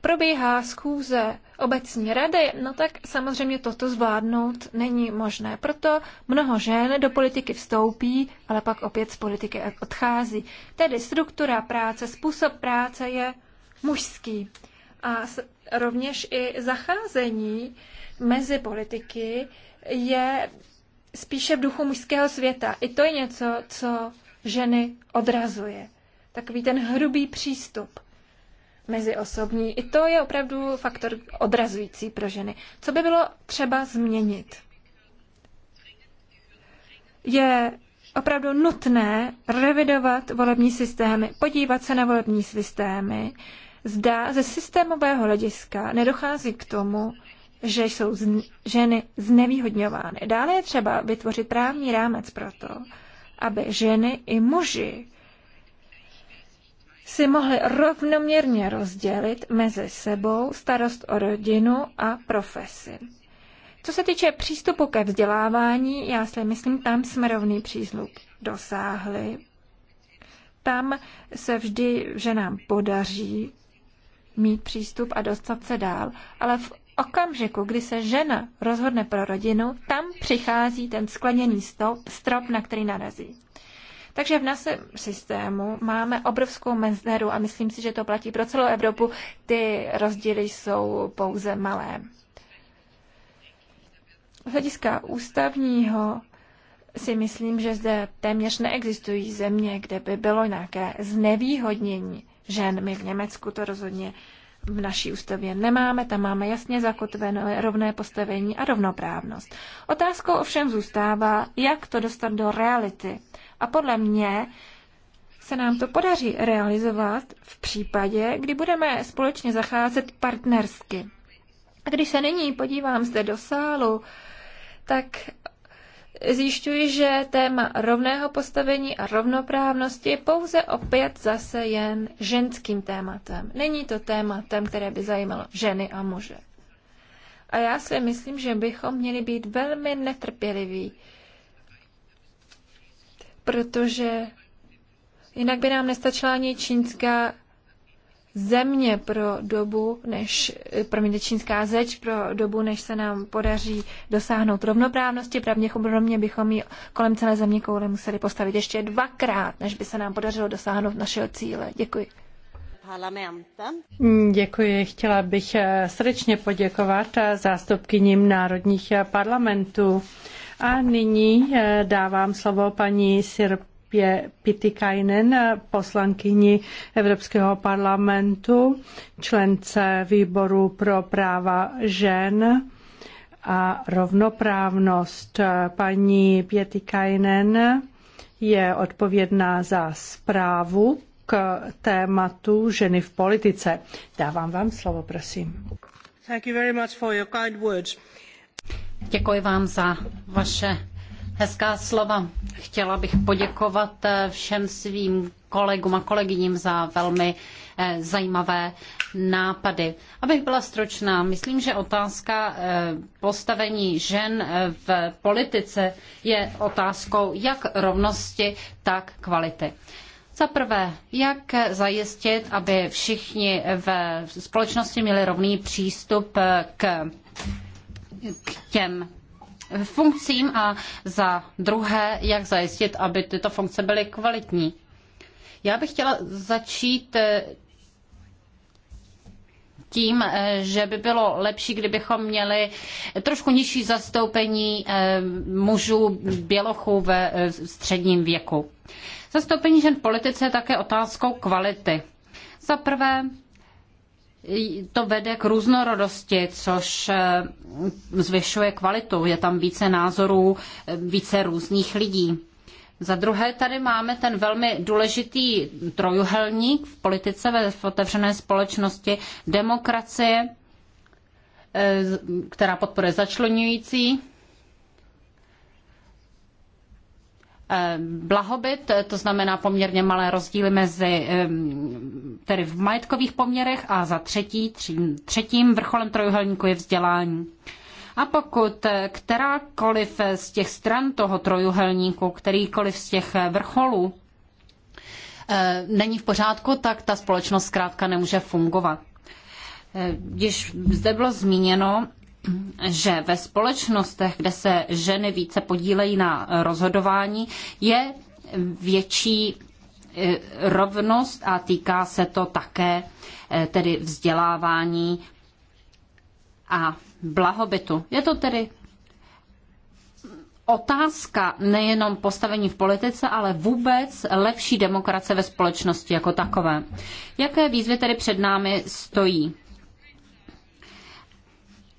probíhá schůze obecní rady, no tak samozřejmě toto zvládnout není možné. Proto mnoho žen do politiky vstoupí, ale pak opět z politiky odchází. Tedy struktura práce, způsob práce je mužský. A rovněž i zacházení mezi politiky je spíše v duchu mužského světa. I to je něco, co ženy odrazuje. Takový ten hrubý přístup meziosobní. I to je opravdu faktor odrazující pro ženy. Co by bylo třeba změnit? Je opravdu nutné revidovat volební systémy, podívat se na volební systémy. Zda ze systémového hlediska nedochází k tomu, že jsou z, ženy znevýhodňovány. Dále je třeba vytvořit právní rámec pro to, aby ženy i muži si mohli rovnoměrně rozdělit mezi sebou starost o rodinu a profesi. Co se týče přístupu ke vzdělávání, já si myslím, tam jsme rovný přístup dosáhli. Tam se vždy, že nám podaří mít přístup a dostat se dál. Ale v okamžiku, kdy se žena rozhodne pro rodinu, tam přichází ten skleněný strop, na který narazí. Takže v našem systému máme obrovskou mezeru a myslím si, že to platí pro celou Evropu. Ty rozdíly jsou pouze malé. Z hlediska ústavního si myslím, že zde téměř neexistují země, kde by bylo nějaké znevýhodnění žen. My v Německu to rozhodně v naší ústavě nemáme, tam máme jasně zakotveno rovné postavení a rovnoprávnost. Otázkou ovšem zůstává, jak to dostat do reality. A podle mě se nám to podaří realizovat v případě, kdy budeme společně zacházet partnersky. A když se nyní podívám zde do sálu, tak zjišťuji, že téma rovného postavení a rovnoprávnosti je pouze opět zase jen ženským tématem. Není to tématem, které by zajímalo ženy a muže. A já si myslím, že bychom měli být velmi netrpěliví, protože jinak by nám nestačila ani čínská země pro dobu, než, promiňte, čínská zeč pro dobu, než se nám podaří dosáhnout rovnoprávnosti. Pravděpodobně bychom ji kolem celé země koule museli postavit ještě dvakrát, než by se nám podařilo dosáhnout našeho cíle. Děkuji. Děkuji. Chtěla bych eh, srdečně poděkovat eh, zástupkyním národních eh, parlamentů. A nyní eh, dávám slovo paní Sirpě Pitikainen, poslankyni Evropského parlamentu, člence výboru pro práva žen a rovnoprávnost. Paní Pitikainen je odpovědná za zprávu k tématu ženy v politice. Dávám vám slovo, prosím. Thank you very much for your kind words. Děkuji vám za vaše hezká slova. Chtěla bych poděkovat eh, všem svým kolegům a kolegyním za velmi eh, zajímavé nápady. Abych byla stručná, myslím, že otázka eh, postavení žen v politice je otázkou jak rovnosti, tak kvality. Za prvé, jak zajistit, aby všichni v společnosti měli rovný přístup k k těm funkcím a za druhé, jak zajistit, aby tyto funkce byly kvalitní. Já bych chtěla začít eh, tím, eh, že by bylo lepší, kdybychom měli trošku nižší zastoupení eh, mužů bělochů ve středním věku. Zastoupení žen v politice je také otázkou kvality. Za prvé, to vede k různorodosti, což eh, zvyšuje kvalitu. Je tam více názorů, eh, více různých lidí. Za druhé tady máme ten velmi důležitý trojuhelník v politice ve otevřené společnosti demokracie, eh, která podporuje začlenující Eh, blahobyt, eh, to znamená poměrně malé rozdíly mezi eh, tedy v majetkových poměrech a za třetí, třetím vrcholem trojuhelníku je vzdělání. A pokud kterákoliv z těch stran toho trojuhelníku, kterýkoliv z těch vrcholů není v pořádku, tak ta společnost zkrátka nemůže fungovat. Když zde bylo zmíněno, že ve společnostech, kde se ženy více podílejí na rozhodování, je větší eh, rovnost a týká se to také eh, tedy vzdělávání a blahobytu. Je to tedy otázka nejenom postavení v politice, ale vůbec lepší demokracie ve společnosti jako takové. Jaké výzvy tedy před námi stojí?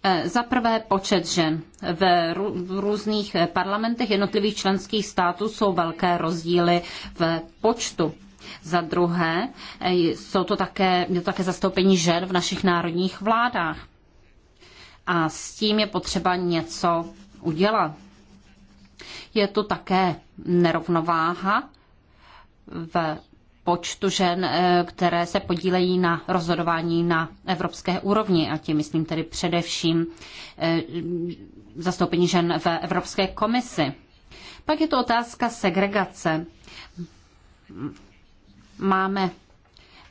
Eh, za prvé počet žen. V různých eh, parlamentech jednotlivých členských států jsou velké rozdíly v počtu. Za druhé eh, jsou to také, je to také zastoupení žen v našich národních vládách. A s tím je potřeba něco udělat. Je to také nerovnováha v počtu žen, eh, které se podílejí na rozhodování na evropské úrovni, a tím myslím tedy především eh, zastoupení žen v Evropské komisi. Pak je to otázka segregace. Máme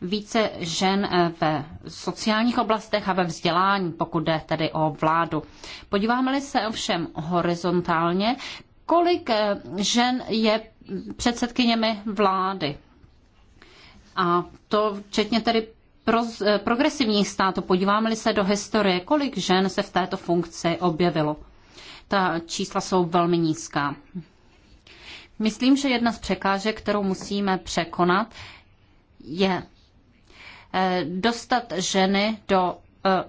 více žen eh, ve sociálních oblastech a ve vzdělání, pokud jde tedy o vládu. Podíváme-li se ovšem horizontálně, kolik žen je předsedkyněmi vlády. A to včetně tedy eh, progresivních států. Podíváme-li se do historie, kolik žen se v této funkci objevilo. Ta čísla jsou velmi nízká. Myslím, že jedna z překážek, kterou musíme překonat, je eh, dostat ženy do eh,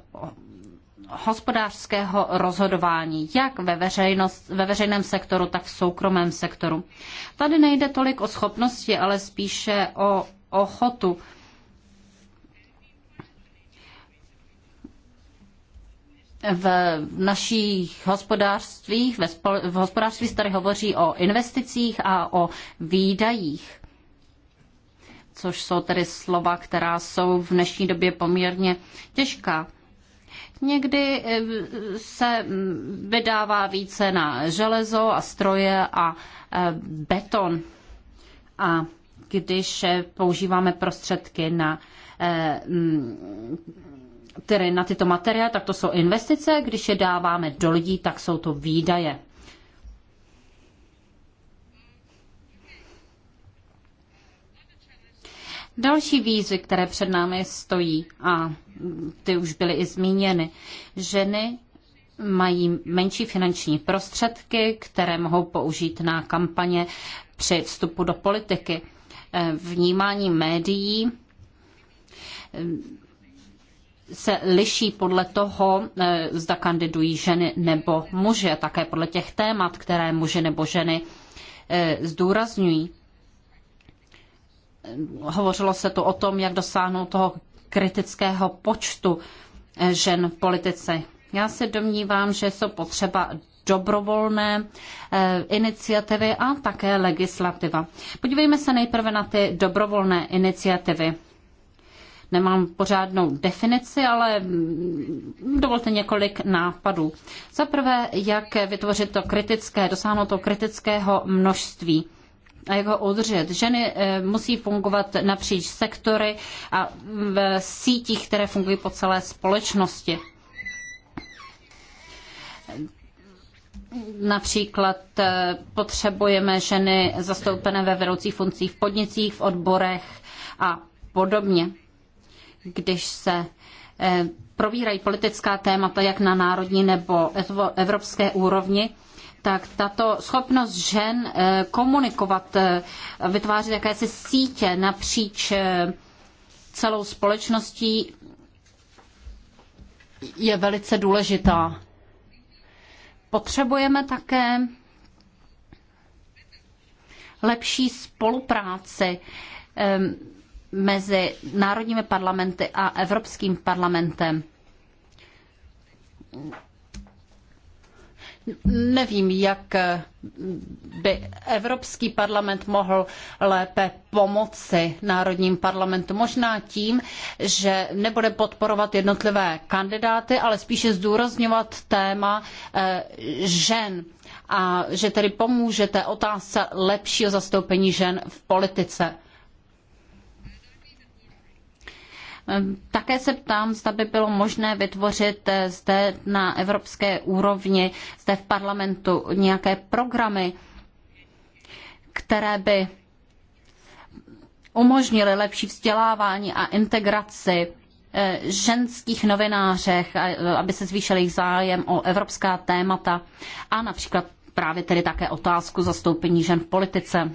hospodářského rozhodování, jak ve, veřejnost, ve veřejném sektoru, tak v soukromém sektoru. Tady nejde tolik o schopnosti, ale spíše o ochotu. v našich hospodářstvích, ve spol- v hospodářství se tady hovoří o investicích a o výdajích, což jsou tedy slova, která jsou v dnešní době poměrně těžká. Někdy eh, se mm, vydává více na železo a stroje a eh, beton. A když používáme prostředky na které eh, mm, na tyto materiály, tak to jsou investice, když je dáváme do lidí, tak jsou to výdaje. Další výzvy, které před námi stojí, a ty už byly i zmíněny, ženy mají menší finanční prostředky, které mohou použít na kampaně při vstupu do politiky. Eh, vnímání médií eh, se liší podle toho, eh, zda kandidují ženy nebo muže, také podle těch témat, které muže nebo ženy zdůrazňují. Hovořilo se tu o tom, jak dosáhnout toho kritického počtu žen v politice. Já se domnívám, že jsou potřeba dobrovolné eh, iniciativy a také legislativa. Podívejme se nejprve na ty dobrovolné iniciativy. Nemám pořádnou definici, ale mm, dovolte několik nápadů. Za prvé, jak vytvořit to kritické, dosáhnout to kritického množství a jak ho udržet. Ženy eh, musí fungovat napříč sektory a v sítích, které fungují po celé společnosti. Například eh, potřebujeme ženy zastoupené ve vedoucích funkcích v podnicích, v odborech a podobně. Když se eh, probírají politická témata jak na národní nebo evropské úrovni, tak tato schopnost žen eh, komunikovat, vytvářet jakési sítě napříč celou společností je velice důležitá. Potřebujeme také lepší spolupráci mezi národními parlamenty a Evropským parlamentem. Nevím, jak by Evropský parlament mohl lépe pomoci národním parlamentu. Možná tím, že nebude podporovat jednotlivé kandidáty, ale spíše zdůrazňovat téma eh, žen a že tedy pomůže té otázce lepšího zastoupení žen v politice. Také se ptám, zda by bylo možné vytvořit eh, zde na evropské úrovni, zde v parlamentu, nějaké programy, které by umožnily lepší vzdělávání a integraci eh, ženských novinářech, eh, aby se zvýšil jejich zájem o evropská témata a například právě tedy také otázku zastoupení žen v politice.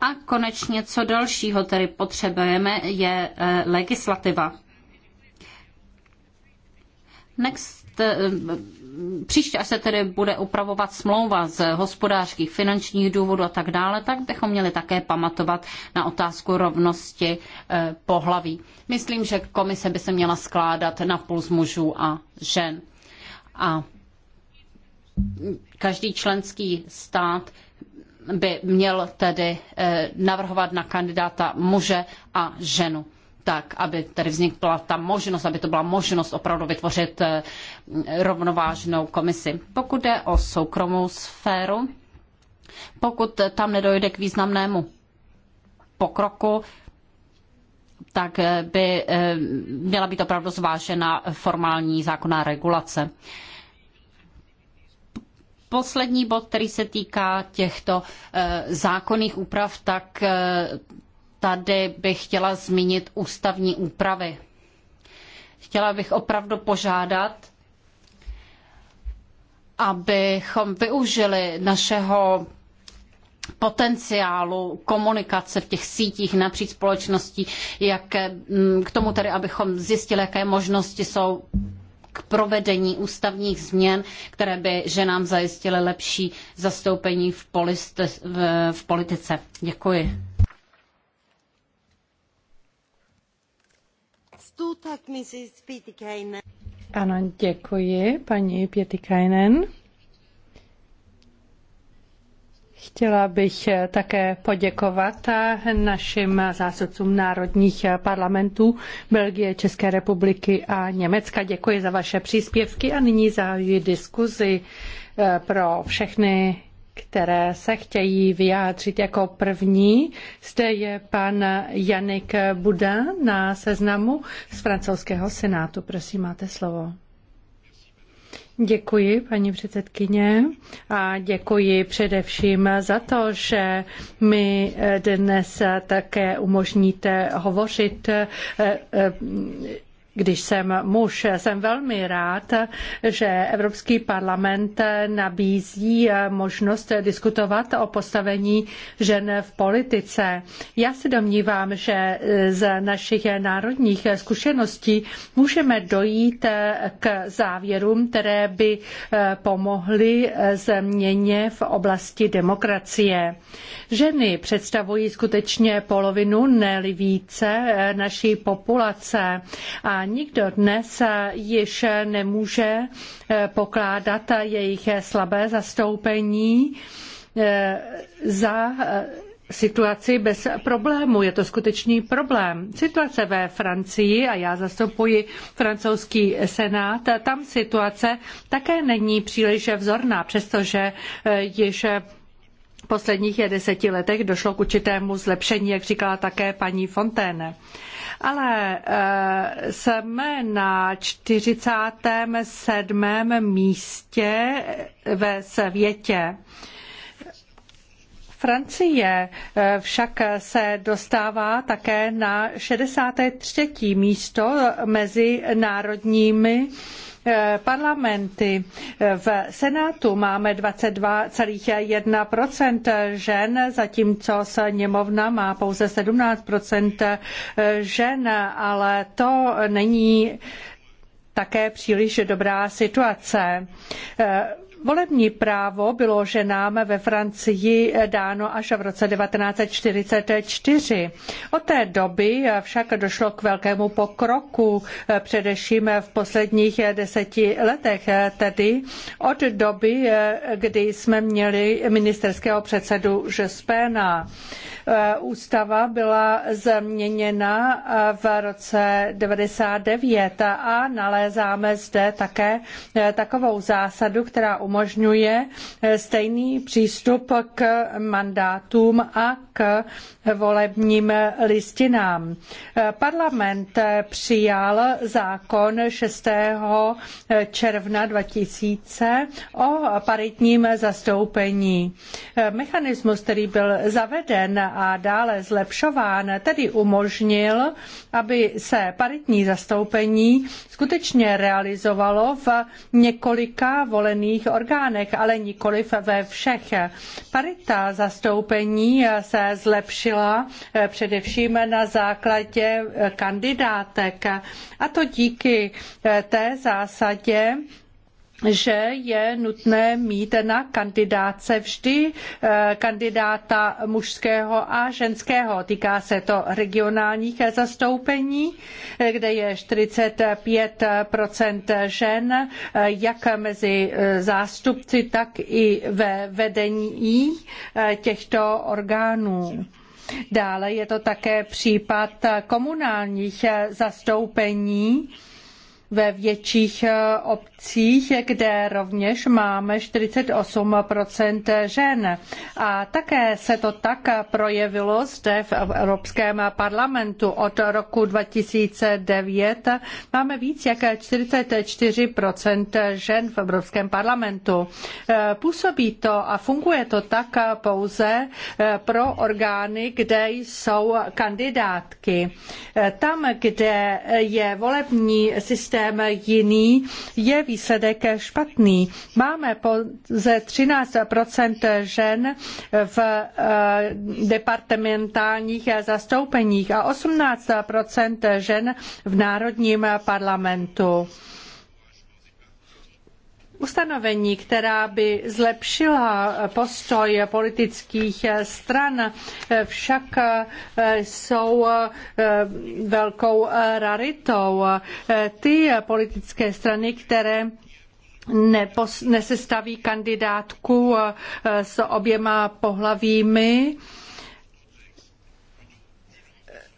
A konečně, co dalšího tedy potřebujeme, je eh, legislativa. Next, eh, příště, až se tedy bude upravovat smlouva z hospodářských, finančních důvodů a tak dále, tak bychom měli také pamatovat na otázku rovnosti eh, pohlaví. Myslím, že komise by se měla skládat na půl z mužů a žen. A každý členský stát by měl tedy eh, navrhovat na kandidáta muže a ženu tak, aby tady vznikla ta možnost, aby to byla možnost opravdu vytvořit eh, rovnovážnou komisi. Pokud jde o soukromou sféru, pokud tam nedojde k významnému pokroku, tak eh, by měla být opravdu zvážena formální zákonná regulace poslední bod, který se týká těchto eh, zákonných úprav, tak eh, tady bych chtěla zmínit ústavní úpravy. Chtěla bych opravdu požádat, abychom využili našeho potenciálu komunikace v těch sítích napříč společností, jak, mm, k tomu tedy, abychom zjistili, jaké možnosti jsou k provedení ústavních změn, které by ženám zajistily lepší zastoupení v, poliste, v, v politice. Děkuji. Ano, děkuji, paní Pětikajnen. Chtěla bych také poděkovat našim zástupcům národních parlamentů Belgie, České republiky a Německa. Děkuji za vaše příspěvky a nyní zahajuji diskuzi eh, pro všechny které se chtějí vyjádřit jako první. Zde je pan Janik Buda na seznamu z francouzského senátu. Prosím, máte slovo. Děkuji, paní předsedkyně, a děkuji především za to, že mi eh, dnes také umožníte hovořit eh, eh, když jsem muž, jsem velmi rád, že Evropský parlament nabízí možnost diskutovat o postavení žen v politice. Já se domnívám, že z našich národních zkušeností můžeme dojít k závěrům, které by pomohly změně v oblasti demokracie. Ženy představují skutečně polovinu, ne více naší populace a nikdo dnes eh, již nemůže eh, pokládat eh, jejich slabé zastoupení za situaci bez problému. Je to skutečný problém. Situace ve Francii, a já zastupuji francouzský senát, tam situace také není příliš vzorná, přestože již v posledních deseti letech došlo k určitému zlepšení, jak říkala také paní Fontaine ale eh, jsme na 47. místě eh, ve světě. Francie eh, však se dostává také na 63. místo mezi národními Eh, parlamenty. Eh, v Senátu máme 22,1 žen, zatímco sněmovna má pouze 17 eh, žen, ale to není také příliš dobrá situace. Volební právo bylo ženám ve Francii dáno až v roce 1944. Od té doby však došlo k velkému pokroku, především v posledních deseti letech, tedy od doby, kdy jsme měli ministerského předsedu Žespéna. Ústava byla změněna v roce 1999 a nalézáme zde také takovou zásadu, která umožňuje eh, stejný přístup k mandátům a k volebním listinám. Eh, parlament přijal zákon 6. Eh, června 2000 o paritním zastoupení. Mechanismus, který byl zaveden a dále zlepšován, tedy umožnil, aby se paritní zastoupení skutečně realizovalo v několika volených orgánech, ale nikoliv ve všech. Parita zastoupení se zlepšila eh, především na základě eh, kandidátek a to díky eh, té zásadě, že je nutné mít na kandidáce vždy eh, kandidáta mužského a ženského. Týká se to regionálních zastoupení, eh, kde je 45 žen, eh, jak mezi zástupci, tak i ve vedení těchto orgánů. Dále je to také případ komunálních zastoupení, ve větších eh, obcích, kde rovněž máme 48 žen. A také se to tak projevilo zde v Evropském parlamentu. Od roku 2009 máme víc jak 44 žen v Evropském parlamentu. Eh, působí to a funguje to tak pouze eh, pro orgány, kde jsou kandidátky. Tam, kde je volební systém systém jiný je výsledek špatný. Máme pouze 13 žen v eh, departementálních zastoupeních a 18 žen v Národním parlamentu ustanovení, která by zlepšila postoj politických stran, však jsou eh, velkou raritou. Ty politické strany, které nepos- nesestaví kandidátku eh, s oběma pohlavími,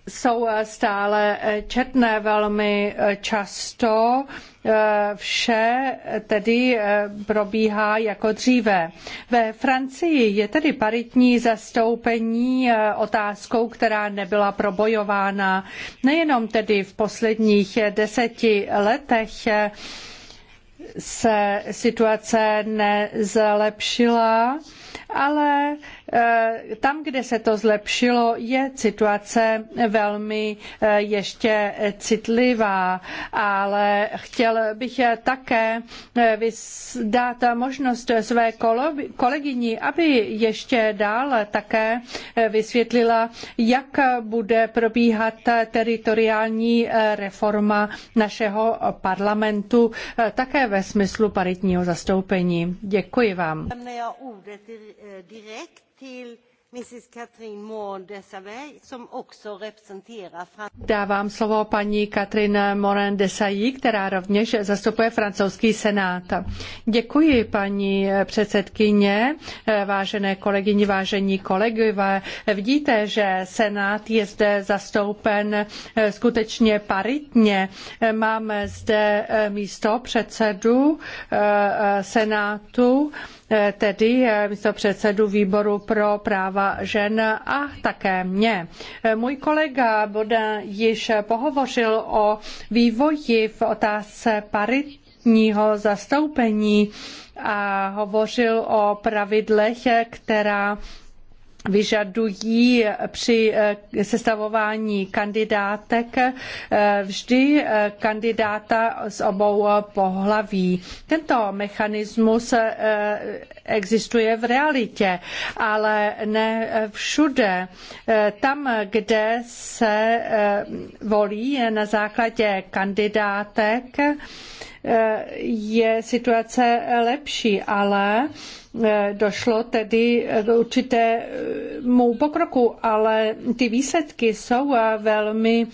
jsou stále četné velmi často Eh, vše tedy eh, probíhá jako dříve. Ve Francii je tedy paritní zastoupení eh, otázkou, která nebyla probojována. Nejenom tedy v posledních deseti letech se situace nezlepšila, ale Eh, tam, kde se to zlepšilo, je situace velmi eh, ještě citlivá, ale chtěl bych také eh, dát možnost své kolegyni, aby ještě dále také vysvětlila, jak bude probíhat teritoriální reforma našeho parlamentu, také ve smyslu paritního zastoupení. Děkuji vám till Mrs. Katrin som också representerar Dávám slovo paní Katrin Morin Desailly, která rovněž zastupuje francouzský senát. Děkuji, paní předsedkyně, vážené kolegyni, vážení kolegové. Vidíte, že senát je zde zastoupen eh, skutečně paritně. Máme zde eh, místo předsedu eh, senátu Eh, tedy eh, místo výboru pro práva žen a také mě. Eh, můj kolega Boda již pohovořil o vývoji v otázce paritního zastoupení a hovořil o pravidlech, která vyžadují při eh, sestavování kandidátek eh, vždy eh, kandidáta z obou pohlaví. Tento mechanismus existuje v realitě, ale ne všude. Tam, kde se volí na základě kandidátek, je situace lepší, ale Eh, došlo tedy k eh, určitému pokroku, ale ty výsledky jsou eh, velmi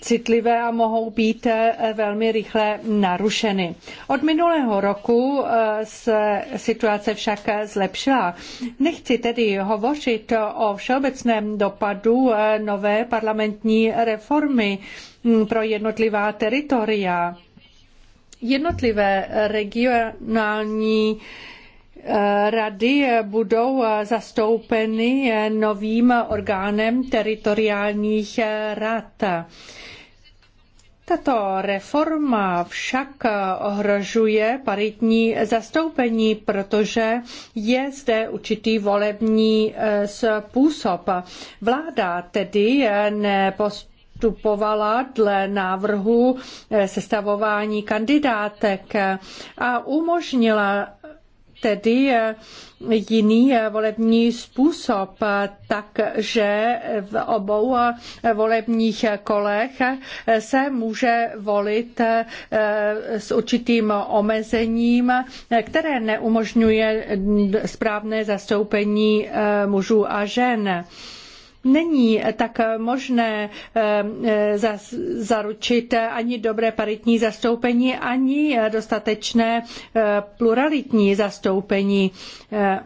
citlivé a mohou být velmi rychle narušeny. Od minulého roku se situace však zlepšila. Nechci tedy hovořit o všeobecném dopadu nové parlamentní reformy hm, pro jednotlivá teritoria jednotlivé regionální eh, rady budou eh, zastoupeny eh, novým orgánem teritoriálních rad. Tato reforma však ohrožuje paritní zastoupení, protože je zde určitý volební způsob. Vláda tedy nepost postupovala dle návrhu eh, sestavování kandidátek a umožnila tedy eh, jiný eh, volební způsob, takže v obou volebních kolech se může volit s určitým omezením, které neumožňuje správné zastoupení mužů a žen není tak možné eh, zaručit ani dobré paritní zastoupení, ani dostatečné eh, pluralitní zastoupení eh,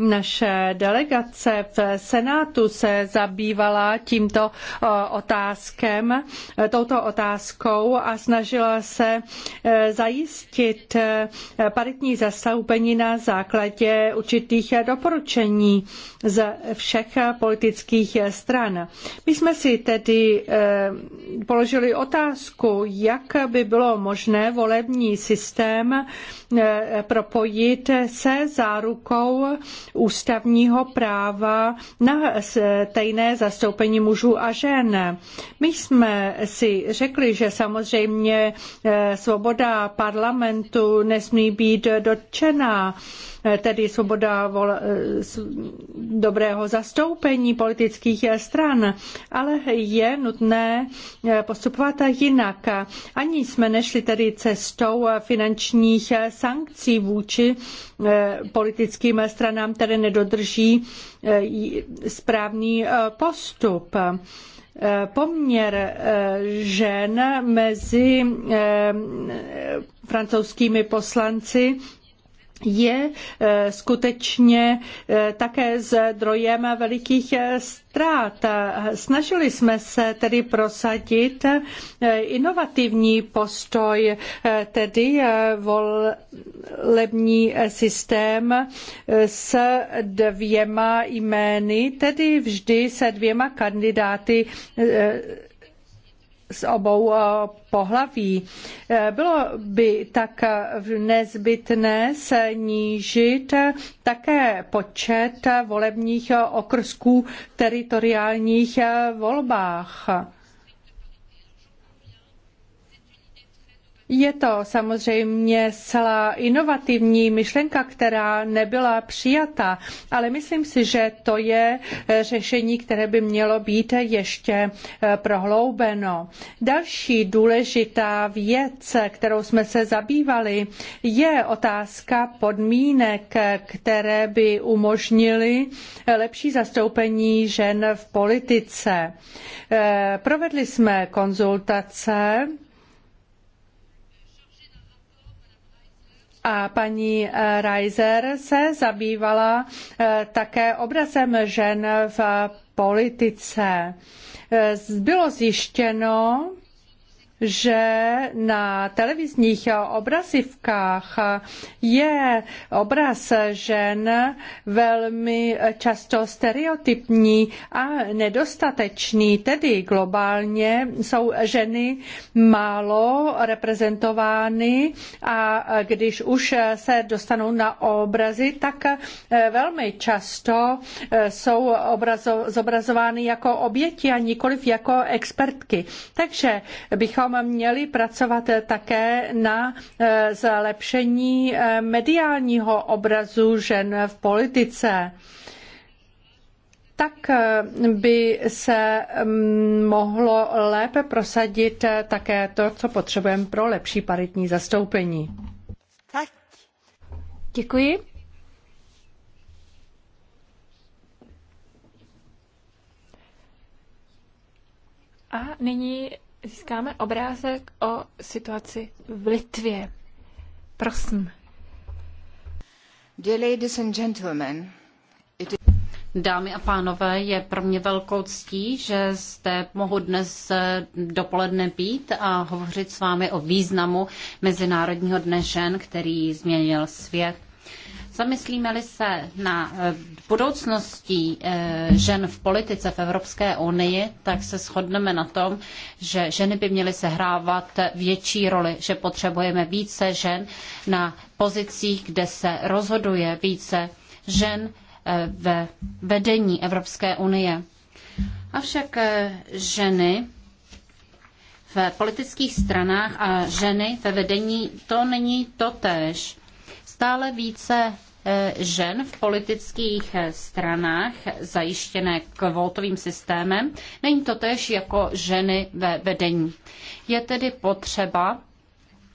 naše delegace v Senátu se zabývala tímto eh, otázkem, eh, touto otázkou a snažila se eh, zajistit paritní zastoupení na základě určitých doporučení z všech politických stran. My jsme si tedy položili otázku, jak by bylo možné volební systém propojit se zárukou ústavního práva na stejné zastoupení mužů a žen. My jsme si řekli, že samozřejmě eh, svoboda parlamentu nesmí být dotčená Eh, tedy svoboda vola, eh, dobrého zastoupení politických eh, stran, ale je nutné postupovat jinak. Ani jsme nešli tedy cestou finančních sankcí vůči politickým stranám, které nedodrží správný postup poměr žen mezi francouzskými poslanci je eh, skutečně eh, také zdrojem velikých eh, ztrát. Snažili jsme se tedy prosadit inovativní postoj, tedy volební systém s dvěma jmény, tedy vždy se dvěma kandidáty z obou eh, pohlaví. Eh, bylo by tak nezbytné snížit také počet volebních okrsků v teritoriálních eh, volbách. Je to samozřejmě zcela inovativní myšlenka, která nebyla přijata, ale myslím si, že to je eh, řešení, které by mělo být ještě eh, prohloubeno. Další důležitá věc, kterou jsme se zabývali, je otázka podmínek, které by umožnily eh, lepší zastoupení žen v politice. Provedli jsme konzultace A paní eh, Reiser se zabývala eh, také obrazem žen v politice. Eh, bylo zjištěno, že na televizních obrazivkách je obraz žen velmi často stereotypní a nedostatečný, tedy globálně jsou ženy málo reprezentovány a když už se dostanou na obrazy, tak velmi často jsou obrazo- zobrazovány jako oběti a nikoliv jako expertky. Takže bychom bychom měli pracovat také na eh, zlepšení eh, mediálního obrazu žen v politice tak eh, by se mm, mohlo lépe prosadit také to, co potřebujeme pro lepší paritní zastoupení. Děkuji. A nyní získáme obrázek o situaci v Litvě. Prosím. Dear ladies and gentlemen, it is... Dámy a pánové, je pro mě velkou ctí, že jste mohu dnes eh, dopoledne být a hovořit s vámi o významu Mezinárodního dne žen, který změnil svět. Zamyslíme-li se na eh, budoucností eh, žen v politice v Evropské unii, tak se shodneme na tom, že ženy by měly sehrávat větší roli, že potřebujeme více žen na pozicích, kde se rozhoduje více žen eh, ve vedení Evropské unie. Avšak ženy v politických stranách a ženy ve vedení to není totéž. Stále více E, žen v politických e, stranách zajištěné kvótovým systémem. Není to tež jako ženy ve vedení. Je tedy potřeba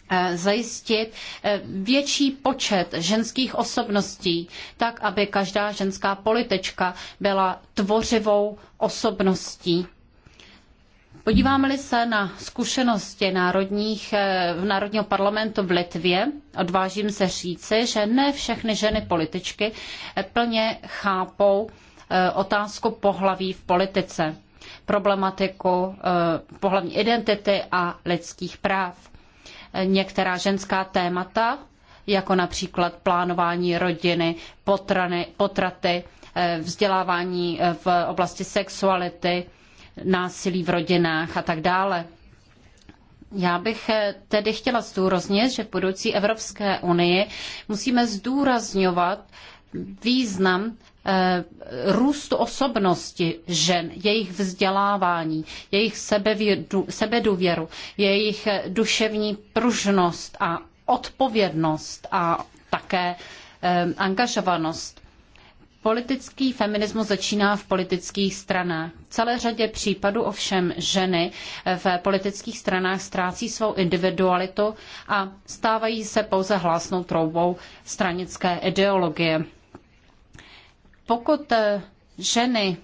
e, zajistit větší počet ženských osobností, tak aby každá ženská politička byla tvořivou osobností Podíváme-li se na zkušenosti národních, eh, Národního parlamentu v Litvě, odvážím se říci, že ne všechny ženy političky eh, plně chápou eh, otázku pohlaví v politice, problematiku pohlavní identity a lidských práv. Některá ženská témata, jako například plánování rodiny, potrany, potraty, vzdělávání v oblasti sexuality, násilí v rodinách a tak dále. Já bych tedy chtěla zdůraznit, že v budoucí Evropské unii musíme zdůrazňovat význam eh, růstu osobnosti žen, jejich vzdělávání, jejich sebevědu, sebeduvěru, jejich duševní pružnost a odpovědnost a také eh, angažovanost. Politický feminismus začíná v politických stranách. V celé řadě případů ovšem ženy v politických stranách ztrácí svou individualitu a stávají se pouze hlásnou troubou stranické ideologie. Pokud eh, ženy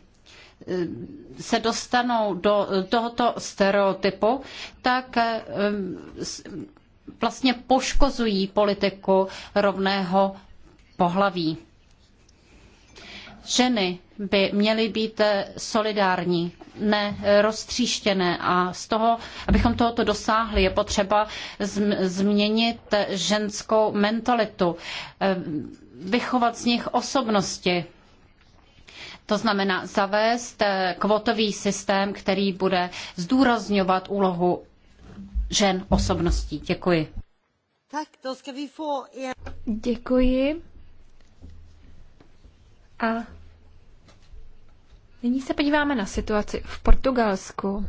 eh, se dostanou do eh, tohoto stereotypu, tak vlastně poškozují politiku rovného pohlaví ženy by měly být eh, solidární, ne eh, roztříštěné a z toho, abychom tohoto dosáhli, je potřeba změnit eh, ženskou mentalitu, vychovat z nich osobnosti, to znamená zavést kvotový systém, který bude zdůrazňovat úlohu žen osobností. Děkuji. Děkuji. A nyní se podíváme na situaci v Portugalsku.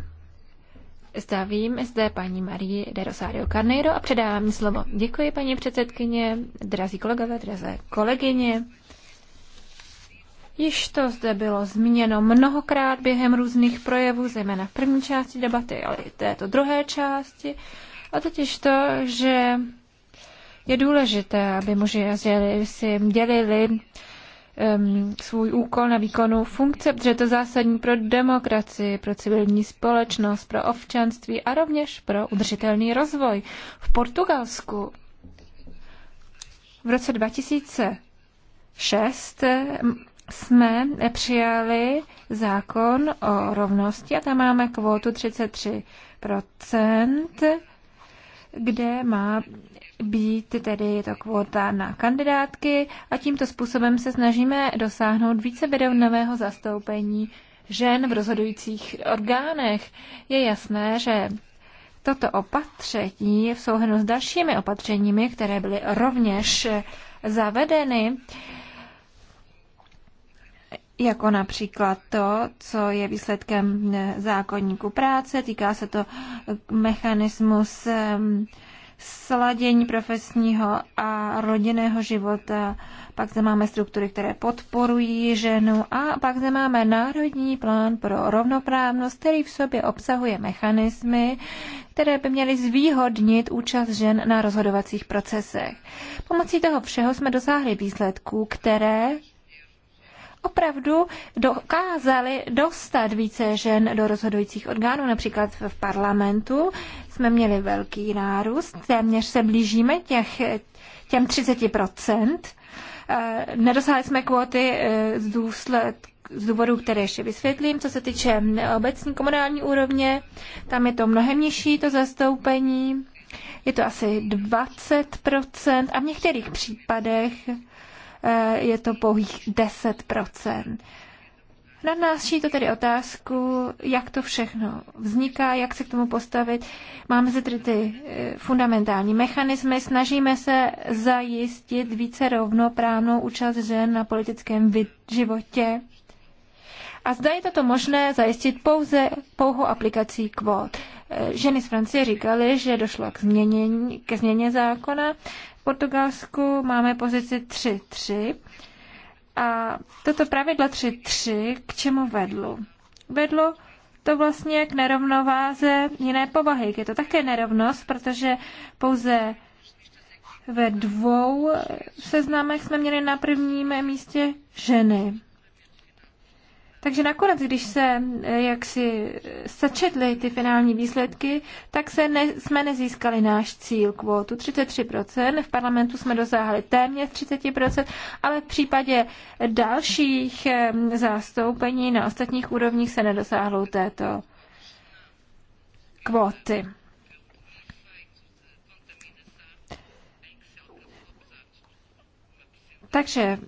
Zdravím zde paní Marii de Rosario Carneiro a předávám slovo. Děkuji, paní předsedkyně, drazí kolegové, drazé kolegyně. Již to zde bylo zmíněno mnohokrát během různých projevů, zejména v první části debaty, ale i této druhé části. A totiž to, že je důležité, aby muži a si dělili um, svůj úkol na výkonu funkce, protože je to zásadní pro demokracii, pro civilní společnost, pro ovčanství a rovněž pro udržitelný rozvoj. V Portugalsku v roce 2006 jsme přijali zákon o rovnosti a tam máme kvótu 33%, kde má být tedy to kvota na kandidátky a tímto způsobem se snažíme dosáhnout více vědomého zastoupení žen v rozhodujících orgánech. Je jasné, že toto opatření v souhrnu s dalšími opatřeními, které byly rovněž zavedeny, jako například to, co je výsledkem zákonníku práce, týká se to mechanismus sladění profesního a rodinného života, pak zde máme struktury, které podporují ženu a pak zde máme národní plán pro rovnoprávnost, který v sobě obsahuje mechanismy, které by měly zvýhodnit účast žen na rozhodovacích procesech. Pomocí toho všeho jsme dosáhli výsledků, které opravdu dokázali dostat více žen do rozhodujících orgánů, například v parlamentu, jsme měli velký nárůst, téměř se blížíme těch, těm 30%. Eh, nedosáhli jsme kvóty eh, z, důsled, z důvodů, které ještě vysvětlím. Co se týče eh, obecní komunální úrovně, tam je to mnohem nižší, to zastoupení. Je to asi 20% a v některých případech je to pouhých 10%. Na nás to tedy otázku, jak to všechno vzniká, jak se k tomu postavit. Máme zde tedy ty eh, fundamentální mechanismy, snažíme se zajistit více rovnoprávnou účast žen na politickém životě. A zda je toto možné zajistit pouze pouhou aplikací kvót. Eh, ženy z Francie říkaly, že došlo k změnění, ke změně zákona. V Portugalsku máme pozici 3.3 a toto pravidlo 3.3 k čemu vedlo? Vedlo to vlastně k nerovnováze jiné povahy. Je to také nerovnost, protože pouze ve dvou seznamech jsme měli na prvním místě ženy. Takže nakonec, když se eh, jak si sečetly ty finální výsledky, tak se ne, jsme nezískali náš cíl kvotu 33%. V parlamentu jsme dosáhli téměř 30%, ale v případě dalších eh, zastoupení na ostatních úrovních se nedosáhlo této kvóty. Takže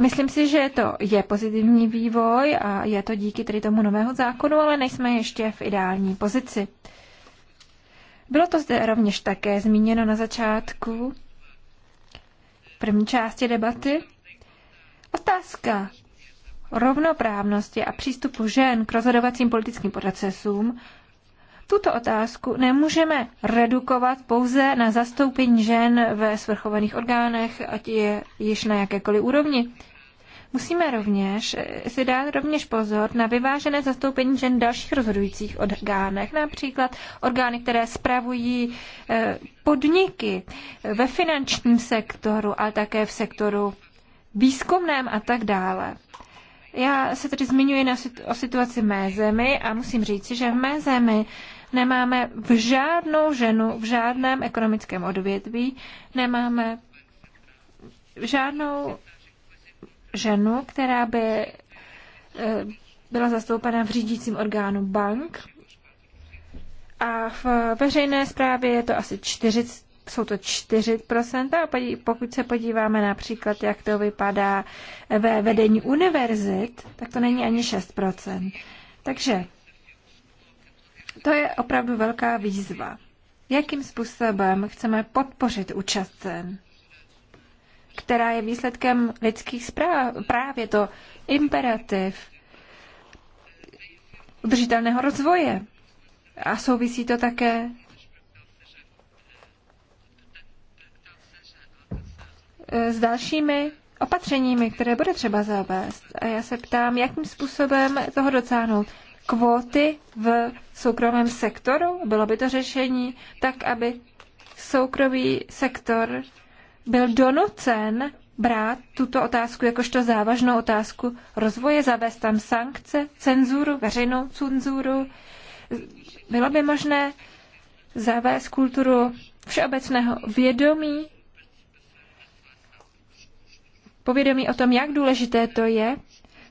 Myslím si, že to je pozitivní vývoj a je to díky tedy tomu nového zákonu, ale nejsme ještě v ideální pozici. Bylo to zde rovněž také zmíněno na začátku první části debaty. Otázka rovnoprávnosti a přístupu žen k rozhodovacím politickým procesům tuto otázku nemůžeme redukovat pouze na zastoupení žen ve svrchovaných orgánech, ať je již na jakékoliv úrovni. Musíme rovněž si dát rovněž pozor na vyvážené zastoupení žen v dalších rozhodujících orgánech, například orgány, které spravují eh, podniky ve finančním sektoru, ale také v sektoru výzkumném a tak dále. Já se tedy zmiňuji na, o situaci mé zemi a musím říci, že v mé zemi Nemáme v žádnou ženu, v žádném ekonomickém odvětví, nemáme žádnou ženu, která by eh, byla zastoupena v řídícím orgánu bank. A v veřejné správě je to asi 40, jsou to 4%. A pokud se podíváme například, jak to vypadá ve vedení univerzit, tak to není ani 6%. Takže to je opravdu velká výzva. Jakým způsobem chceme podpořit účast cen, která je výsledkem lidských zpráv, právě to imperativ udržitelného rozvoje. A souvisí to také s dalšími opatřeními, které bude třeba zavést. A já se ptám, jakým způsobem toho docáhnout kvóty v soukromém sektoru? Bylo by to řešení tak, aby soukromý sektor byl donucen brát tuto otázku jakožto závažnou otázku rozvoje, zavést tam sankce, cenzuru, veřejnou cenzuru. Bylo by možné zavést kulturu všeobecného vědomí, povědomí o tom, jak důležité to je,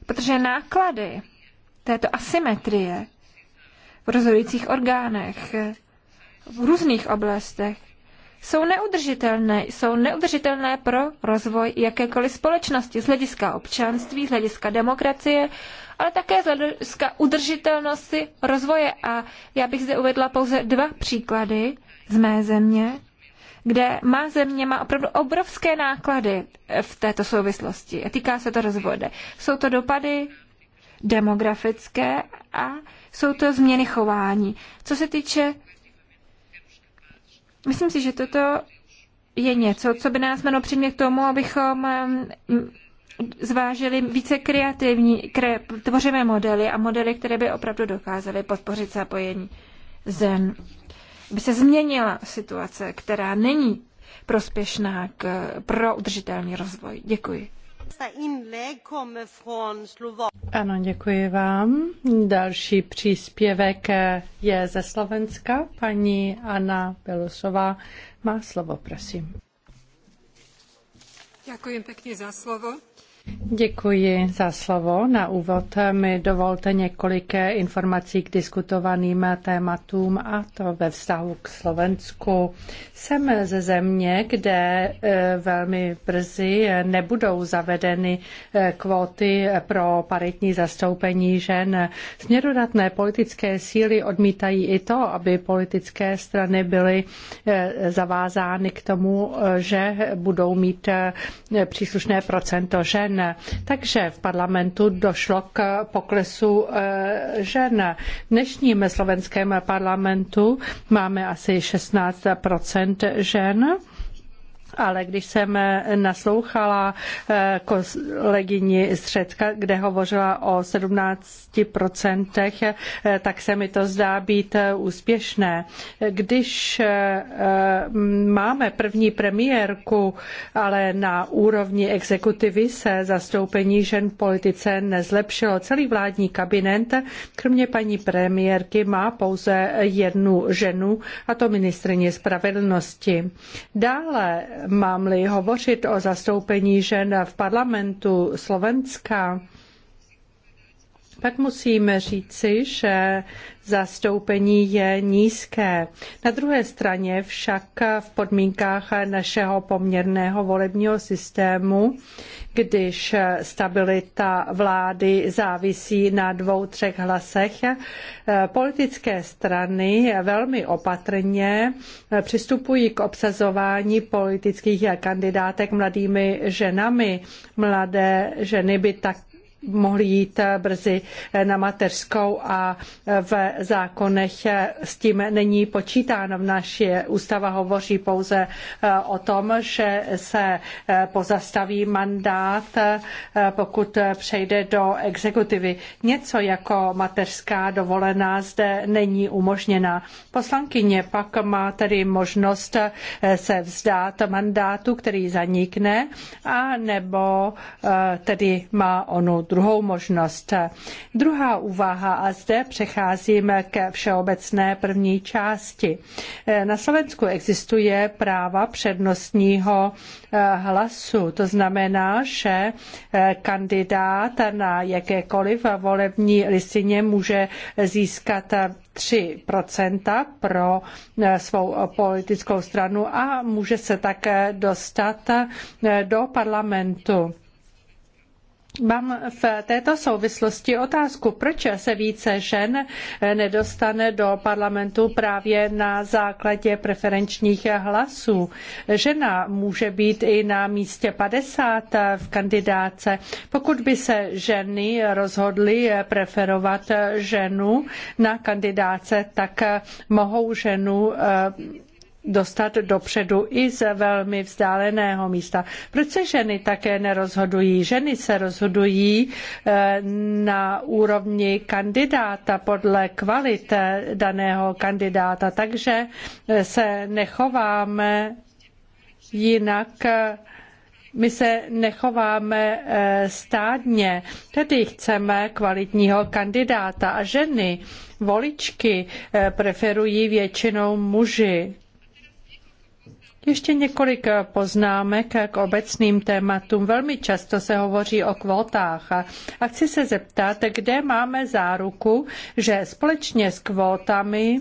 protože náklady této asymetrie v rozhodujících orgánech, v různých oblastech, jsou neudržitelné. Jsou neudržitelné pro rozvoj jakékoliv společnosti z hlediska občanství, z hlediska demokracie, ale také z hlediska udržitelnosti rozvoje. A já bych zde uvedla pouze dva příklady z mé země, kde má země má opravdu obrovské náklady v této souvislosti. A týká se to rozvoje. Jsou to dopady demografické a jsou to změny chování. Co se týče, myslím si, že toto je něco, co by nás mělo přimět k tomu, abychom zvážili více kreativní, kre, tvořivé modely a modely, které by opravdu dokázaly podpořit zapojení zem. By se změnila situace, která není prospěšná k, pro udržitelný rozvoj. Děkuji. Ano, děkuji vám. Další příspěvek je ze Slovenska. Paní Anna Belusová má slovo, prosím. Ďakujem pekne za slovo Děkuji za slovo. Na úvod mi dovolte několik informací k diskutovaným tématům a to ve vztahu k Slovensku. Jsem ze země, kde e, velmi brzy nebudou zavedeny e, kvóty pro paritní zastoupení žen. Směrodatné politické síly odmítají i to, aby politické strany byly e, zavázány k tomu, že budou mít příslušné procento žen žen. Takže v parlamentu došlo k poklesu eh, žen. V dnešním slovenském parlamentu máme asi 16 žen ale když jsem naslouchala eh, kolegyni Středka, kde hovořila o 17%, eh, tak se mi to zdá být eh, úspěšné. Když máme první premiérku, ale na úrovni exekutivy se zastoupení žen v politice nezlepšilo. Celý vládní kabinet, kromě paní premiérky, má pouze jednu ženu, a to ministrině spravedlnosti. Dále mám-li hovořit o zastoupení žen v parlamentu Slovenska, pak musíme říci, že zastoupení je nízké. Na druhé straně však v podmínkách našeho poměrného volebního systému, když stabilita vlády závisí na dvou, třech hlasech, politické strany velmi opatrně přistupují k obsazování politických kandidátek mladými ženami. Mladé ženy by tak mohli jít brzy na mateřskou a v zákonech s tím není počítáno. Naše ústava hovoří pouze eh, o tom, že se eh, pozastaví mandát, eh, pokud přejde do exekutivy. Něco jako mateřská dovolená zde není umožněna. Poslankyně pak má tedy možnost se vzdát mandátu, který zanikne, a nebo tedy má onu druhou možnost. Druhá úvaha, a zde přecházíme ke všeobecné první části. Na Slovensku existuje práva přednostního eh, hlasu. To znamená, že eh, kandidát na jakékoliv volební listině může získat 3 pro eh, svou politickou stranu a může se také dostat do parlamentu. Mám v této souvislosti otázku, proč se více žen nedostane do parlamentu právě na základě preferenčních hlasů. Žena může být i na místě 50 v kandidáce. Pokud by se ženy rozhodly preferovat ženu na kandidáce, tak mohou ženu eh, dostat dopředu i z velmi vzdáleného místa. Proč se ženy také nerozhodují? Ženy se rozhodují eh, na úrovni kandidáta podle kvalit eh, daného kandidáta, takže eh, se nechováme jinak my se nechováme stádně, tedy chceme kvalitního kandidáta a ženy, voličky preferují většinou muži. Ještě několik eh, poznámek eh, k obecným tématům. Velmi často se hovoří o kvótách a chci se zeptat, kde máme záruku, že společně s kvótami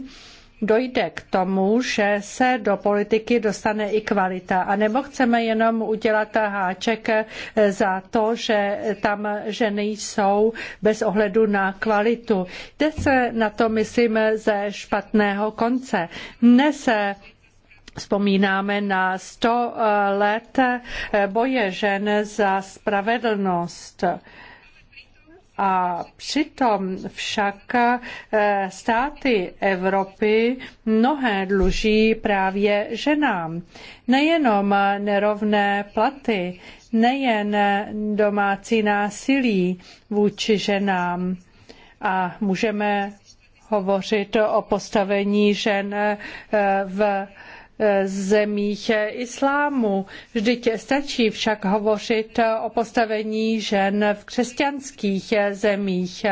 dojde k tomu, že se do politiky dostane i kvalita. A nebo chceme jenom udělat háček eh, za to, že tam ženy jsou bez ohledu na kvalitu. Jde se na to, myslím, ze špatného konce. Dnes Vzpomínáme na sto eh, let eh, boje žen za spravedlnost. A přitom však eh, státy Evropy mnohé dluží právě ženám. Nejenom nerovné platy, nejen domácí násilí vůči ženám. A můžeme hovořit o postavení žen v E, zemích islámu. Vždyť stačí však hovořit o postavení žen v křesťanských zemích.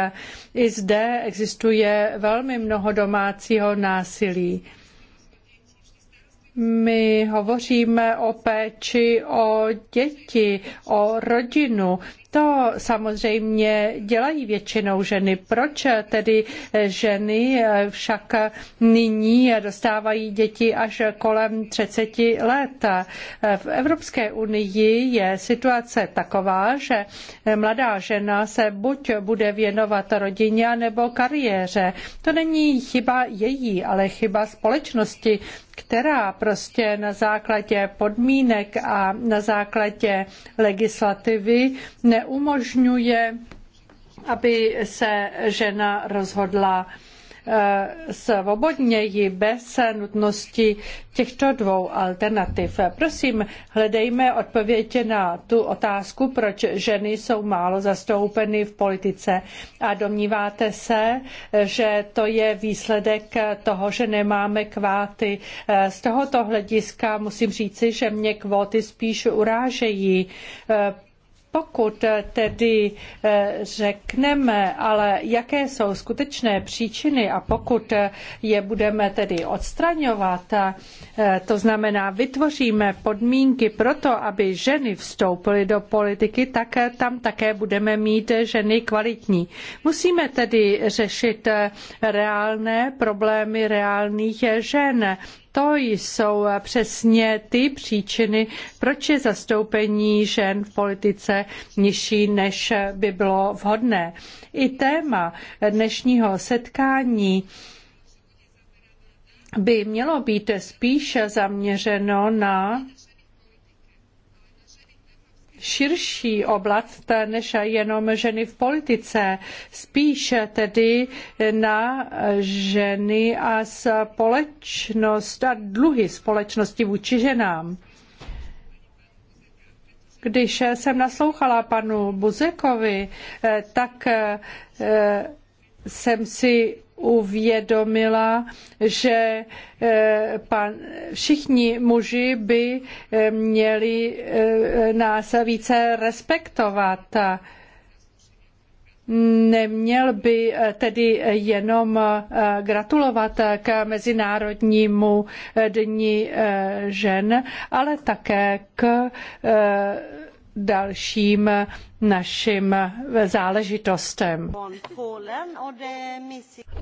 I zde existuje velmi mnoho domácího násilí. My hovoříme o péči o děti, o rodinu. To samozřejmě dělají většinou ženy. Proč tedy ženy však nyní dostávají děti až kolem 30 let? V Evropské unii je situace taková, že mladá žena se buď bude věnovat rodině nebo kariéře. To není chyba její, ale chyba společnosti, která prostě na základě podmínek a na základě legislativy neumožňuje, aby se žena rozhodla svobodněji bez nutnosti těchto dvou alternativ. Prosím, hledejme odpověď na tu otázku, proč ženy jsou málo zastoupeny v politice a domníváte se, že to je výsledek toho, že nemáme kváty. Z tohoto hlediska musím říci, že mě kvóty spíš urážejí pokud tedy eh, řekneme, ale jaké jsou skutečné příčiny a pokud je budeme tedy odstraňovat, eh, to znamená vytvoříme podmínky pro to, aby ženy vstoupily do politiky, tak eh, tam také budeme mít ženy kvalitní. Musíme tedy řešit reálné problémy reálných žen. To jsou přesně ty příčiny, proč je zastoupení žen v politice nižší, než by bylo vhodné. I téma dnešního setkání by mělo být spíše zaměřeno na širší oblast než jenom ženy v politice, spíše tedy na ženy a společnost a dluhy společnosti vůči ženám. Když jsem naslouchala panu Buzekovi, tak eh, jsem si uvědomila, že eh, pan, všichni muži by eh, měli eh, nás více respektovat. Neměl by tedy jenom gratulovat k Mezinárodnímu dni žen, ale také k dalším našim záležitostem.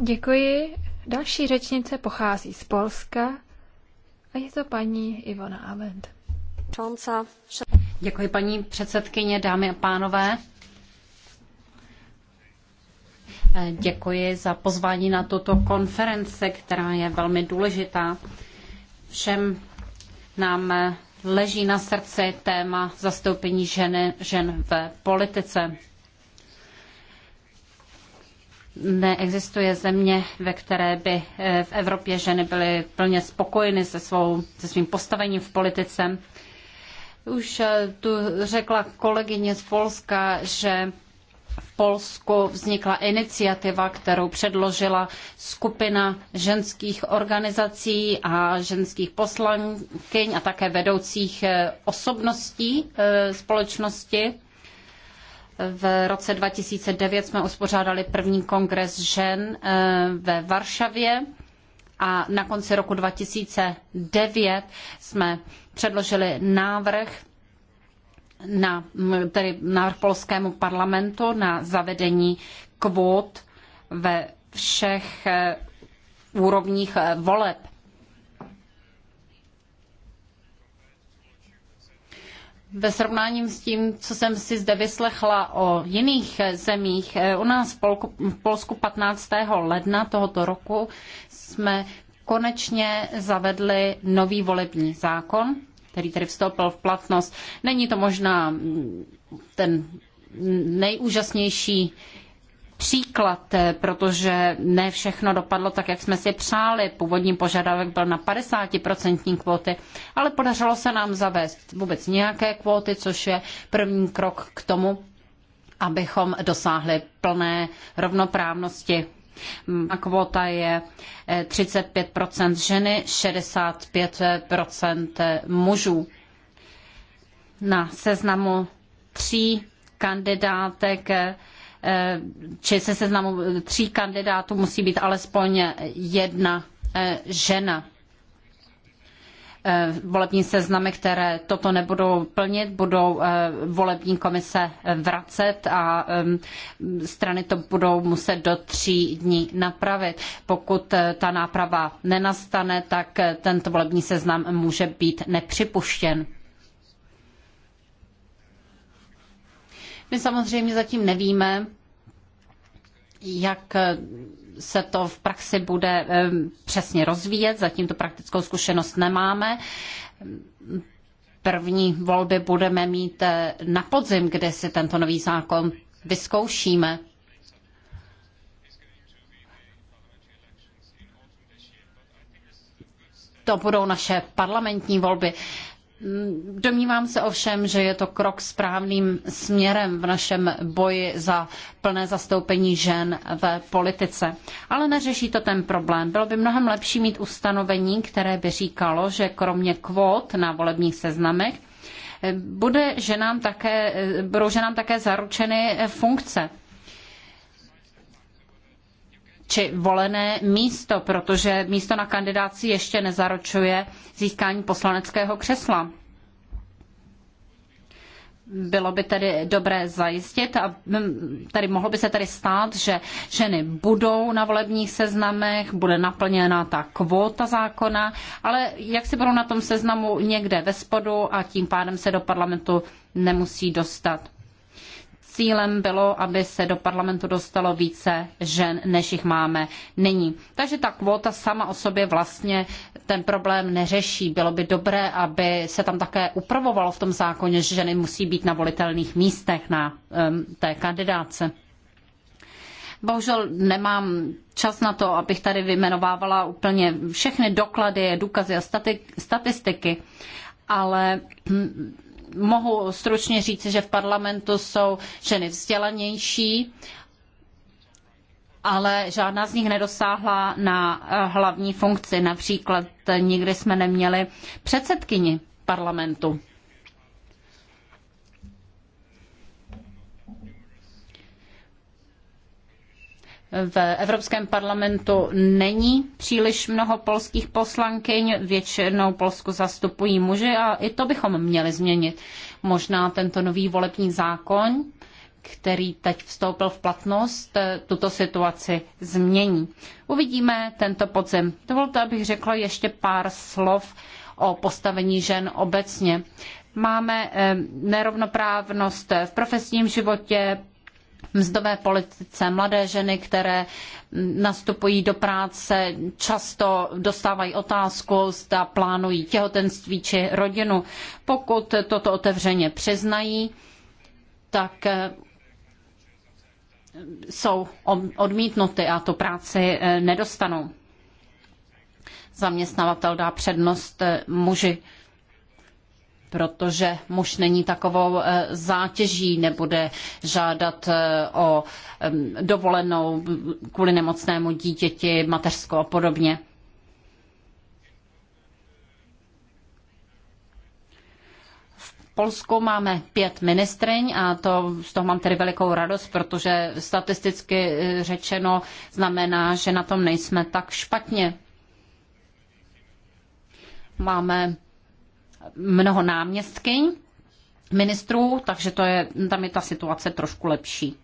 Děkuji. Další řečnice pochází z Polska a je to paní Ivona Avent. Děkuji paní předsedkyně, dámy a pánové. Děkuji za pozvání na tuto konferenci, která je velmi důležitá. Všem nám leží na srdci téma zastoupení ženy, žen v politice. Neexistuje země, ve které by eh, v Evropě ženy byly plně spokojeny se, svou, se svým postavením v politice. Už eh, tu řekla kolegyně z Polska, že v Polsku vznikla iniciativa, kterou předložila skupina ženských organizací a ženských poslankyň a také vedoucích eh, osobností eh, společnosti. V roce 2009 jsme uspořádali první kongres žen eh, ve Varšavě a na konci roku 2009 jsme předložili návrh na tedy návrh polskému parlamentu na zavedení kvót ve všech eh, úrovních eh, voleb. Ve srovnání s tím, co jsem si zde vyslechla o jiných eh, zemích, u nás v, v Polsku 15. ledna tohoto roku jsme konečně zavedli nový volební zákon, který tedy vstoupil v platnost. Není to možná mm, ten nejúžasnější příklad, eh, protože ne všechno dopadlo tak, jak jsme si přáli. Původní požadavek byl na 50% kvóty, ale podařilo se nám zavést vůbec nějaké kvóty, což je první krok k tomu, abychom dosáhli plné rovnoprávnosti a kvota je 35% eh, ženy, 65% eh, mužů. Na seznamu tří kandidátek eh, či se seznamu tří kandidátů musí být alespoň jedna žena. Eh, volební seznamy, které toto nebudou plnit, budou eh, volební komise vracet a eh, strany to budou muset do tří dní napravit. Pokud ta náprava nenastane, tak tento volební seznam může být nepřipuštěn. My samozřejmě zatím nevíme, jak se to v praxi bude přesně rozvíjet, zatím tu praktickou zkušenost nemáme. První volby budeme mít eh, na podzim, kde si tento nový zákon vyzkoušíme. To budou naše parlamentní volby. Domnívám se ovšem, že je to krok správným směrem v našem boji za plné zastoupení žen ve politice. Ale neřeší to ten problém. Bylo by mnohem lepší mít ustanovení, které by říkalo, že kromě kvót na volebních seznamech eh, bude ženám také, eh, budou ženám také zaručeny eh, funkce či volené místo, protože místo na kandidáci ještě nezaručuje získání poslaneckého křesla. Bylo by tedy dobré zajistit a mm, tady mohlo by se tedy stát, že ženy budou na volebních seznamech, bude naplněna ta kvóta zákona, ale jak si budou na tom seznamu někde ve spodu a tím pádem se do parlamentu nemusí dostat cílem bylo, aby se do parlamentu dostalo více žen, než jich máme nyní. Takže ta kvóta sama o sobě vlastně ten problém neřeší. Bylo by dobré, aby se tam také upravovalo v tom zákoně, že ženy musí být na volitelných místech na um, té kandidáce. Bohužel nemám čas na to, abych tady vyjmenovávala úplně všechny doklady, důkazy a statistiky, ale hm, mohu stručně říci, že v parlamentu jsou ženy vzdělanější, ale žádná z nich nedosáhla na eh, hlavní funkci. Například eh, nikdy jsme neměli předsedkyni parlamentu. v Evropském parlamentu není příliš mnoho polských poslankyň, většinou Polsku zastupují muži a i to bychom měli změnit. Možná tento nový volební zákon, který teď vstoupil v platnost, tuto situaci změní. Uvidíme tento podzim. Dovolte, abych řekla ještě pár slov o postavení žen obecně máme eh, nerovnoprávnost v profesním životě, mzdové politice, mladé ženy, které nastupují do práce, často dostávají otázku, zda plánují těhotenství či rodinu. Pokud toto otevřeně přiznají, tak eh, jsou odmítnuty a tu práci eh, nedostanou. Zaměstnavatel dá přednost eh, muži protože muž není takovou eh, zátěží, nebude žádat eh, o dovolenou kvůli nemocnému dítěti, mateřskou a podobně. Polsku máme pět ministryň a to, z toho mám tedy velikou radost, protože statisticky eh, řečeno znamená, že na tom nejsme tak špatně. Máme mnoho náměstky ministrů, takže to je, tam je ta situace trošku lepší.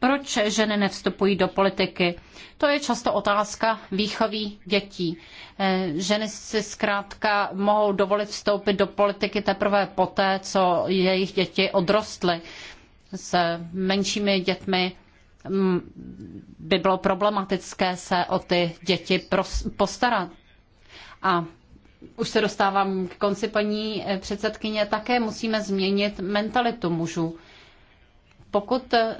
Proč ženy nevstupují do politiky? To je často otázka výchovy dětí. Eh, ženy si zkrátka mohou dovolit vstoupit do politiky teprve poté, co jejich děti odrostly s menšími dětmi by bylo problematické se o ty děti postarat. A už se dostávám k konci paní eh, předsedkyně, také musíme změnit mentalitu mužů. Pokud eh,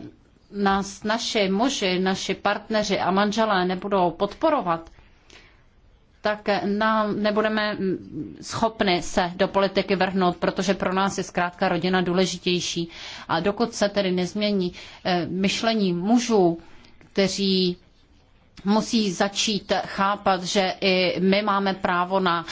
nás naši muži, naši partneři a manželé nebudou podporovat, tak nám nebudeme schopni se do politiky vrhnout, protože pro nás je zkrátka rodina důležitější. A dokud se tedy nezmění eh, myšlení mužů, kteří musí začít chápat, že i my máme právo na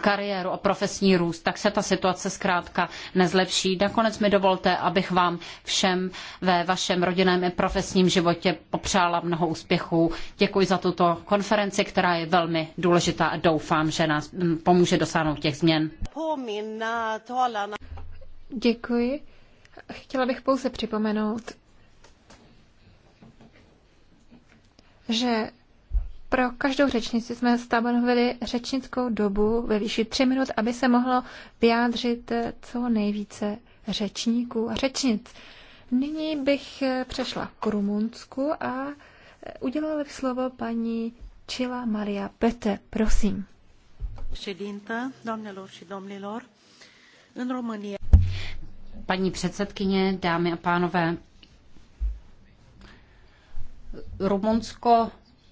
kariéru a profesní růst, tak se ta situace zkrátka nezlepší. Nakonec mi dovolte, abych vám všem ve vašem rodinném i profesním životě popřála mnoho úspěchů. Děkuji za tuto konferenci, která je velmi důležitá a doufám, že nás mm, pomůže dosáhnout těch změn. Děkuji. Chtěla bych pouze připomenout, že pro každou řečnici jsme stanovili řečnickou dobu ve výši 3 minut, aby se mohlo vyjádřit eh, co nejvíce řečníků a řečnic. Nyní bych eh, přešla k Rumunsku a eh, udělala bych slovo paní Čila Maria Pete. Prosím. Paní předsedkyně, dámy a pánové, Rumunsko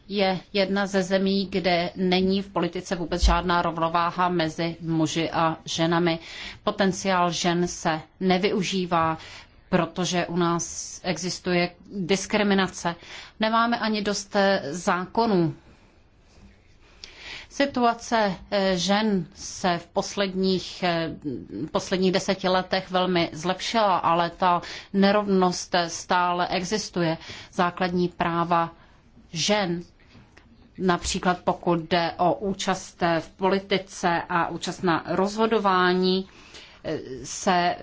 je jedna ze zemí, kde není v politice vůbec žádná rovnováha mezi muži a ženami. Potenciál žen se nevyužívá, protože u nás existuje diskriminace. Nemáme ani dost eh, zákonů Situace eh, žen se v posledních, eh, posledních deseti letech velmi zlepšila, ale ta nerovnost stále existuje. Základní práva žen, například pokud jde o účast eh, v politice a účast na rozhodování, se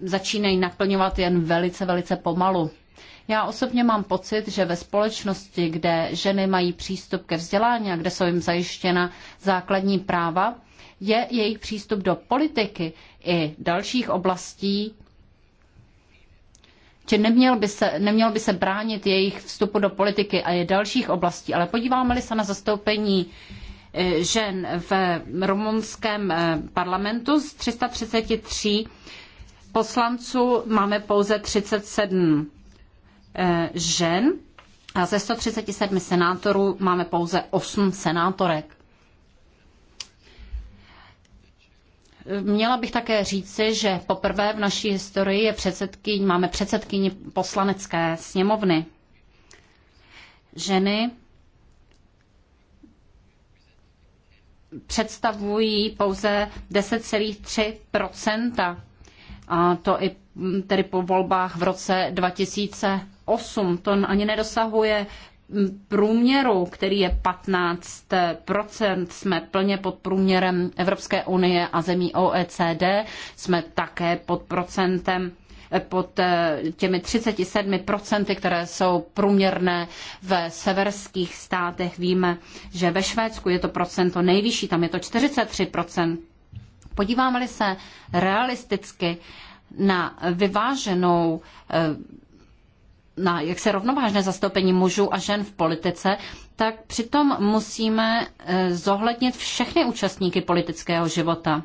začínají naplňovat jen velice, velice pomalu. Já osobně mám pocit, že ve společnosti, kde ženy mají přístup ke vzdělání a kde jsou jim zajištěna základní práva, je jejich přístup do politiky i dalších oblastí že neměl by, se, neměl by se bránit jejich vstupu do politiky a je dalších oblastí. Ale podíváme-li se na zastoupení eh, žen v rumunském eh, parlamentu z 333 poslanců máme pouze 37. Eh, žen a ze 137 senátorů máme pouze 8 senátorek. Měla bych také říci, že poprvé v naší historii je předsedkyň, máme předsedkyni poslanecké sněmovny. Ženy představují pouze 10,3 a to i tedy po volbách v roce 2000 8 to ani nedosahuje průměru, který je 15%, jsme plně pod průměrem Evropské unie a zemí OECD, jsme také pod procentem pod eh, těmi 37%, které jsou průměrné v severských státech. Víme, že ve Švédsku je to procento nejvyšší, tam je to 43%. Podíváme-li se realisticky na vyváženou eh, na jaksi rovnovážné zastoupení mužů a žen v politice, tak přitom musíme e, zohlednit všechny účastníky politického života.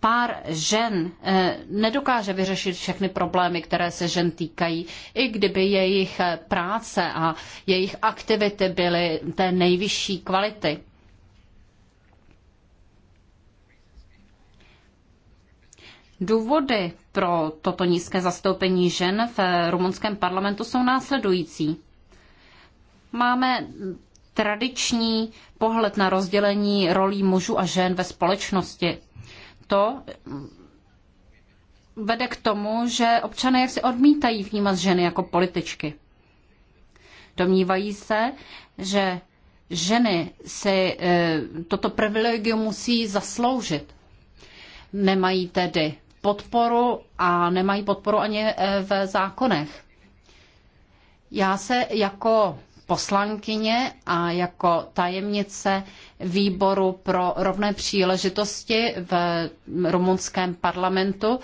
Pár žen e, nedokáže vyřešit všechny problémy, které se žen týkají, i kdyby jejich práce a jejich aktivity byly té nejvyšší kvality. Důvody pro toto nízké zastoupení žen v rumunském parlamentu jsou následující. Máme tradiční pohled na rozdělení rolí mužů a žen ve společnosti. To vede k tomu, že občané jaksi odmítají vnímat ženy jako političky. Domnívají se, že ženy si e, toto privilegium musí zasloužit. Nemají tedy podporu a nemají podporu ani eh, v zákonech. Já se jako poslankyně a jako tajemnice výboru pro rovné příležitosti v rumunském parlamentu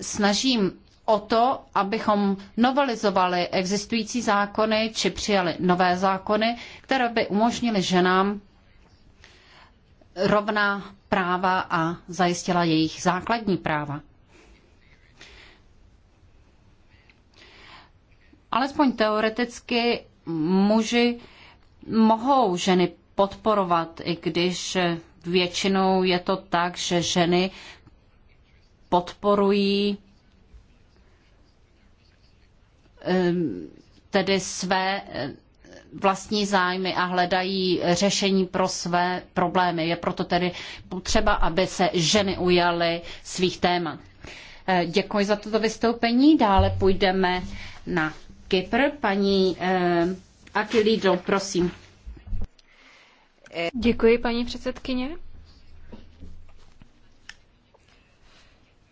snažím o to, abychom novelizovali existující zákony či přijali nové zákony, které by umožnily ženám rovná práva a zajistila jejich základní práva. Alespoň teoreticky muži mohou ženy podporovat, i když většinou je to tak, že ženy podporují ehm, tedy své vlastní zájmy a hledají řešení pro své problémy. Je proto tedy potřeba, aby se ženy ujaly svých témat. Eh, děkuji za toto vystoupení. Dále půjdeme na Kypr. Paní eh, Akilido, prosím. Děkuji, paní předsedkyně.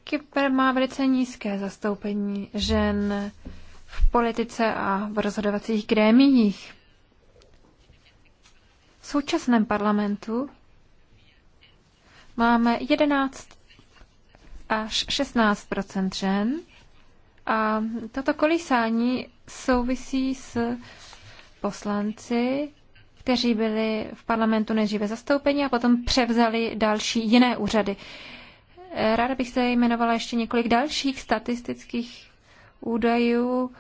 Kypr má velice nízké zastoupení žen v politice a v rozhodovacích grémiích. V současném parlamentu máme 11 až 16 žen a toto kolísání souvisí s poslanci, kteří byli v parlamentu nejdříve zastoupeni a potom převzali další jiné úřady. Ráda bych se jmenovala ještě několik dalších statistických údajů,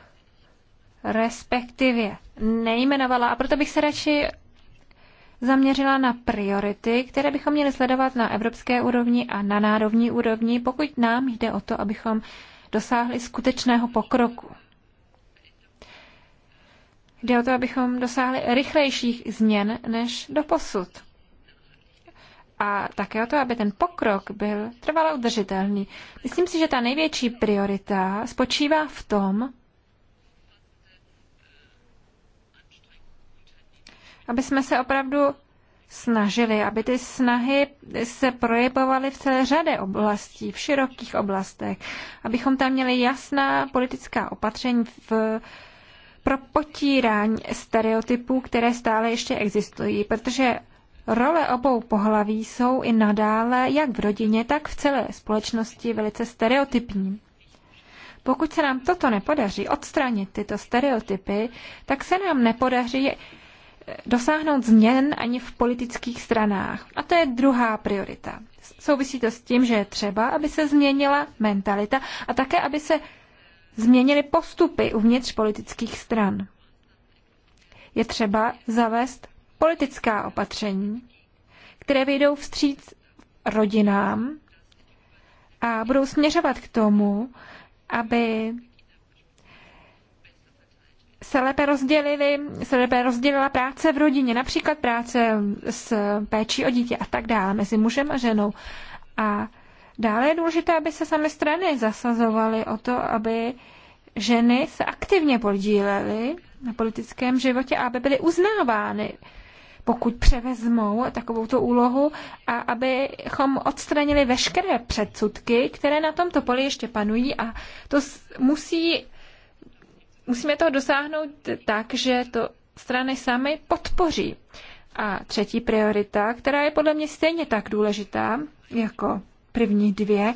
respektive nejmenovala. A proto bych se radši zaměřila na priority, které bychom měli sledovat na evropské úrovni a na národní úrovni, pokud nám jde o to, abychom dosáhli skutečného pokroku. Jde o to, abychom dosáhli rychlejších změn než do posud. A také o to, aby ten pokrok byl trvalo udržitelný. Myslím si, že ta největší priorita spočívá v tom, aby jsme se opravdu snažili, aby ty snahy se projevovaly v celé řadě oblastí, v širokých oblastech, abychom tam měli jasná politická opatření v, pro potírání stereotypů, které stále ještě existují, protože role obou pohlaví jsou i nadále, jak v rodině, tak v celé společnosti, velice stereotypní. Pokud se nám toto nepodaří odstranit tyto stereotypy, tak se nám nepodaří dosáhnout změn ani v politických stranách. A to je druhá priorita. Souvisí to s tím, že je třeba, aby se změnila mentalita a také, aby se změnily postupy uvnitř politických stran. Je třeba zavést politická opatření, které vyjdou vstříc rodinám a budou směřovat k tomu, aby se lépe, rozdělili, se lépe rozdělila práce v rodině, například práce s péčí o dítě a tak dále mezi mužem a ženou. A dále je důležité, aby se sami strany zasazovaly o to, aby ženy se aktivně podílely na politickém životě a aby byly uznávány pokud převezmou takovouto úlohu a abychom odstranili veškeré předsudky, které na tomto poli ještě panují a to musí musíme toho dosáhnout tak, že to strany samy podpoří. A třetí priorita, která je podle mě stejně tak důležitá jako první dvě,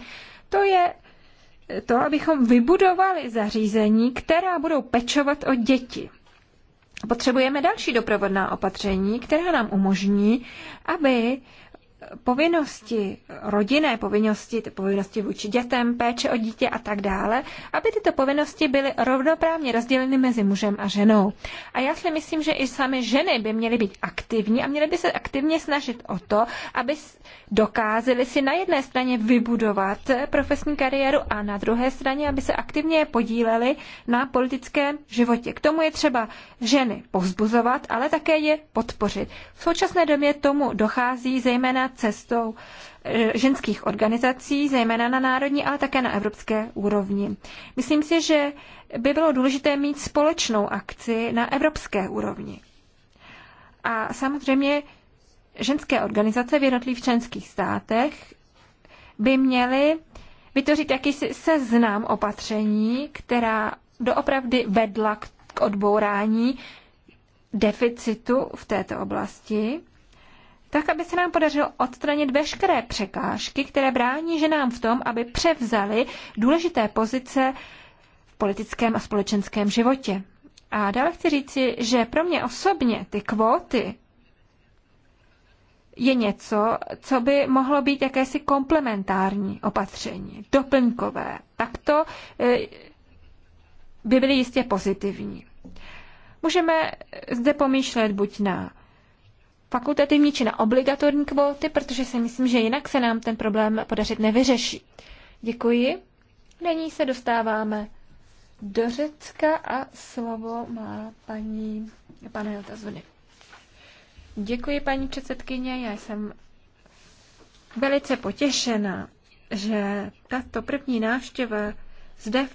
to je to, abychom vybudovali zařízení, která budou pečovat o děti. Potřebujeme další doprovodná opatření, která nám umožní, aby povinnosti, rodinné povinnosti, ty povinnosti vůči dětem, péče o dítě a tak dále, aby tyto povinnosti byly rovnoprávně rozděleny mezi mužem a ženou. A já si myslím, že i sami ženy by měly být aktivní a měly by se aktivně snažit o to, aby dokázaly si na jedné straně vybudovat profesní kariéru a na druhé straně, aby se aktivně podílely na politickém životě. K tomu je třeba ženy povzbuzovat, ale také je podpořit. V současné době tomu dochází zejména cestou eh, ženských organizací, zejména na národní, ale také na evropské úrovni. Myslím si, že by bylo důležité mít společnou akci na evropské úrovni. A samozřejmě ženské organizace v jednotlivých členských státech by měly vytvořit jakýsi seznam opatření, která doopravdy vedla k odbourání deficitu v této oblasti tak aby se nám podařilo odstranit veškeré překážky, které brání ženám v tom, aby převzali důležité pozice v politickém a společenském životě. A dále chci říci, že pro mě osobně ty kvóty je něco, co by mohlo být jakési komplementární opatření, doplňkové. Tak to eh, by byly jistě pozitivní. Můžeme zde pomýšlet buď na fakultativní či na obligatorní kvóty, protože si myslím, že jinak se nám ten problém podařit nevyřeší. Děkuji. Nyní se dostáváme do Řecka a slovo má paní Panajota Zvony. Děkuji, paní předsedkyně. Já jsem velice potěšena, že tato první návštěva zde v,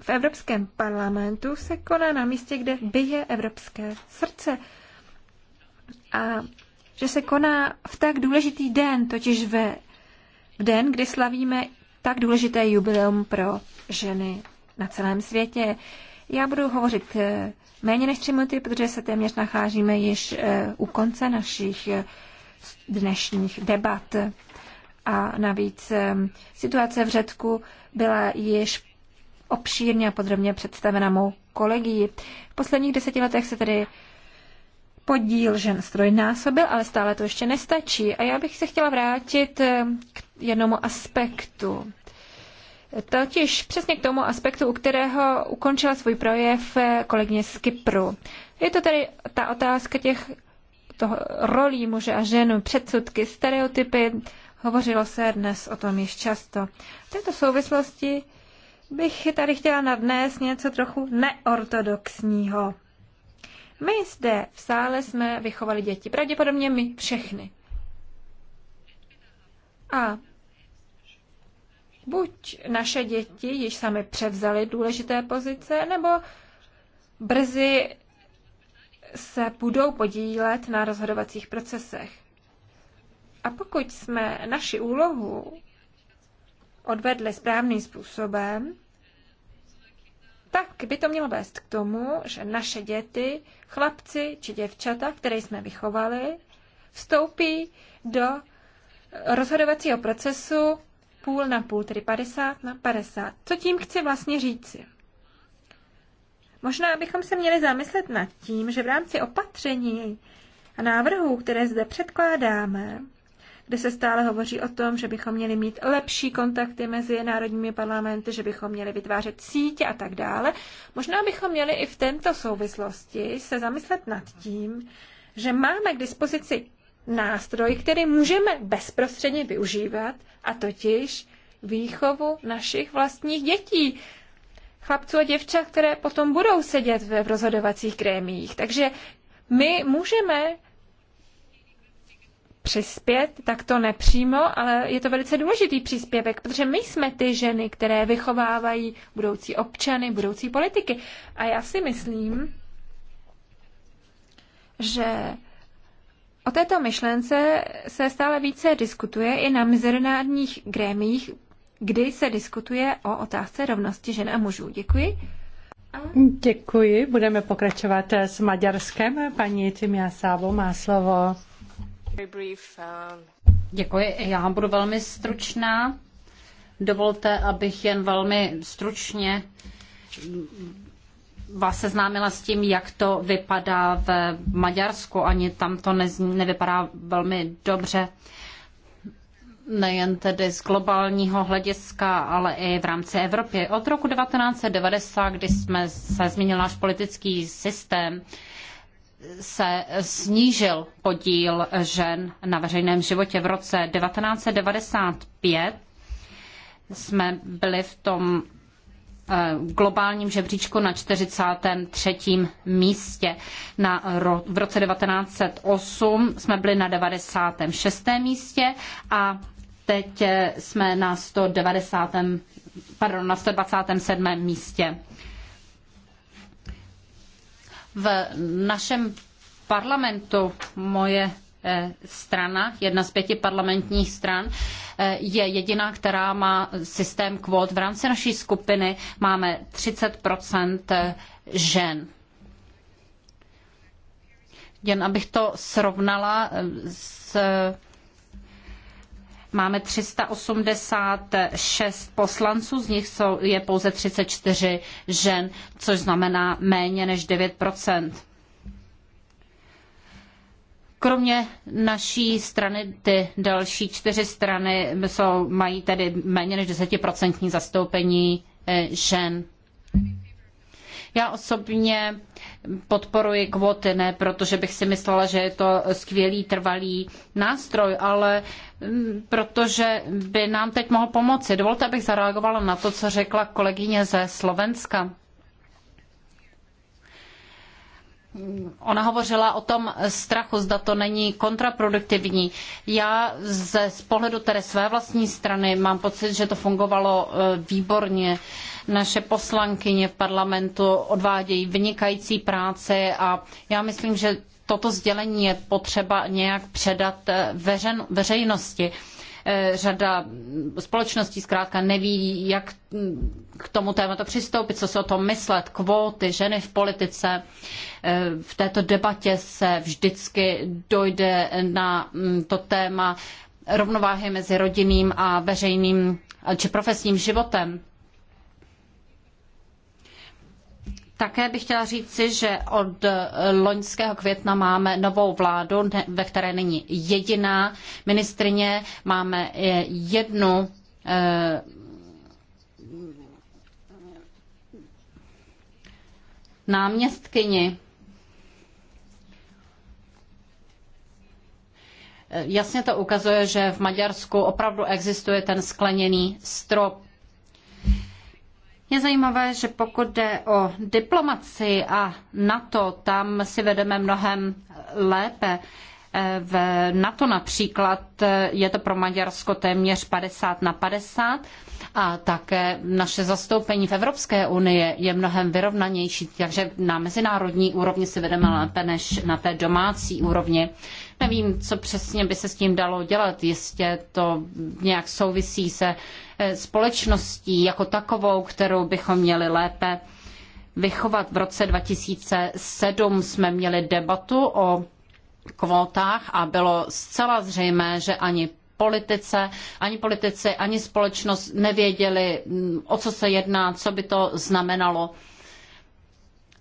v Evropském parlamentu se koná na místě, kde bije evropské srdce a že se koná v tak důležitý den, totiž ve, v den, kdy slavíme tak důležité jubileum pro ženy na celém světě. Já budu hovořit eh, méně než tři minuty, protože se téměř nacházíme již eh, u konce našich eh, dnešních debat. A navíc situace v Řecku byla již obšírně a podrobně představena mou kolegii. V posledních deseti letech se tedy podíl žen strojnásobil, ale stále to ještě nestačí. A já bych se chtěla vrátit eh, k jednomu aspektu. Totiž přesně k tomu aspektu, u kterého ukončila svůj projev eh, kolegyně z Kypru. Je to tedy ta otázka těch toho rolí muže a ženu, předsudky, stereotypy. Hovořilo se dnes o tom již často. V této souvislosti bych tady chtěla nadnést něco trochu neortodoxního. My zde v sále jsme vychovali děti, pravděpodobně my všechny. A buď naše děti již sami převzaly důležité pozice, nebo brzy se budou podílet na rozhodovacích procesech. A pokud jsme naši úlohu odvedli správným způsobem, tak by to mělo vést k tomu, že naše děti, chlapci či děvčata, které jsme vychovali, vstoupí do rozhodovacího procesu půl na půl, tedy 50 na 50. Co tím chci vlastně říci? Možná bychom se měli zamyslet nad tím, že v rámci opatření a návrhů, které zde předkládáme, kde se stále hovoří o tom, že bychom měli mít lepší kontakty mezi národními parlamenty, že bychom měli vytvářet sítě a tak dále. Možná bychom měli i v této souvislosti se zamyslet nad tím, že máme k dispozici nástroj, který můžeme bezprostředně využívat, a totiž výchovu našich vlastních dětí, chlapců a děvčat, které potom budou sedět v rozhodovacích krémích. Takže my můžeme přispět, tak to nepřímo, ale je to velice důležitý příspěvek, protože my jsme ty ženy, které vychovávají budoucí občany, budoucí politiky. A já si myslím, že o této myšlence se stále více diskutuje i na mezinárodních grémích, kdy se diskutuje o otázce rovnosti žen a mužů. Děkuji. Děkuji. Budeme pokračovat s Maďarskem. Paní Timia Sávo má slovo. Děkuji, já budu velmi stručná. Dovolte, abych jen velmi stručně vás seznámila s tím, jak to vypadá v Maďarsku. Ani tam to nevypadá velmi dobře. Nejen tedy z globálního hlediska, ale i v rámci Evropy. Od roku 1990, kdy jsme se změnil náš politický systém, se snížil podíl žen na veřejném životě. V roce 1995 jsme byli v tom eh, globálním žebříčku na 43. místě. Na, v roce 1908 jsme byli na 96. místě a teď eh, jsme na 190. Pardon, na 127. místě v našem parlamentu moje eh, strana, jedna z pěti parlamentních stran, eh, je jediná, která má systém kvót. V rámci naší skupiny máme 30 eh, žen. Jen abych to srovnala s Máme 386 poslanců, z nich jsou, je pouze 34 žen, což znamená méně než 9 Kromě naší strany ty další čtyři strany jsou, mají tedy méně než desetiprocentní zastoupení eh, žen. Já osobně podporuji kvóty, ne protože bych si myslela, že je to skvělý trvalý nástroj, ale protože by nám teď mohl pomoci. Dovolte, abych zareagovala na to, co řekla kolegyně ze Slovenska. Ona hovořila o tom strachu, zda to není kontraproduktivní. Já ze, z pohledu tedy své vlastní strany mám pocit, že to fungovalo e, výborně. Naše poslankyně v parlamentu odvádějí vynikající práce a já myslím, že toto sdělení je potřeba nějak předat eh, veřen, veřejnosti. Eh, řada společností zkrátka neví, jak mm, k tomu tématu přistoupit, co si o tom myslet, kvóty, ženy v politice. Eh, v této debatě se vždycky dojde na mm, to téma rovnováhy mezi rodinným a veřejným či profesním životem. Také bych chtěla říci, že od loňského května máme novou vládu, ve které není jediná ministrině. Máme eh, jednu eh, náměstkyni. Eh, jasně to ukazuje, že v Maďarsku opravdu existuje ten skleněný strop je zajímavé, že pokud jde o diplomaci a NATO, tam si vedeme mnohem lépe. Eh, v NATO například eh, je to pro Maďarsko téměř 50 na 50 a také naše zastoupení v Evropské unii je mnohem vyrovnanější, takže na mezinárodní úrovni si vedeme lépe než na té domácí úrovni. Nevím, co přesně by se s tím dalo dělat, jistě to nějak souvisí se Eh, společností jako takovou, kterou bychom měli lépe vychovat. V roce 2007 jsme měli debatu o kvótách a bylo zcela zřejmé, že ani politice, ani politici, ani společnost nevěděli, mm, o co se jedná, co by to znamenalo.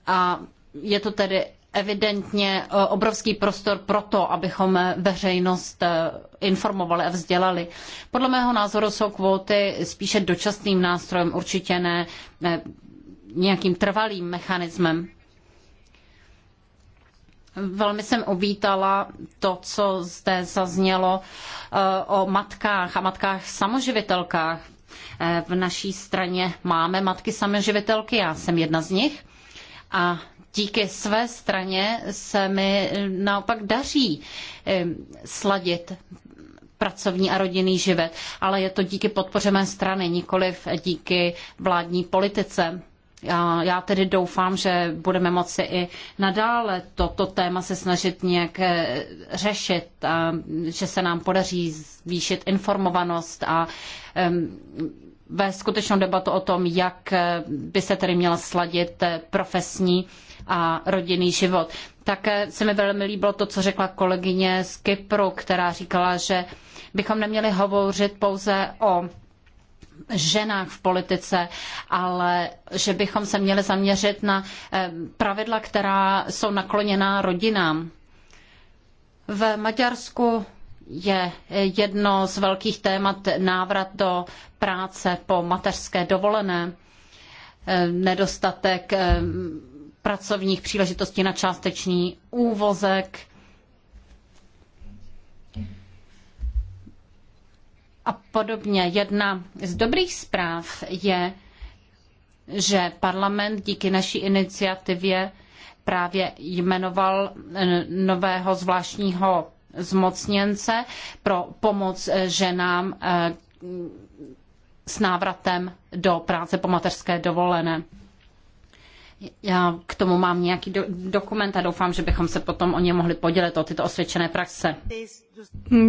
A je to tedy evidentně e, obrovský prostor pro to, abychom veřejnost e, informovali a vzdělali. Podle mého názoru jsou kvóty spíše dočasným nástrojem, určitě ne nějakým trvalým mechanismem. Velmi jsem uvítala to, co zde zaznělo e, o matkách a matkách samoživitelkách. V naší straně máme matky samoživitelky, já jsem jedna z nich. A díky své straně se mi naopak daří eh, sladit pracovní a rodinný život, ale je to díky podpoře mé strany, nikoliv díky vládní politice. Já, já tedy doufám, že budeme moci i nadále toto téma se snažit nějak eh, řešit, a že se nám podaří zvýšit informovanost a um, vést skutečnou debatu o tom, jak eh, by se tedy měla sladit profesní a rodinný život. Také eh, se mi velmi líbilo to, co řekla kolegyně z Kypru, která říkala, že bychom neměli hovořit pouze o ženách v politice, ale že bychom se měli zaměřit na eh, pravidla, která jsou nakloněná rodinám. V Maďarsku je eh, jedno z velkých témat návrat do práce po mateřské dovolené, nedostatek pracovních příležitostí na částečný úvozek. A podobně. Jedna z dobrých zpráv je, že parlament díky naší iniciativě právě jmenoval eh, nového zvláštního zmocněnce pro pomoc eh, ženám eh, s návratem do práce po mateřské dovolené. Já k tomu mám nějaký do, dokument a doufám, že bychom se potom o ně mohli podělit, o tyto osvědčené praxe.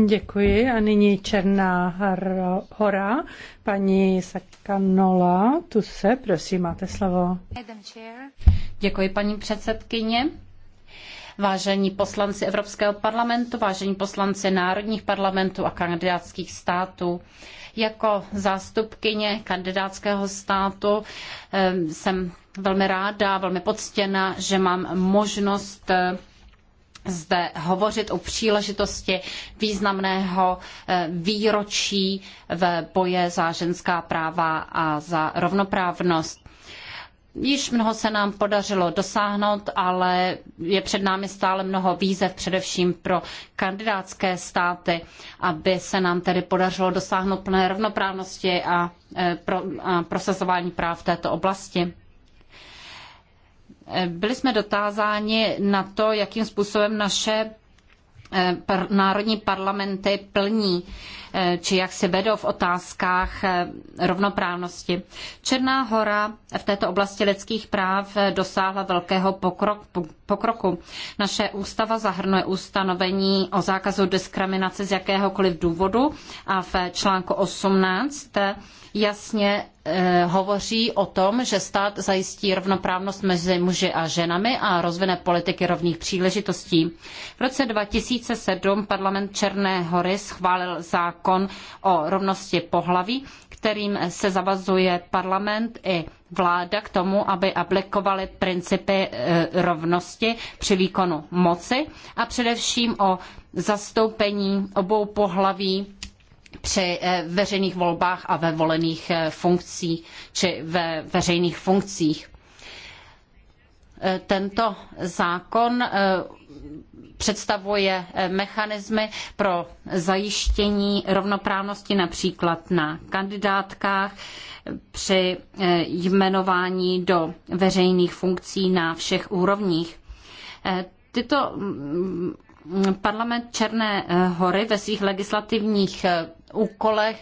Děkuji. A nyní Černá hora. Paní Sakanola, tu se, prosím, máte slovo. Děkuji, paní předsedkyně. Vážení poslanci Evropského parlamentu, vážení poslanci národních parlamentů a kandidátských států, jako zástupkyně kandidátského státu eh, jsem velmi ráda, velmi poctěna, že mám možnost eh, zde hovořit o příležitosti významného eh, výročí v boji za ženská práva a za rovnoprávnost. Již mnoho se nám podařilo dosáhnout, ale je před námi stále mnoho výzev, především pro kandidátské státy, aby se nám tedy podařilo dosáhnout plné rovnoprávnosti a, eh, pro, a prosazování práv v této oblasti. Byli jsme dotázáni na to, jakým způsobem naše eh, národní parlamenty plní či jak si vedou v otázkách eh, rovnoprávnosti. Černá hora v této oblasti lidských práv eh, dosáhla velkého pokroku. Naše ústava zahrnuje ustanovení o zákazu diskriminace z jakéhokoliv důvodu a v článku 18 eh, jasně hovoří o tom, že stát zajistí rovnoprávnost mezi muži a ženami a rozvine politiky rovných příležitostí. V roce 2007 parlament Černé hory schválil zákon zákon o rovnosti pohlaví, kterým se zavazuje parlament i vláda k tomu, aby aplikovaly principy e, rovnosti při výkonu moci a především o zastoupení obou pohlaví při e, veřejných volbách a ve volených e, funkcích či ve veřejných funkcích. Tento zákon eh, představuje eh, mechanismy pro zajištění rovnoprávnosti například na kandidátkách při eh, jmenování do veřejných funkcí na všech úrovních. Tyto mm, mm, parlament Černé hory ve svých legislativních úkolech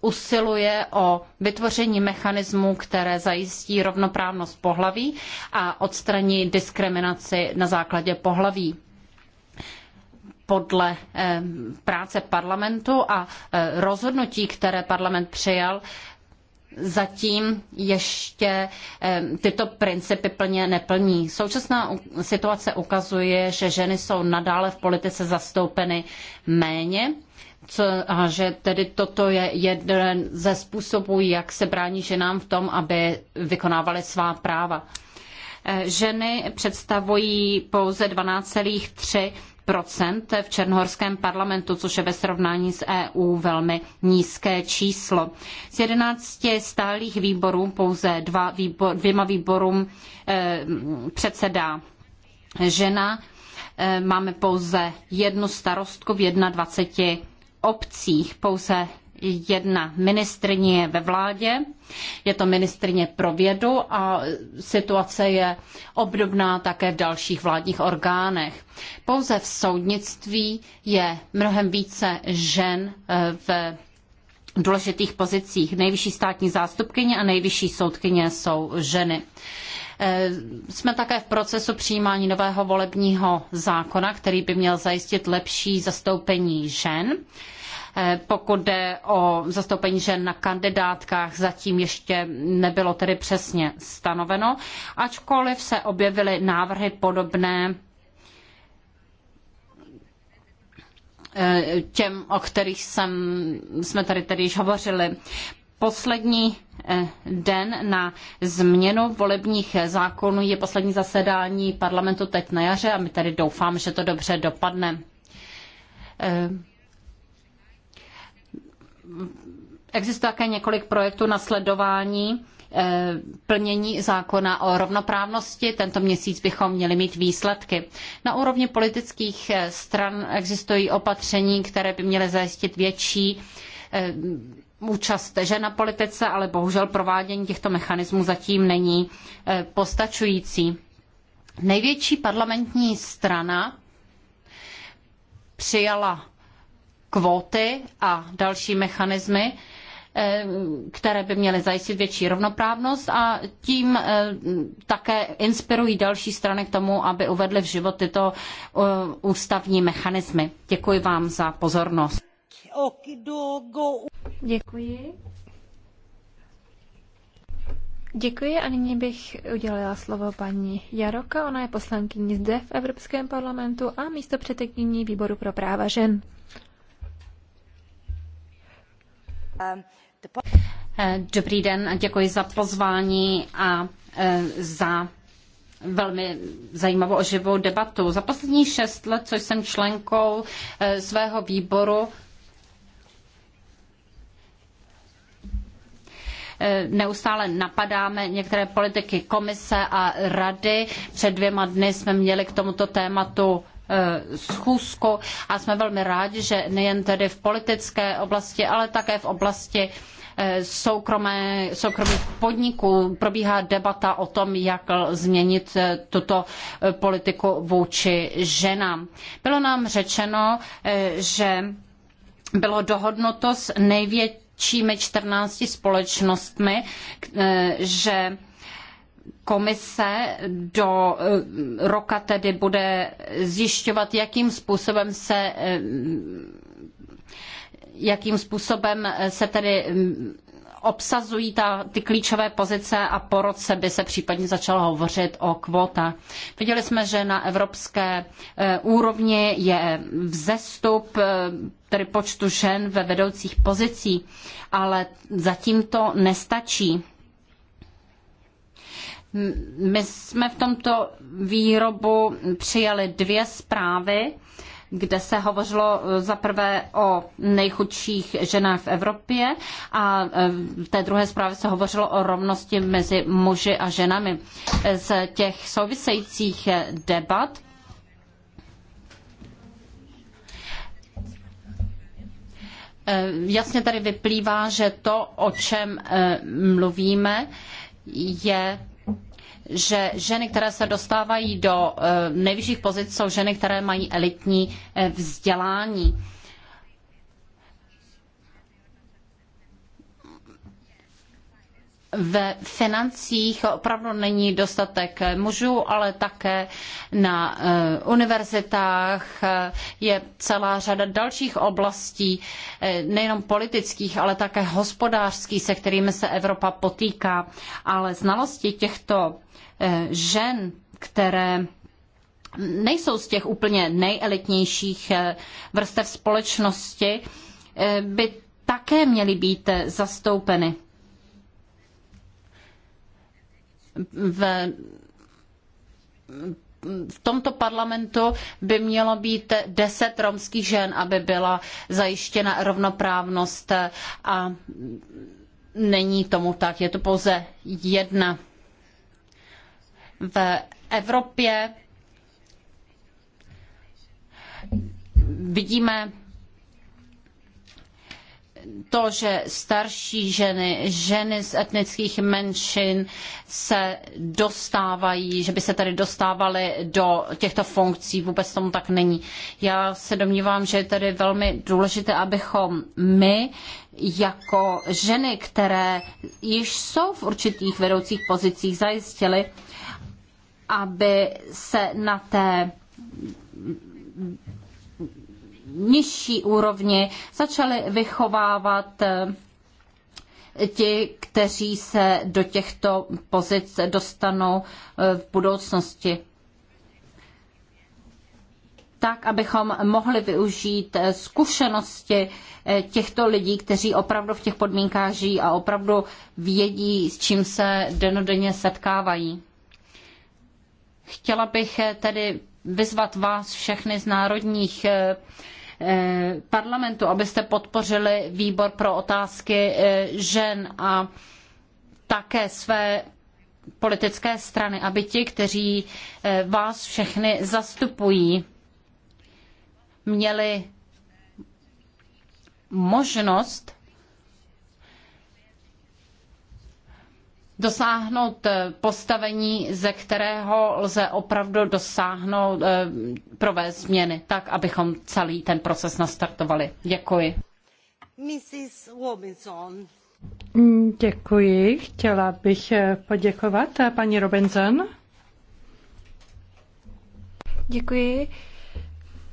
usiluje o vytvoření mechanismů, které zajistí rovnoprávnost pohlaví a odstraní diskriminaci na základě pohlaví podle eh, práce parlamentu a eh, rozhodnutí, které parlament přijal, zatím ještě eh, tyto principy plně neplní. Současná situace ukazuje, že ženy jsou nadále v politice zastoupeny méně co, a že tedy toto je jeden ze způsobů, jak se brání ženám v tom, aby vykonávaly svá práva. Eh, ženy představují pouze 12,3 v černohorském parlamentu, což je ve srovnání s EU velmi nízké číslo. Z 11 stálých výborů pouze dva výbor, dvěma výborům eh, předsedá žena. Eh, máme pouze jednu starostku v 21 obcích pouze jedna ministrině ve vládě, je to ministrině pro vědu a situace je obdobná také v dalších vládních orgánech. Pouze v soudnictví je mnohem více žen eh, v důležitých pozicích. Nejvyšší státní zástupkyně a nejvyšší soudkyně jsou ženy. Eh, jsme také v procesu přijímání nového volebního zákona, který by měl zajistit lepší zastoupení žen. Eh, pokud jde o zastoupení žen na kandidátkách, zatím ještě nebylo tedy přesně stanoveno, ačkoliv se objevily návrhy podobné eh, těm, o kterých jsem, jsme tady tedy již hovořili poslední eh, den na změnu volebních zákonů je poslední zasedání parlamentu teď na jaře a my tady doufám, že to dobře dopadne. Eh, existuje také několik projektů na sledování eh, plnění zákona o rovnoprávnosti. Tento měsíc bychom měli mít výsledky. Na úrovni politických stran existují opatření, které by měly zajistit větší účast žen na politice, ale bohužel provádění těchto mechanismů zatím není eh, postačující. Největší parlamentní strana přijala kvóty a další mechanismy, eh, které by měly zajistit větší rovnoprávnost a tím eh, také inspirují další strany k tomu, aby uvedly v život tyto ústavní mechanismy. Děkuji vám za pozornost. Děkuji. Děkuji a nyní bych udělala slovo paní Jaroka. Ona je poslankyní zde v Evropském parlamentu a místo předsedkyní výboru pro práva žen. Dobrý den a děkuji za pozvání a e, za velmi zajímavou oživou debatu. Za poslední šest let, co jsem členkou e, svého výboru, Eh, neustále napadáme některé politiky komise a rady. Před dvěma dny jsme měli k tomuto tématu eh, schůzku a jsme velmi rádi, že nejen tedy v politické oblasti, ale také v oblasti eh, soukromé, soukromých podniků probíhá debata o tom, jak změnit tuto politiku vůči ženám. Bylo nám řečeno, že bylo dohodnuto s největší svědčíme 14 společnostmi, eh, že komise do eh, roka tedy bude zjišťovat, jakým způsobem se eh, jakým způsobem se tedy mm, obsazují ta, ty klíčové pozice a po roce by se případně začalo hovořit o kvótách. Viděli jsme, že na evropské eh, úrovni je vzestup eh, tedy počtu žen ve vedoucích pozicích, ale zatím to nestačí. My jsme v tomto výrobu přijali dvě zprávy kde se hovořilo eh, zaprvé o nejchudších ženách v Evropě a eh, v té druhé zprávě se hovořilo o rovnosti mezi muži a ženami. Z těch souvisejících eh, debat jasně tady vyplývá, že to, o čem mluvíme, je že ženy, které se dostávají do eh, nejvyšších pozic, jsou ženy, které mají elitní eh, vzdělání. ve financích opravdu není dostatek mužů, ale také na eh, univerzitách je celá řada dalších oblastí, nejenom politických, ale také hospodářských, se kterými se Evropa potýká. Ale znalosti těchto Eh, žen, které nejsou z těch úplně nejelitnějších eh, vrstev společnosti, eh, by také měly být zastoupeny. V, v tomto parlamentu by mělo být deset romských žen, aby byla zajištěna rovnoprávnost a není tomu tak, je to pouze jedna v Evropě vidíme to, že starší ženy, ženy z etnických menšin se dostávají, že by se tady dostávaly do těchto funkcí, vůbec tomu tak není. Já se domnívám, že je tady velmi důležité, abychom my jako ženy, které již jsou v určitých vedoucích pozicích, zajistili, aby se na té nižší úrovni začali vychovávat eh, ti, kteří se do těchto pozic dostanou eh, v budoucnosti. Tak, abychom mohli využít eh, zkušenosti těchto lidí, kteří opravdu v těch podmínkách žijí a opravdu vědí, s čím se denodenně setkávají. Chtěla bych eh, tedy vyzvat vás všechny z národních eh, eh, parlamentů, abyste podpořili výbor pro otázky žen a také své politické strany, aby ti, kteří vás všechny zastupují, měli možnost dosáhnout eh, postavení, ze kterého lze opravdu dosáhnout, eh, provést změny, tak, abychom celý ten proces nastartovali. Děkuji. Mrs. Robinson. Mm, děkuji. Chtěla bych eh, poděkovat paní Robinson. Děkuji.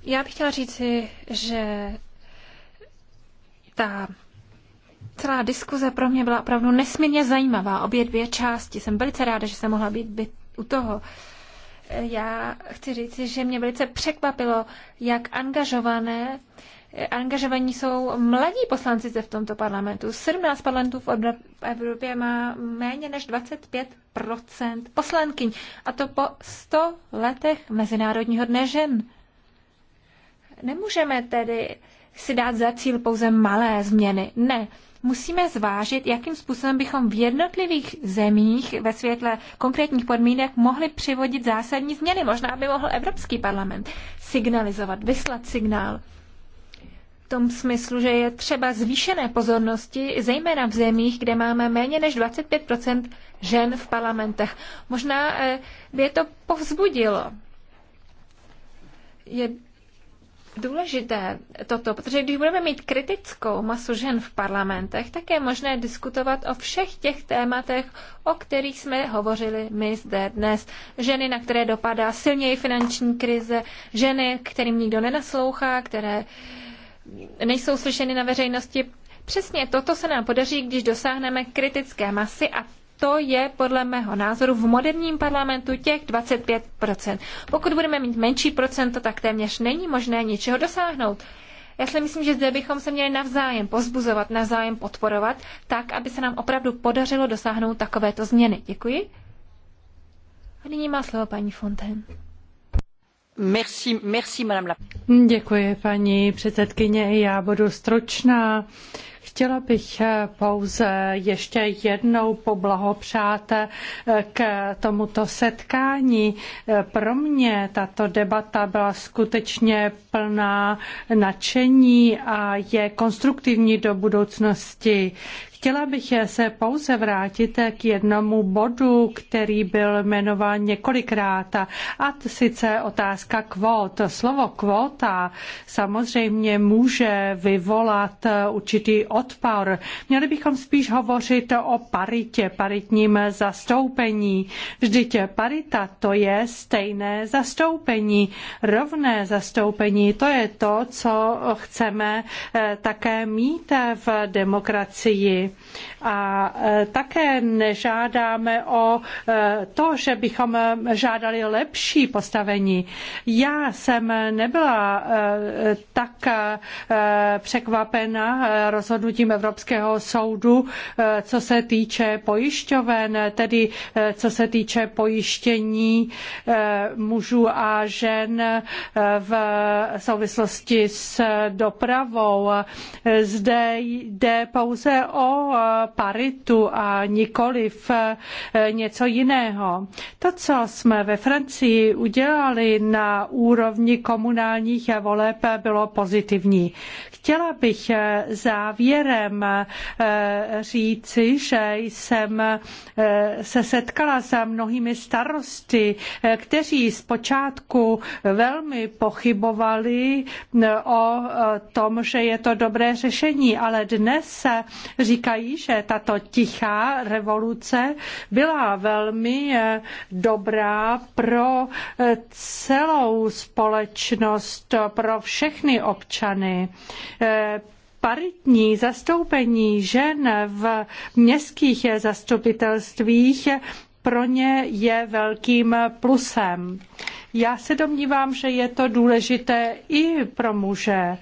Já bych chtěla říci, že ta Celá diskuze pro mě byla opravdu nesmírně zajímavá, obě dvě části. Jsem velice ráda, že jsem mohla být, být u toho. Já chci říct, že mě velice překvapilo, jak angažované angažovaní jsou mladí poslanci zde v tomto parlamentu. 17 parlamentů v Evropě má méně než 25 poslankyň. A to po 100 letech Mezinárodního dne žen. Nemůžeme tedy si dát za cíl pouze malé změny. Ne, musíme zvážit, jakým způsobem bychom v jednotlivých zemích ve světle konkrétních podmínek mohli přivodit zásadní změny. Možná by mohl Evropský parlament signalizovat, vyslat signál v tom smyslu, že je třeba zvýšené pozornosti, zejména v zemích, kde máme méně než 25 žen v parlamentech. Možná eh, by je to povzbudilo. Je důležité toto, protože když budeme mít kritickou masu žen v parlamentech, tak je možné diskutovat o všech těch tématech, o kterých jsme hovořili my zde dnes. Ženy, na které dopadá silněji finanční krize, ženy, kterým nikdo nenaslouchá, které nejsou slyšeny na veřejnosti. Přesně toto se nám podaří, když dosáhneme kritické masy a to je podle mého názoru v moderním parlamentu těch 25%. Pokud budeme mít menší procento, tak téměř není možné ničeho dosáhnout. Já si myslím, že zde bychom se měli navzájem pozbuzovat, navzájem podporovat, tak, aby se nám opravdu podařilo dosáhnout takovéto změny. Děkuji. A nyní má slovo paní Fontaine. Merci, merci, madame la... Děkuji, paní předsedkyně. Já budu stručná. Uh, Chtěla bych eh, pouze ještě jednou poblahopřát eh, k tomuto setkání. Eh, pro mě tato debata byla skutečně plná nadšení a je konstruktivní do budoucnosti. Chtěla bych se pouze vrátit k jednomu bodu, který byl jmenován několikrát, a sice otázka kvót. Slovo kvóta samozřejmě může vyvolat určitý odpor. Měli bychom spíš hovořit o paritě, paritním zastoupení. Vždyť parita to je stejné zastoupení, rovné zastoupení. To je to, co chceme eh, také mít v demokracii. A e, také nežádáme o e, to, že bychom žádali lepší postavení. Já jsem nebyla e, tak překvapena rozhodnutím Evropského soudu, co se týče pojišťoven, tedy co se týče pojištění mužů a žen v souvislosti s dopravou. Zde jde pouze o Eh, paritu a nikoliv eh, něco jiného. To, co jsme ve Francii udělali na úrovni komunálních voleb, bylo pozitivní. Chtěla bych eh, závěrem říci, že jsem se setkala s mnohými starosty, kteří zpočátku velmi pochybovali o tom, že je to dobré řešení, ale dnes říkají, říkají, že tato tichá revoluce byla velmi eh, dobrá pro eh, celou společnost, pro všechny občany eh, paritní zastoupení žen v městských zastupitelstvích pro ně je velkým plusem. Já se domnívám, že je to důležité i pro muže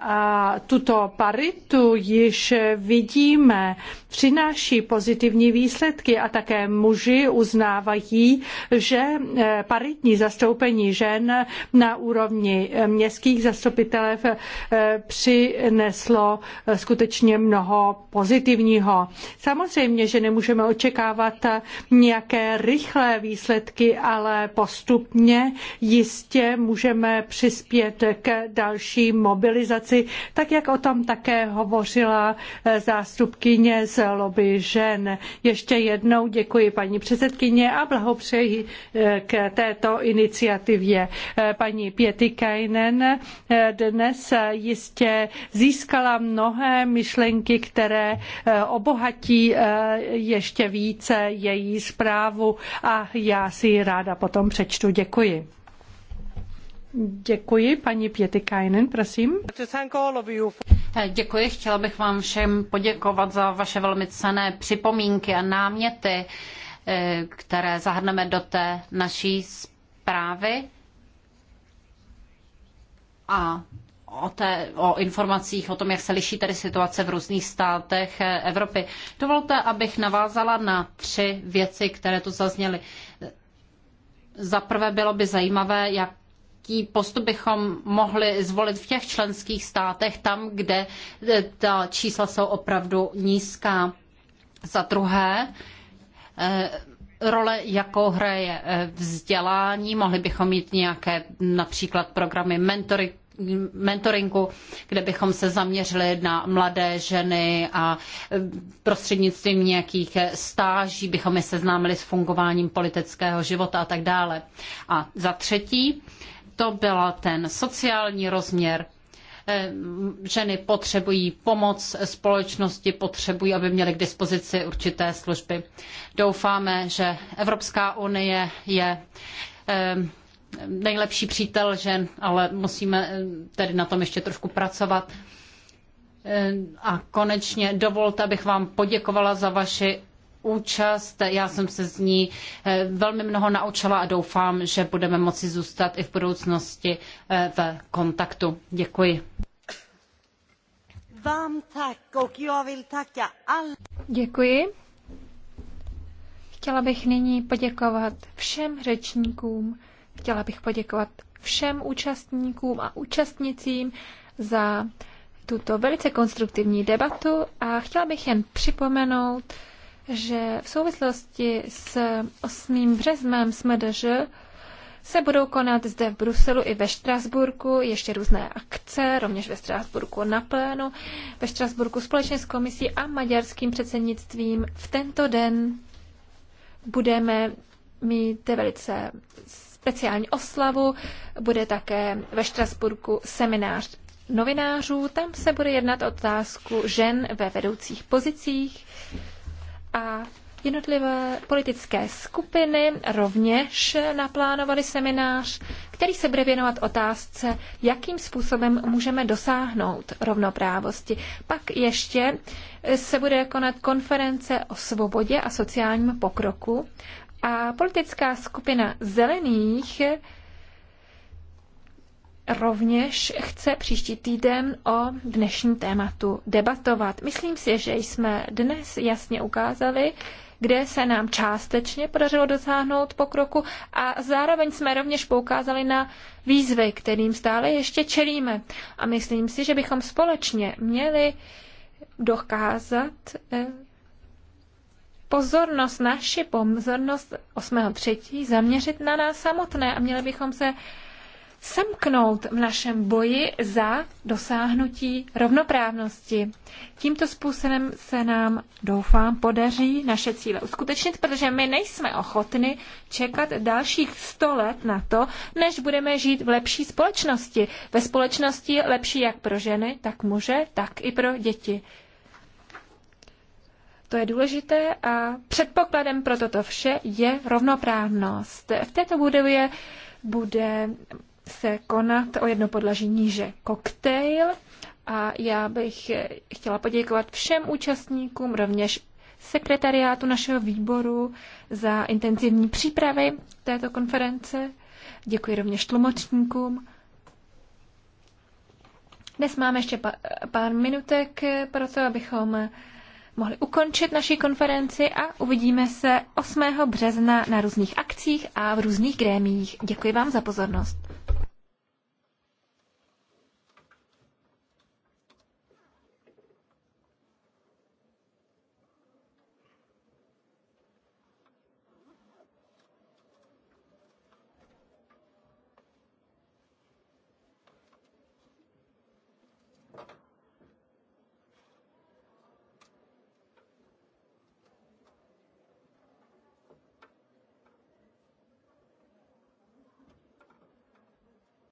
a tuto paritu již vidíme, přináší pozitivní výsledky a také muži uznávají, že eh, paritní zastoupení žen na úrovni eh, městských zastupitelev eh, přineslo skutečně mnoho pozitivního. Samozřejmě, že nemůžeme očekávat nějaké rychlé výsledky, ale postupně jistě můžeme přispět k další mobilitě realizaci, tak jak o tom také hovořila eh, zástupkyně z lobby žen. Ještě jednou děkuji paní předsedkyně a blahopřeji eh, k této iniciativě. Eh, paní Pietikainen dnes jistě získala mnohé myšlenky, které obohatí ještě více její zprávu a já si ji ráda potom přečtu. Děkuji. Děkuji, paní Pietikainen, prosím. Děkuji, chtěla bych vám všem poděkovat za vaše velmi cenné připomínky a náměty, eh, které zahrneme do té naší zprávy a o, té, o informacích o tom, jak se liší tedy situace v různých státech eh, Evropy. Dovolte, abych navázala na tři věci, které tu zazněly. Za prvé bylo by zajímavé, jak jaký postup bychom mohli zvolit v těch členských státech, tam, kde eh, ta čísla jsou opravdu nízká. Za druhé, eh, role, jakou hraje eh, vzdělání, mohli bychom mít nějaké například programy mentory, mentoringu, kde bychom se zaměřili na mladé ženy a prostřednictvím nějakých stáží bychom je seznámili s fungováním politického života a tak dále. A za třetí, to byl ten sociální rozměr. Eh, ženy potřebují pomoc společnosti, potřebují, aby měly k dispozici určité služby. Doufáme, že Evropská unie je eh, nejlepší přítel žen, ale musíme eh, tedy na tom ještě trošku pracovat. A konečně dovolte, abych vám poděkovala za vaši účast. Já jsem se z ní eh, velmi mnoho naučila a doufám, že budeme moci zůstat i v budoucnosti eh, v kontaktu. Děkuji. Vám tak, já Děkuji. Chtěla bych nyní poděkovat všem řečníkům, chtěla bych poděkovat všem účastníkům a účastnicím za tuto velice konstruktivní debatu a chtěla bych jen připomenout, že v souvislosti s 8. březnem SMDŽ se budou konat zde v Bruselu i ve Štrasburku ještě různé akce, rovněž ve Štrasburku na plénu, ve Štrasburku společně s komisí a maďarským předsednictvím. V tento den budeme mít velice speciální oslavu, bude také ve Štrasburku seminář novinářů, tam se bude jednat otázku žen ve vedoucích pozicích a jednotlivé politické skupiny rovněž naplánovaly seminář, který se bude věnovat otázce, jakým způsobem můžeme dosáhnout rovnoprávosti. Pak ještě se bude konat konference o svobodě a sociálním pokroku a politická skupina zelených rovněž chce příští týden o dnešním tématu debatovat. Myslím si, že jsme dnes jasně ukázali, kde se nám částečně podařilo dosáhnout pokroku a zároveň jsme rovněž poukázali na výzvy, kterým stále ještě čelíme. A myslím si, že bychom společně měli dokázat eh, pozornost, naši pozornost 8.3. zaměřit na nás samotné a měli bychom se semknout v našem boji za dosáhnutí rovnoprávnosti. Tímto způsobem se nám, doufám, podaří naše cíle uskutečnit, protože my nejsme ochotni čekat dalších sto let na to, než budeme žít v lepší společnosti. Ve společnosti lepší jak pro ženy, tak muže, tak i pro děti. To je důležité a předpokladem pro toto vše je rovnoprávnost. V této budově bude se konat o jedno podlaží níže koktejl a já bych chtěla poděkovat všem účastníkům, rovněž sekretariátu našeho výboru za intenzivní přípravy této konference. Děkuji rovněž tlumočníkům. Dnes máme ještě pár minutek pro to, abychom mohli ukončit naši konferenci a uvidíme se 8. března na různých akcích a v různých grémiích. Děkuji vám za pozornost.